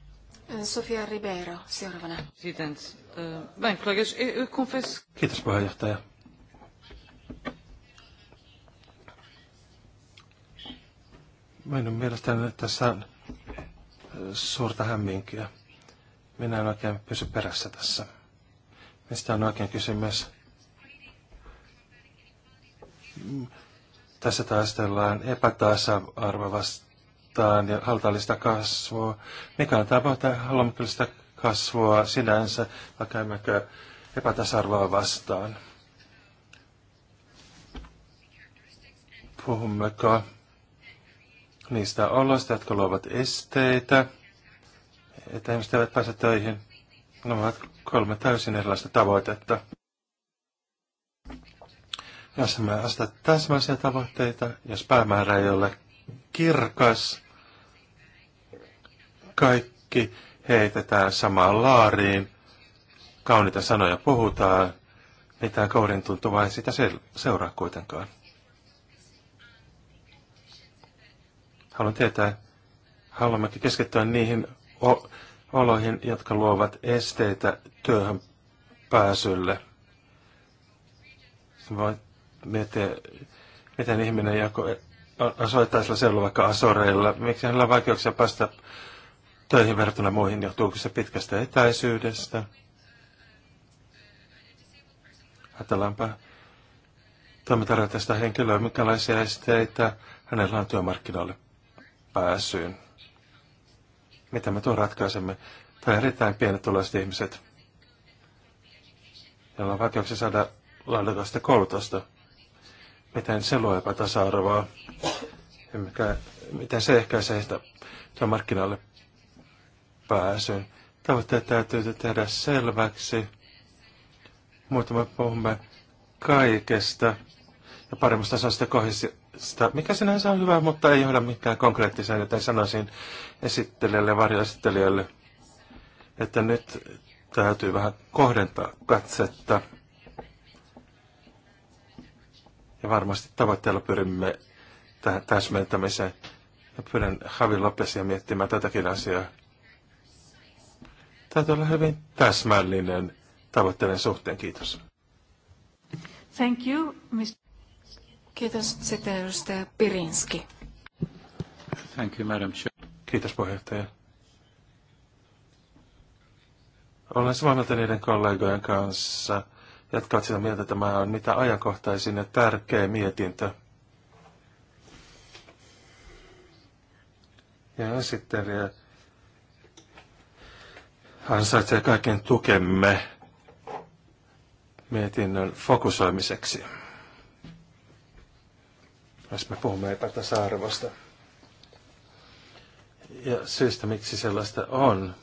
Sofia Ribeiro, seuraavana. Sitens. Uh, Kiitos puheenjohtaja. Minun mielestäni tässä on uh, suurta hämminkiä. Minä en oikein pysy perässä tässä. Mistä on oikein kysymys? Tässä taistellaan epätasa arvovastaan ja haltallista kasvua. Mikä on tavoite? Haluamme kasvua sinänsä, vaikka emmekö epätasa-arvoa vastaan? Puhummeko niistä oloista, jotka luovat esteitä, että ihmiset eivät pääse töihin? Nämä ovat kolme täysin erilaista tavoitetta. Jos me täsmäisiä tavoitteita, jos päämäärä ei ole kirkas, kaikki heitetään samaan laariin, kauniita sanoja puhutaan, mitään kourin tuntuvaa ei sitä seuraa kuitenkaan. Haluan tietää, haluammeko keskittyä niihin oloihin, jotka luovat esteitä työhön pääsylle. Voit miettiä, miten ihminen jako, asoittaa sillä seudulla vaikka Asoreilla, miksi hänellä on vaikeuksia päästä töihin verrattuna muihin, johtuuko se pitkästä etäisyydestä. Ajatellaanpa sitä henkilöä, minkälaisia esteitä hänellä on työmarkkinoille pääsyyn. Mitä me tuon ratkaisemme? Tai erittäin pienet tuloiset ihmiset, joilla on vaikeuksia saada laadukasta koulutusta miten se luo epätasa-arvoa ja mikä, miten se ehkäisee sitä markkinoille pääsyn. Tavoitteet täytyy tehdä selväksi. mutta me puhumme kaikesta ja paremmasta osasta kohdista, mikä sinänsä on hyvä, mutta ei johda mikään konkreettiseen, joten sanoisin esittelijälle ja varjoesittelijälle, että nyt täytyy vähän kohdentaa katsetta ja varmasti tavoitteella pyrimme tähän täsmentämiseen. Ja pyydän Javi Lopesia miettimään tätäkin asiaa. Täytyy olla hyvin täsmällinen tavoitteiden suhteen. Kiitos. Thank you, Mr. Kiitos. Sitten edustaja Pirinski. Thank you, Madam Chair. Kiitos puheenjohtaja. Olen samaa mieltä niiden kollegojen kanssa, jotka sitä mieltä, että tämä on mitä ajankohtaisin ja tärkeä mietintö. Ja sitten vielä ansaitsee kaiken tukemme mietinnön fokusoimiseksi. Jos me puhumme epätasa-arvosta ja syystä, miksi sellaista on,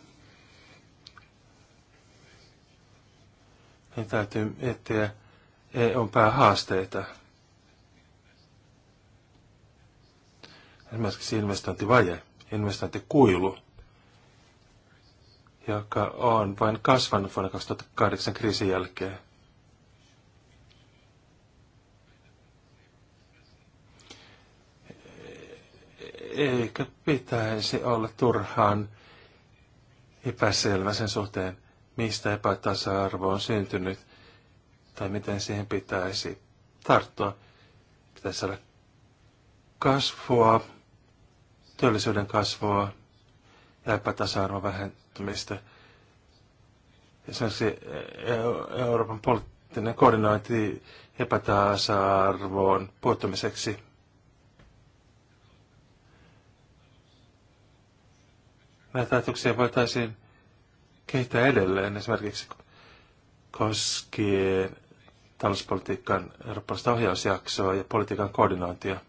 niin täytyy miettiä on e päähaasteita. Esimerkiksi investointivaje, investointikuilu, joka on vain kasvanut vuonna 2008 kriisin jälkeen. Eikä pitäisi olla turhaan epäselvä sen suhteen, mistä epätasa-arvo on syntynyt tai miten siihen pitäisi tarttua. Pitäisi saada kasvua, työllisyyden kasvua ja epätasa-arvon vähentymistä. Esimerkiksi e, Euroopan poliittinen koordinointi epätasa-arvoon puuttumiseksi – näitä ajatuksia voitaisiin kehittää edelleen esimerkiksi koskien talouspolitiikan eurooppalaista ohjausjaksoa ja politiikan koordinointia.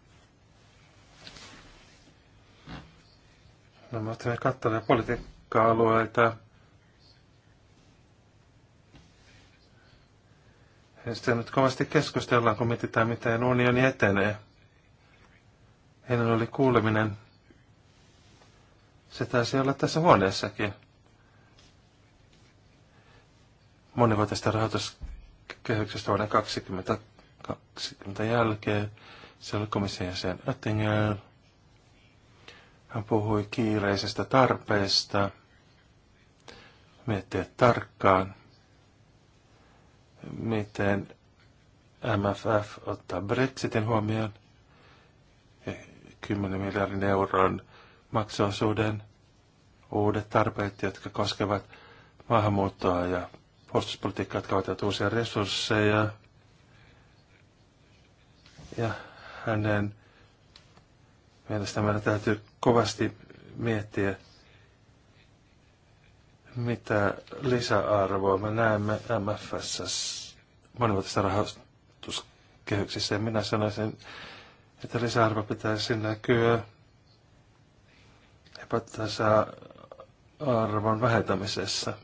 No, me otamme kattavia politiikka-alueita. Ja sitä nyt kovasti keskustellaan, kun mietitään, miten unioni etenee. Heillä oli kuuleminen. Se taisi olla tässä huoneessakin. monivuotisesta rahoituskehyksestä vuoden 2020 jälkeen. Se oli komission jäsen Oettinger. Hän puhui kiireisestä tarpeesta miettiä tarkkaan, miten MFF ottaa Brexitin huomioon, 10 miljardin euron maksuosuuden, uudet tarpeet, jotka koskevat maahanmuuttoa ja puolustuspolitiikkaa, jotka ovat uusia resursseja. Ja hänen mielestään meidän täytyy kovasti miettiä, mitä lisäarvoa me näemme MFS monivuotisessa rahoituskehyksissä. Ja minä sanoisin, että lisäarvo pitäisi näkyä epätasa-arvon vähentämisessä –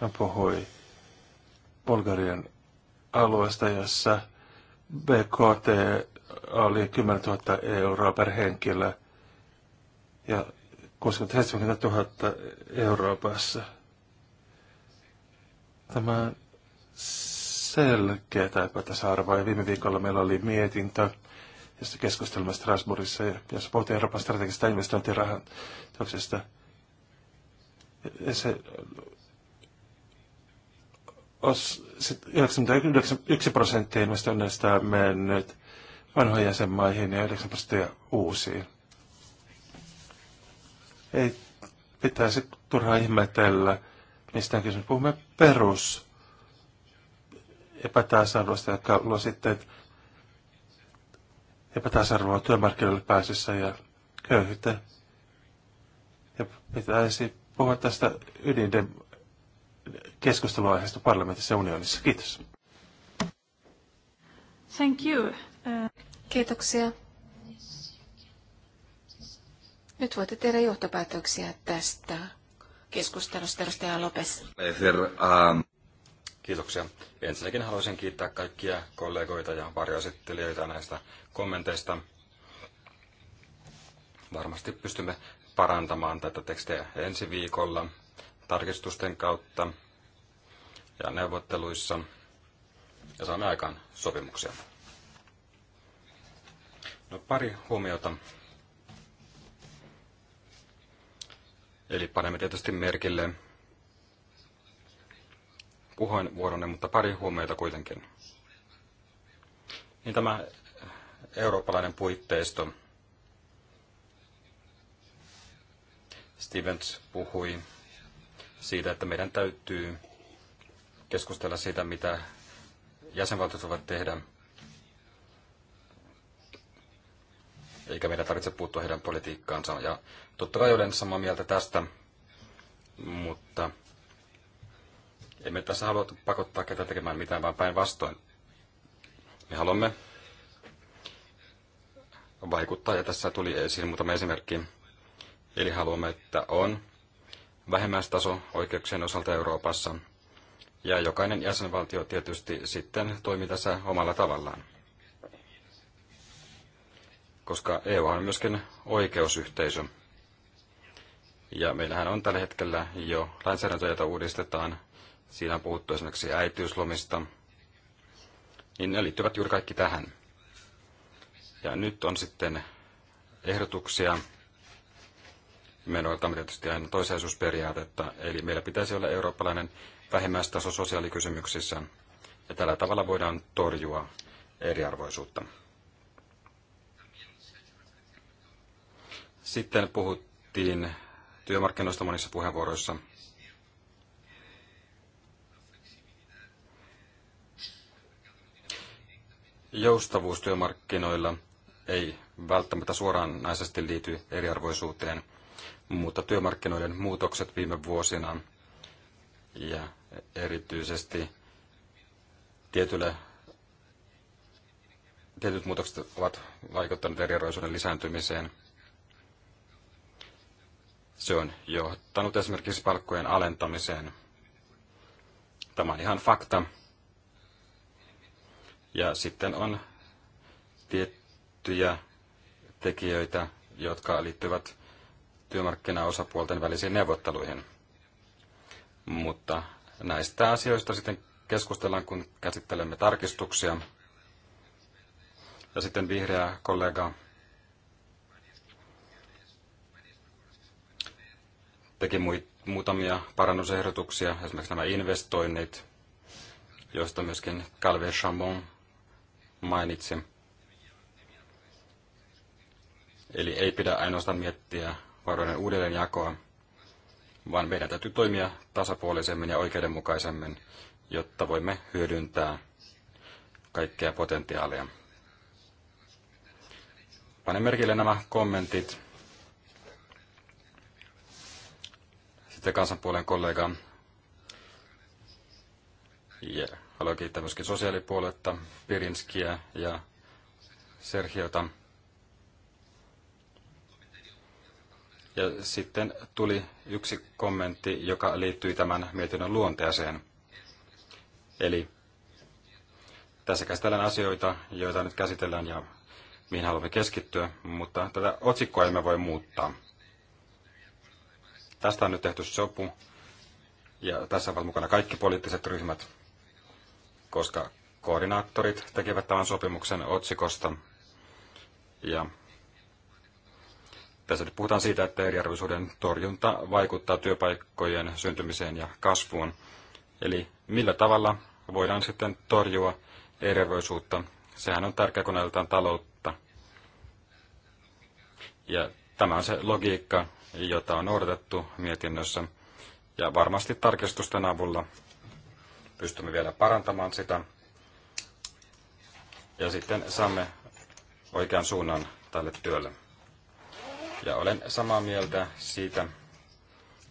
Hän puhui Bulgarian alueesta, jossa BKT oli 10 000 euroa per henkilö ja 60 000 Euroopassa. Tämä on selkeä epätasa-arvo ja viime viikolla meillä oli mietintö, josta keskustelimme Strasbourgissa, jossa puhuttiin Euroopan strategisesta investointirahoituksesta. Ja se os, 91 prosenttia investoinneista on mennyt vanhoihin jäsenmaihin ja 9 prosenttia uusiin. Ei pitäisi turhaa ihmetellä, mistä on kysymys. Puhumme perus epätasarvoista, jotka joka luo sitten epätasarvoa työmarkkinoille pääsyssä ja köyhyyttä. Ja pitäisi puhua tästä ydindem- keskustelua aiheesta parlamentissa ja unionissa. Kiitos. Thank you. Uh, Kiitoksia. Nyt voitte tehdä johtopäätöksiä tästä keskustelusta, edustaja Lopes. Um, Kiitoksia. Ensinnäkin haluaisin kiittää kaikkia kollegoita ja varjoesittelijöitä näistä kommenteista. Varmasti pystymme parantamaan tätä tekstiä ensi viikolla tarkistusten kautta ja neuvotteluissa ja saamme aikaan sopimuksia. No pari huomiota. Eli panemme tietysti merkille puheenvuoronne, mutta pari huomiota kuitenkin. Niin tämä eurooppalainen puitteisto. Stevens puhui siitä, että meidän täytyy keskustella siitä, mitä jäsenvaltiot voivat tehdä, eikä meidän tarvitse puuttua heidän politiikkaansa. Ja totta kai olen samaa mieltä tästä, mutta emme tässä halua pakottaa ketä tekemään mitään, vaan päinvastoin. Me haluamme vaikuttaa, ja tässä tuli esiin muutama esimerkki. Eli haluamme, että on vähemmästaso oikeuksien osalta Euroopassa, ja jokainen jäsenvaltio tietysti sitten toimii tässä omalla tavallaan. Koska EU on myöskin oikeusyhteisö. Ja meillähän on tällä hetkellä jo lainsäädäntöä, jota uudistetaan. Siinä on puhuttu esimerkiksi äitiyslomista. Niin ne liittyvät juuri kaikki tähän. Ja nyt on sitten ehdotuksia me noitamme tietysti aina toisaisuusperiaatetta, eli meillä pitäisi olla eurooppalainen vähimmäistaso sosiaalikysymyksissä, ja tällä tavalla voidaan torjua eriarvoisuutta. Sitten puhuttiin työmarkkinoista monissa puheenvuoroissa. Joustavuus työmarkkinoilla ei välttämättä suoraan naisesti liity eriarvoisuuteen – mutta työmarkkinoiden muutokset viime vuosina ja erityisesti tietylle, tietyt muutokset ovat vaikuttaneet eriarvoisuuden lisääntymiseen. Se on johtanut esimerkiksi palkkojen alentamiseen. Tämä on ihan fakta. Ja sitten on tiettyjä tekijöitä, jotka liittyvät työmarkkinaosapuolten välisiin neuvotteluihin. Mutta näistä asioista sitten keskustellaan, kun käsittelemme tarkistuksia. Ja sitten vihreä kollega teki muutamia parannusehdotuksia, esimerkiksi nämä investoinnit, joista myöskin Calvin Chambon mainitsi. Eli ei pidä ainoastaan miettiä varojen uudelleenjakoa, vaan meidän täytyy toimia tasapuolisemmin ja oikeudenmukaisemmin, jotta voimme hyödyntää kaikkea potentiaalia. Panen merkille nämä kommentit. Sitten kansanpuolen kollega yeah. haluan kiittää myöskin sosiaalipuoletta, Pirinskiä ja Sergiota. Ja sitten tuli yksi kommentti, joka liittyi tämän mietinnön luonteeseen. Eli tässä käsitellään asioita, joita nyt käsitellään ja mihin haluamme keskittyä, mutta tätä otsikkoa emme voi muuttaa. Tästä on nyt tehty sopu, ja tässä ovat mukana kaikki poliittiset ryhmät, koska koordinaattorit tekevät tämän sopimuksen otsikosta, ja tässä nyt puhutaan siitä, että eriarvoisuuden torjunta vaikuttaa työpaikkojen syntymiseen ja kasvuun. Eli millä tavalla voidaan sitten torjua eriarvoisuutta. Sehän on tärkeää, kun ajatellaan taloutta. Ja tämä on se logiikka, jota on odotettu mietinnössä. Ja varmasti tarkistusten avulla pystymme vielä parantamaan sitä. Ja sitten saamme oikean suunnan tälle työlle. Ja olen samaa mieltä siitä,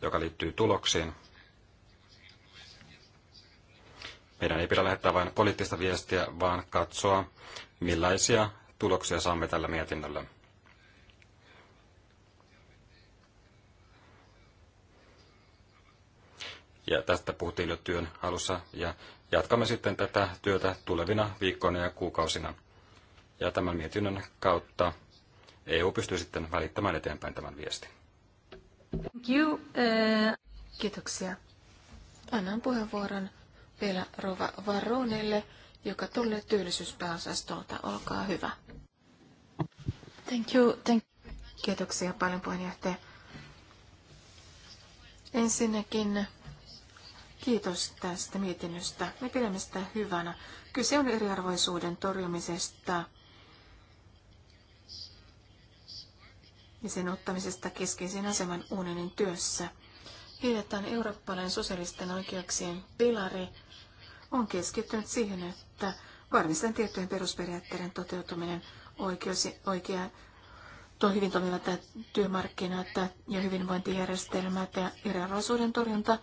joka liittyy tuloksiin. Meidän ei pidä lähettää vain poliittista viestiä, vaan katsoa, millaisia tuloksia saamme tällä mietinnöllä. Ja tästä puhuttiin jo työn alussa ja jatkamme sitten tätä työtä tulevina viikkoina ja kuukausina. Ja tämän mietinnön kautta EU pystyy sitten välittämään eteenpäin tämän viestin. Thank you. Uh, kiitoksia. Annan puheenvuoron vielä Rova Varonelle, joka tulee työllisyyspääosastolta. Olkaa hyvä. Thank you. Thank Kiitoksia paljon puheenjohtaja. Ensinnäkin kiitos tästä mietinnöstä. Me pidämme sitä hyvänä. Kyse on eriarvoisuuden torjumisesta ja sen ottamisesta keskeisen aseman unionin työssä. Hiljattain eurooppalainen sosiaalisten oikeuksien pilari on keskittynyt siihen, että varmistetaan tiettyjen perusperiaatteiden toteutuminen oikeus, oikea tuo hyvin toimivat työmarkkinat ja hyvinvointijärjestelmät ja eriarvoisuuden torjunta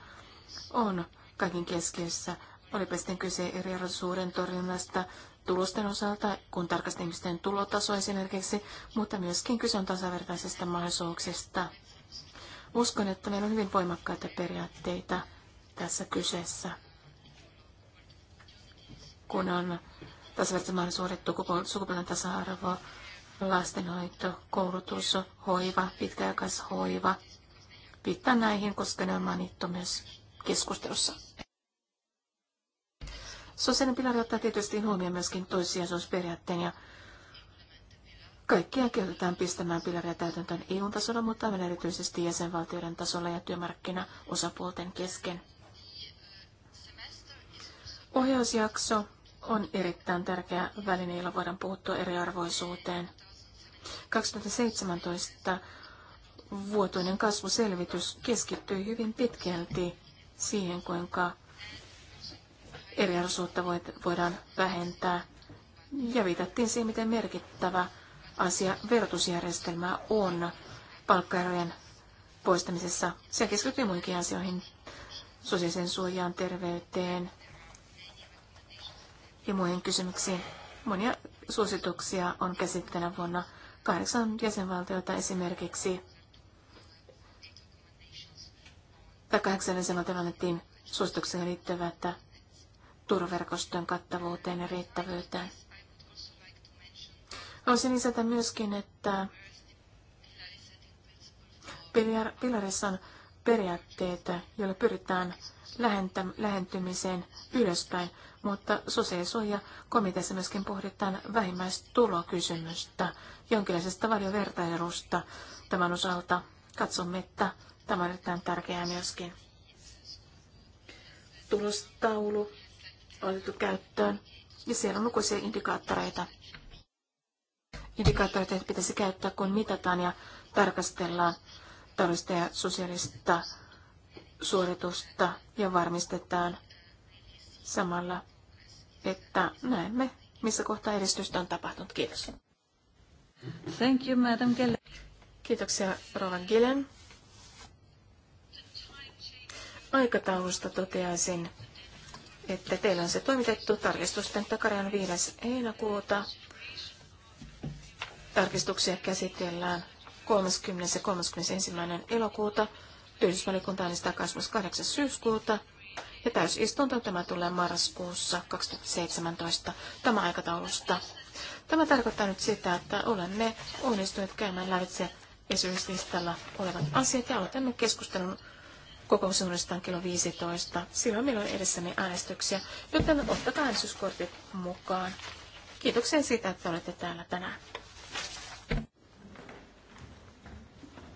on kaiken keskiössä. Olipa sitten kyse eriarvoisuuden torjunnasta, tulosten osalta, kun tarkastetaan ihmisten tulotaso esimerkiksi, mutta myöskin kyse on tasavertaisesta mahdollisuuksista. Uskon, että meillä on hyvin voimakkaita periaatteita tässä kyseessä, kun on tasavertaiset mahdollisuudet, sukupuolen tasa-arvo, lastenhoito, koulutus, hoiva, pitkäaikaishoiva. Viittaan näihin, koska ne on mainittu myös keskustelussa. Sosiaalinen pilari ottaa tietysti huomioon myöskin toissijaisuusperiaatteen ja kaikkia kehotetaan pistämään pilaria täytäntöön EU-tasolla, mutta aivan erityisesti jäsenvaltioiden tasolla ja työmarkkinaosapuolten kesken. Ohjausjakso on erittäin tärkeä väline, jolla voidaan puuttua eriarvoisuuteen. 2017 vuotuinen kasvuselvitys keskittyi hyvin pitkälti siihen, kuinka eriarvoisuutta voidaan vähentää. Ja viitattiin siihen, miten merkittävä asia verotusjärjestelmää on palkkaerojen poistamisessa. Se keskittyy muihinkin asioihin, sosiaaliseen suojaan, terveyteen ja muihin kysymyksiin. Monia suosituksia on käsitteenä vuonna kahdeksan jäsenvaltiota esimerkiksi. Tai kahdeksan jäsenvaltiota annettiin suosituksia liittyvää, että turvaverkoston kattavuuteen ja riittävyyteen. Haluaisin lisätä myöskin, että pilarissa on periaatteet, joilla pyritään lähentymiseen ylöspäin, mutta sosiaalisuoja komiteassa myöskin pohditaan vähimmäistulokysymystä, jonkinlaisesta valiovertailusta tämän osalta. Katsomme, että tämä on erittäin tärkeää myöskin. Tulostaulu otettu käyttöön. Ja siellä on lukuisia indikaattoreita. Indikaattoreita pitäisi käyttää, kun mitataan ja tarkastellaan taloudellista ja sosiaalista suoritusta ja varmistetaan samalla, että näemme, missä kohtaa edistystä on tapahtunut. Kiitos. Thank you, Madam Gillen. Kiitoksia, Rovan Gillen. Aikataulusta toteaisin, että teillä on se toimitettu tarkistusten takarajan 5. heinäkuuta. Tarkistuksia käsitellään 30. ja 31. elokuuta. Työllisyysvaliokunta äänestää 28. syyskuuta. Ja täysistunto tämä tulee marraskuussa 2017 tämä aikataulusta. Tämä tarkoittaa nyt sitä, että olemme onnistuneet käymään lävitse esityslistalla olevat asiat ja aloitamme keskustelun Kokous suunnistaan kello 15. Silloin meillä on edessäni äänestyksiä, joten ottakaa äänestyskortit mukaan. Kiitoksia siitä, että olette täällä tänään.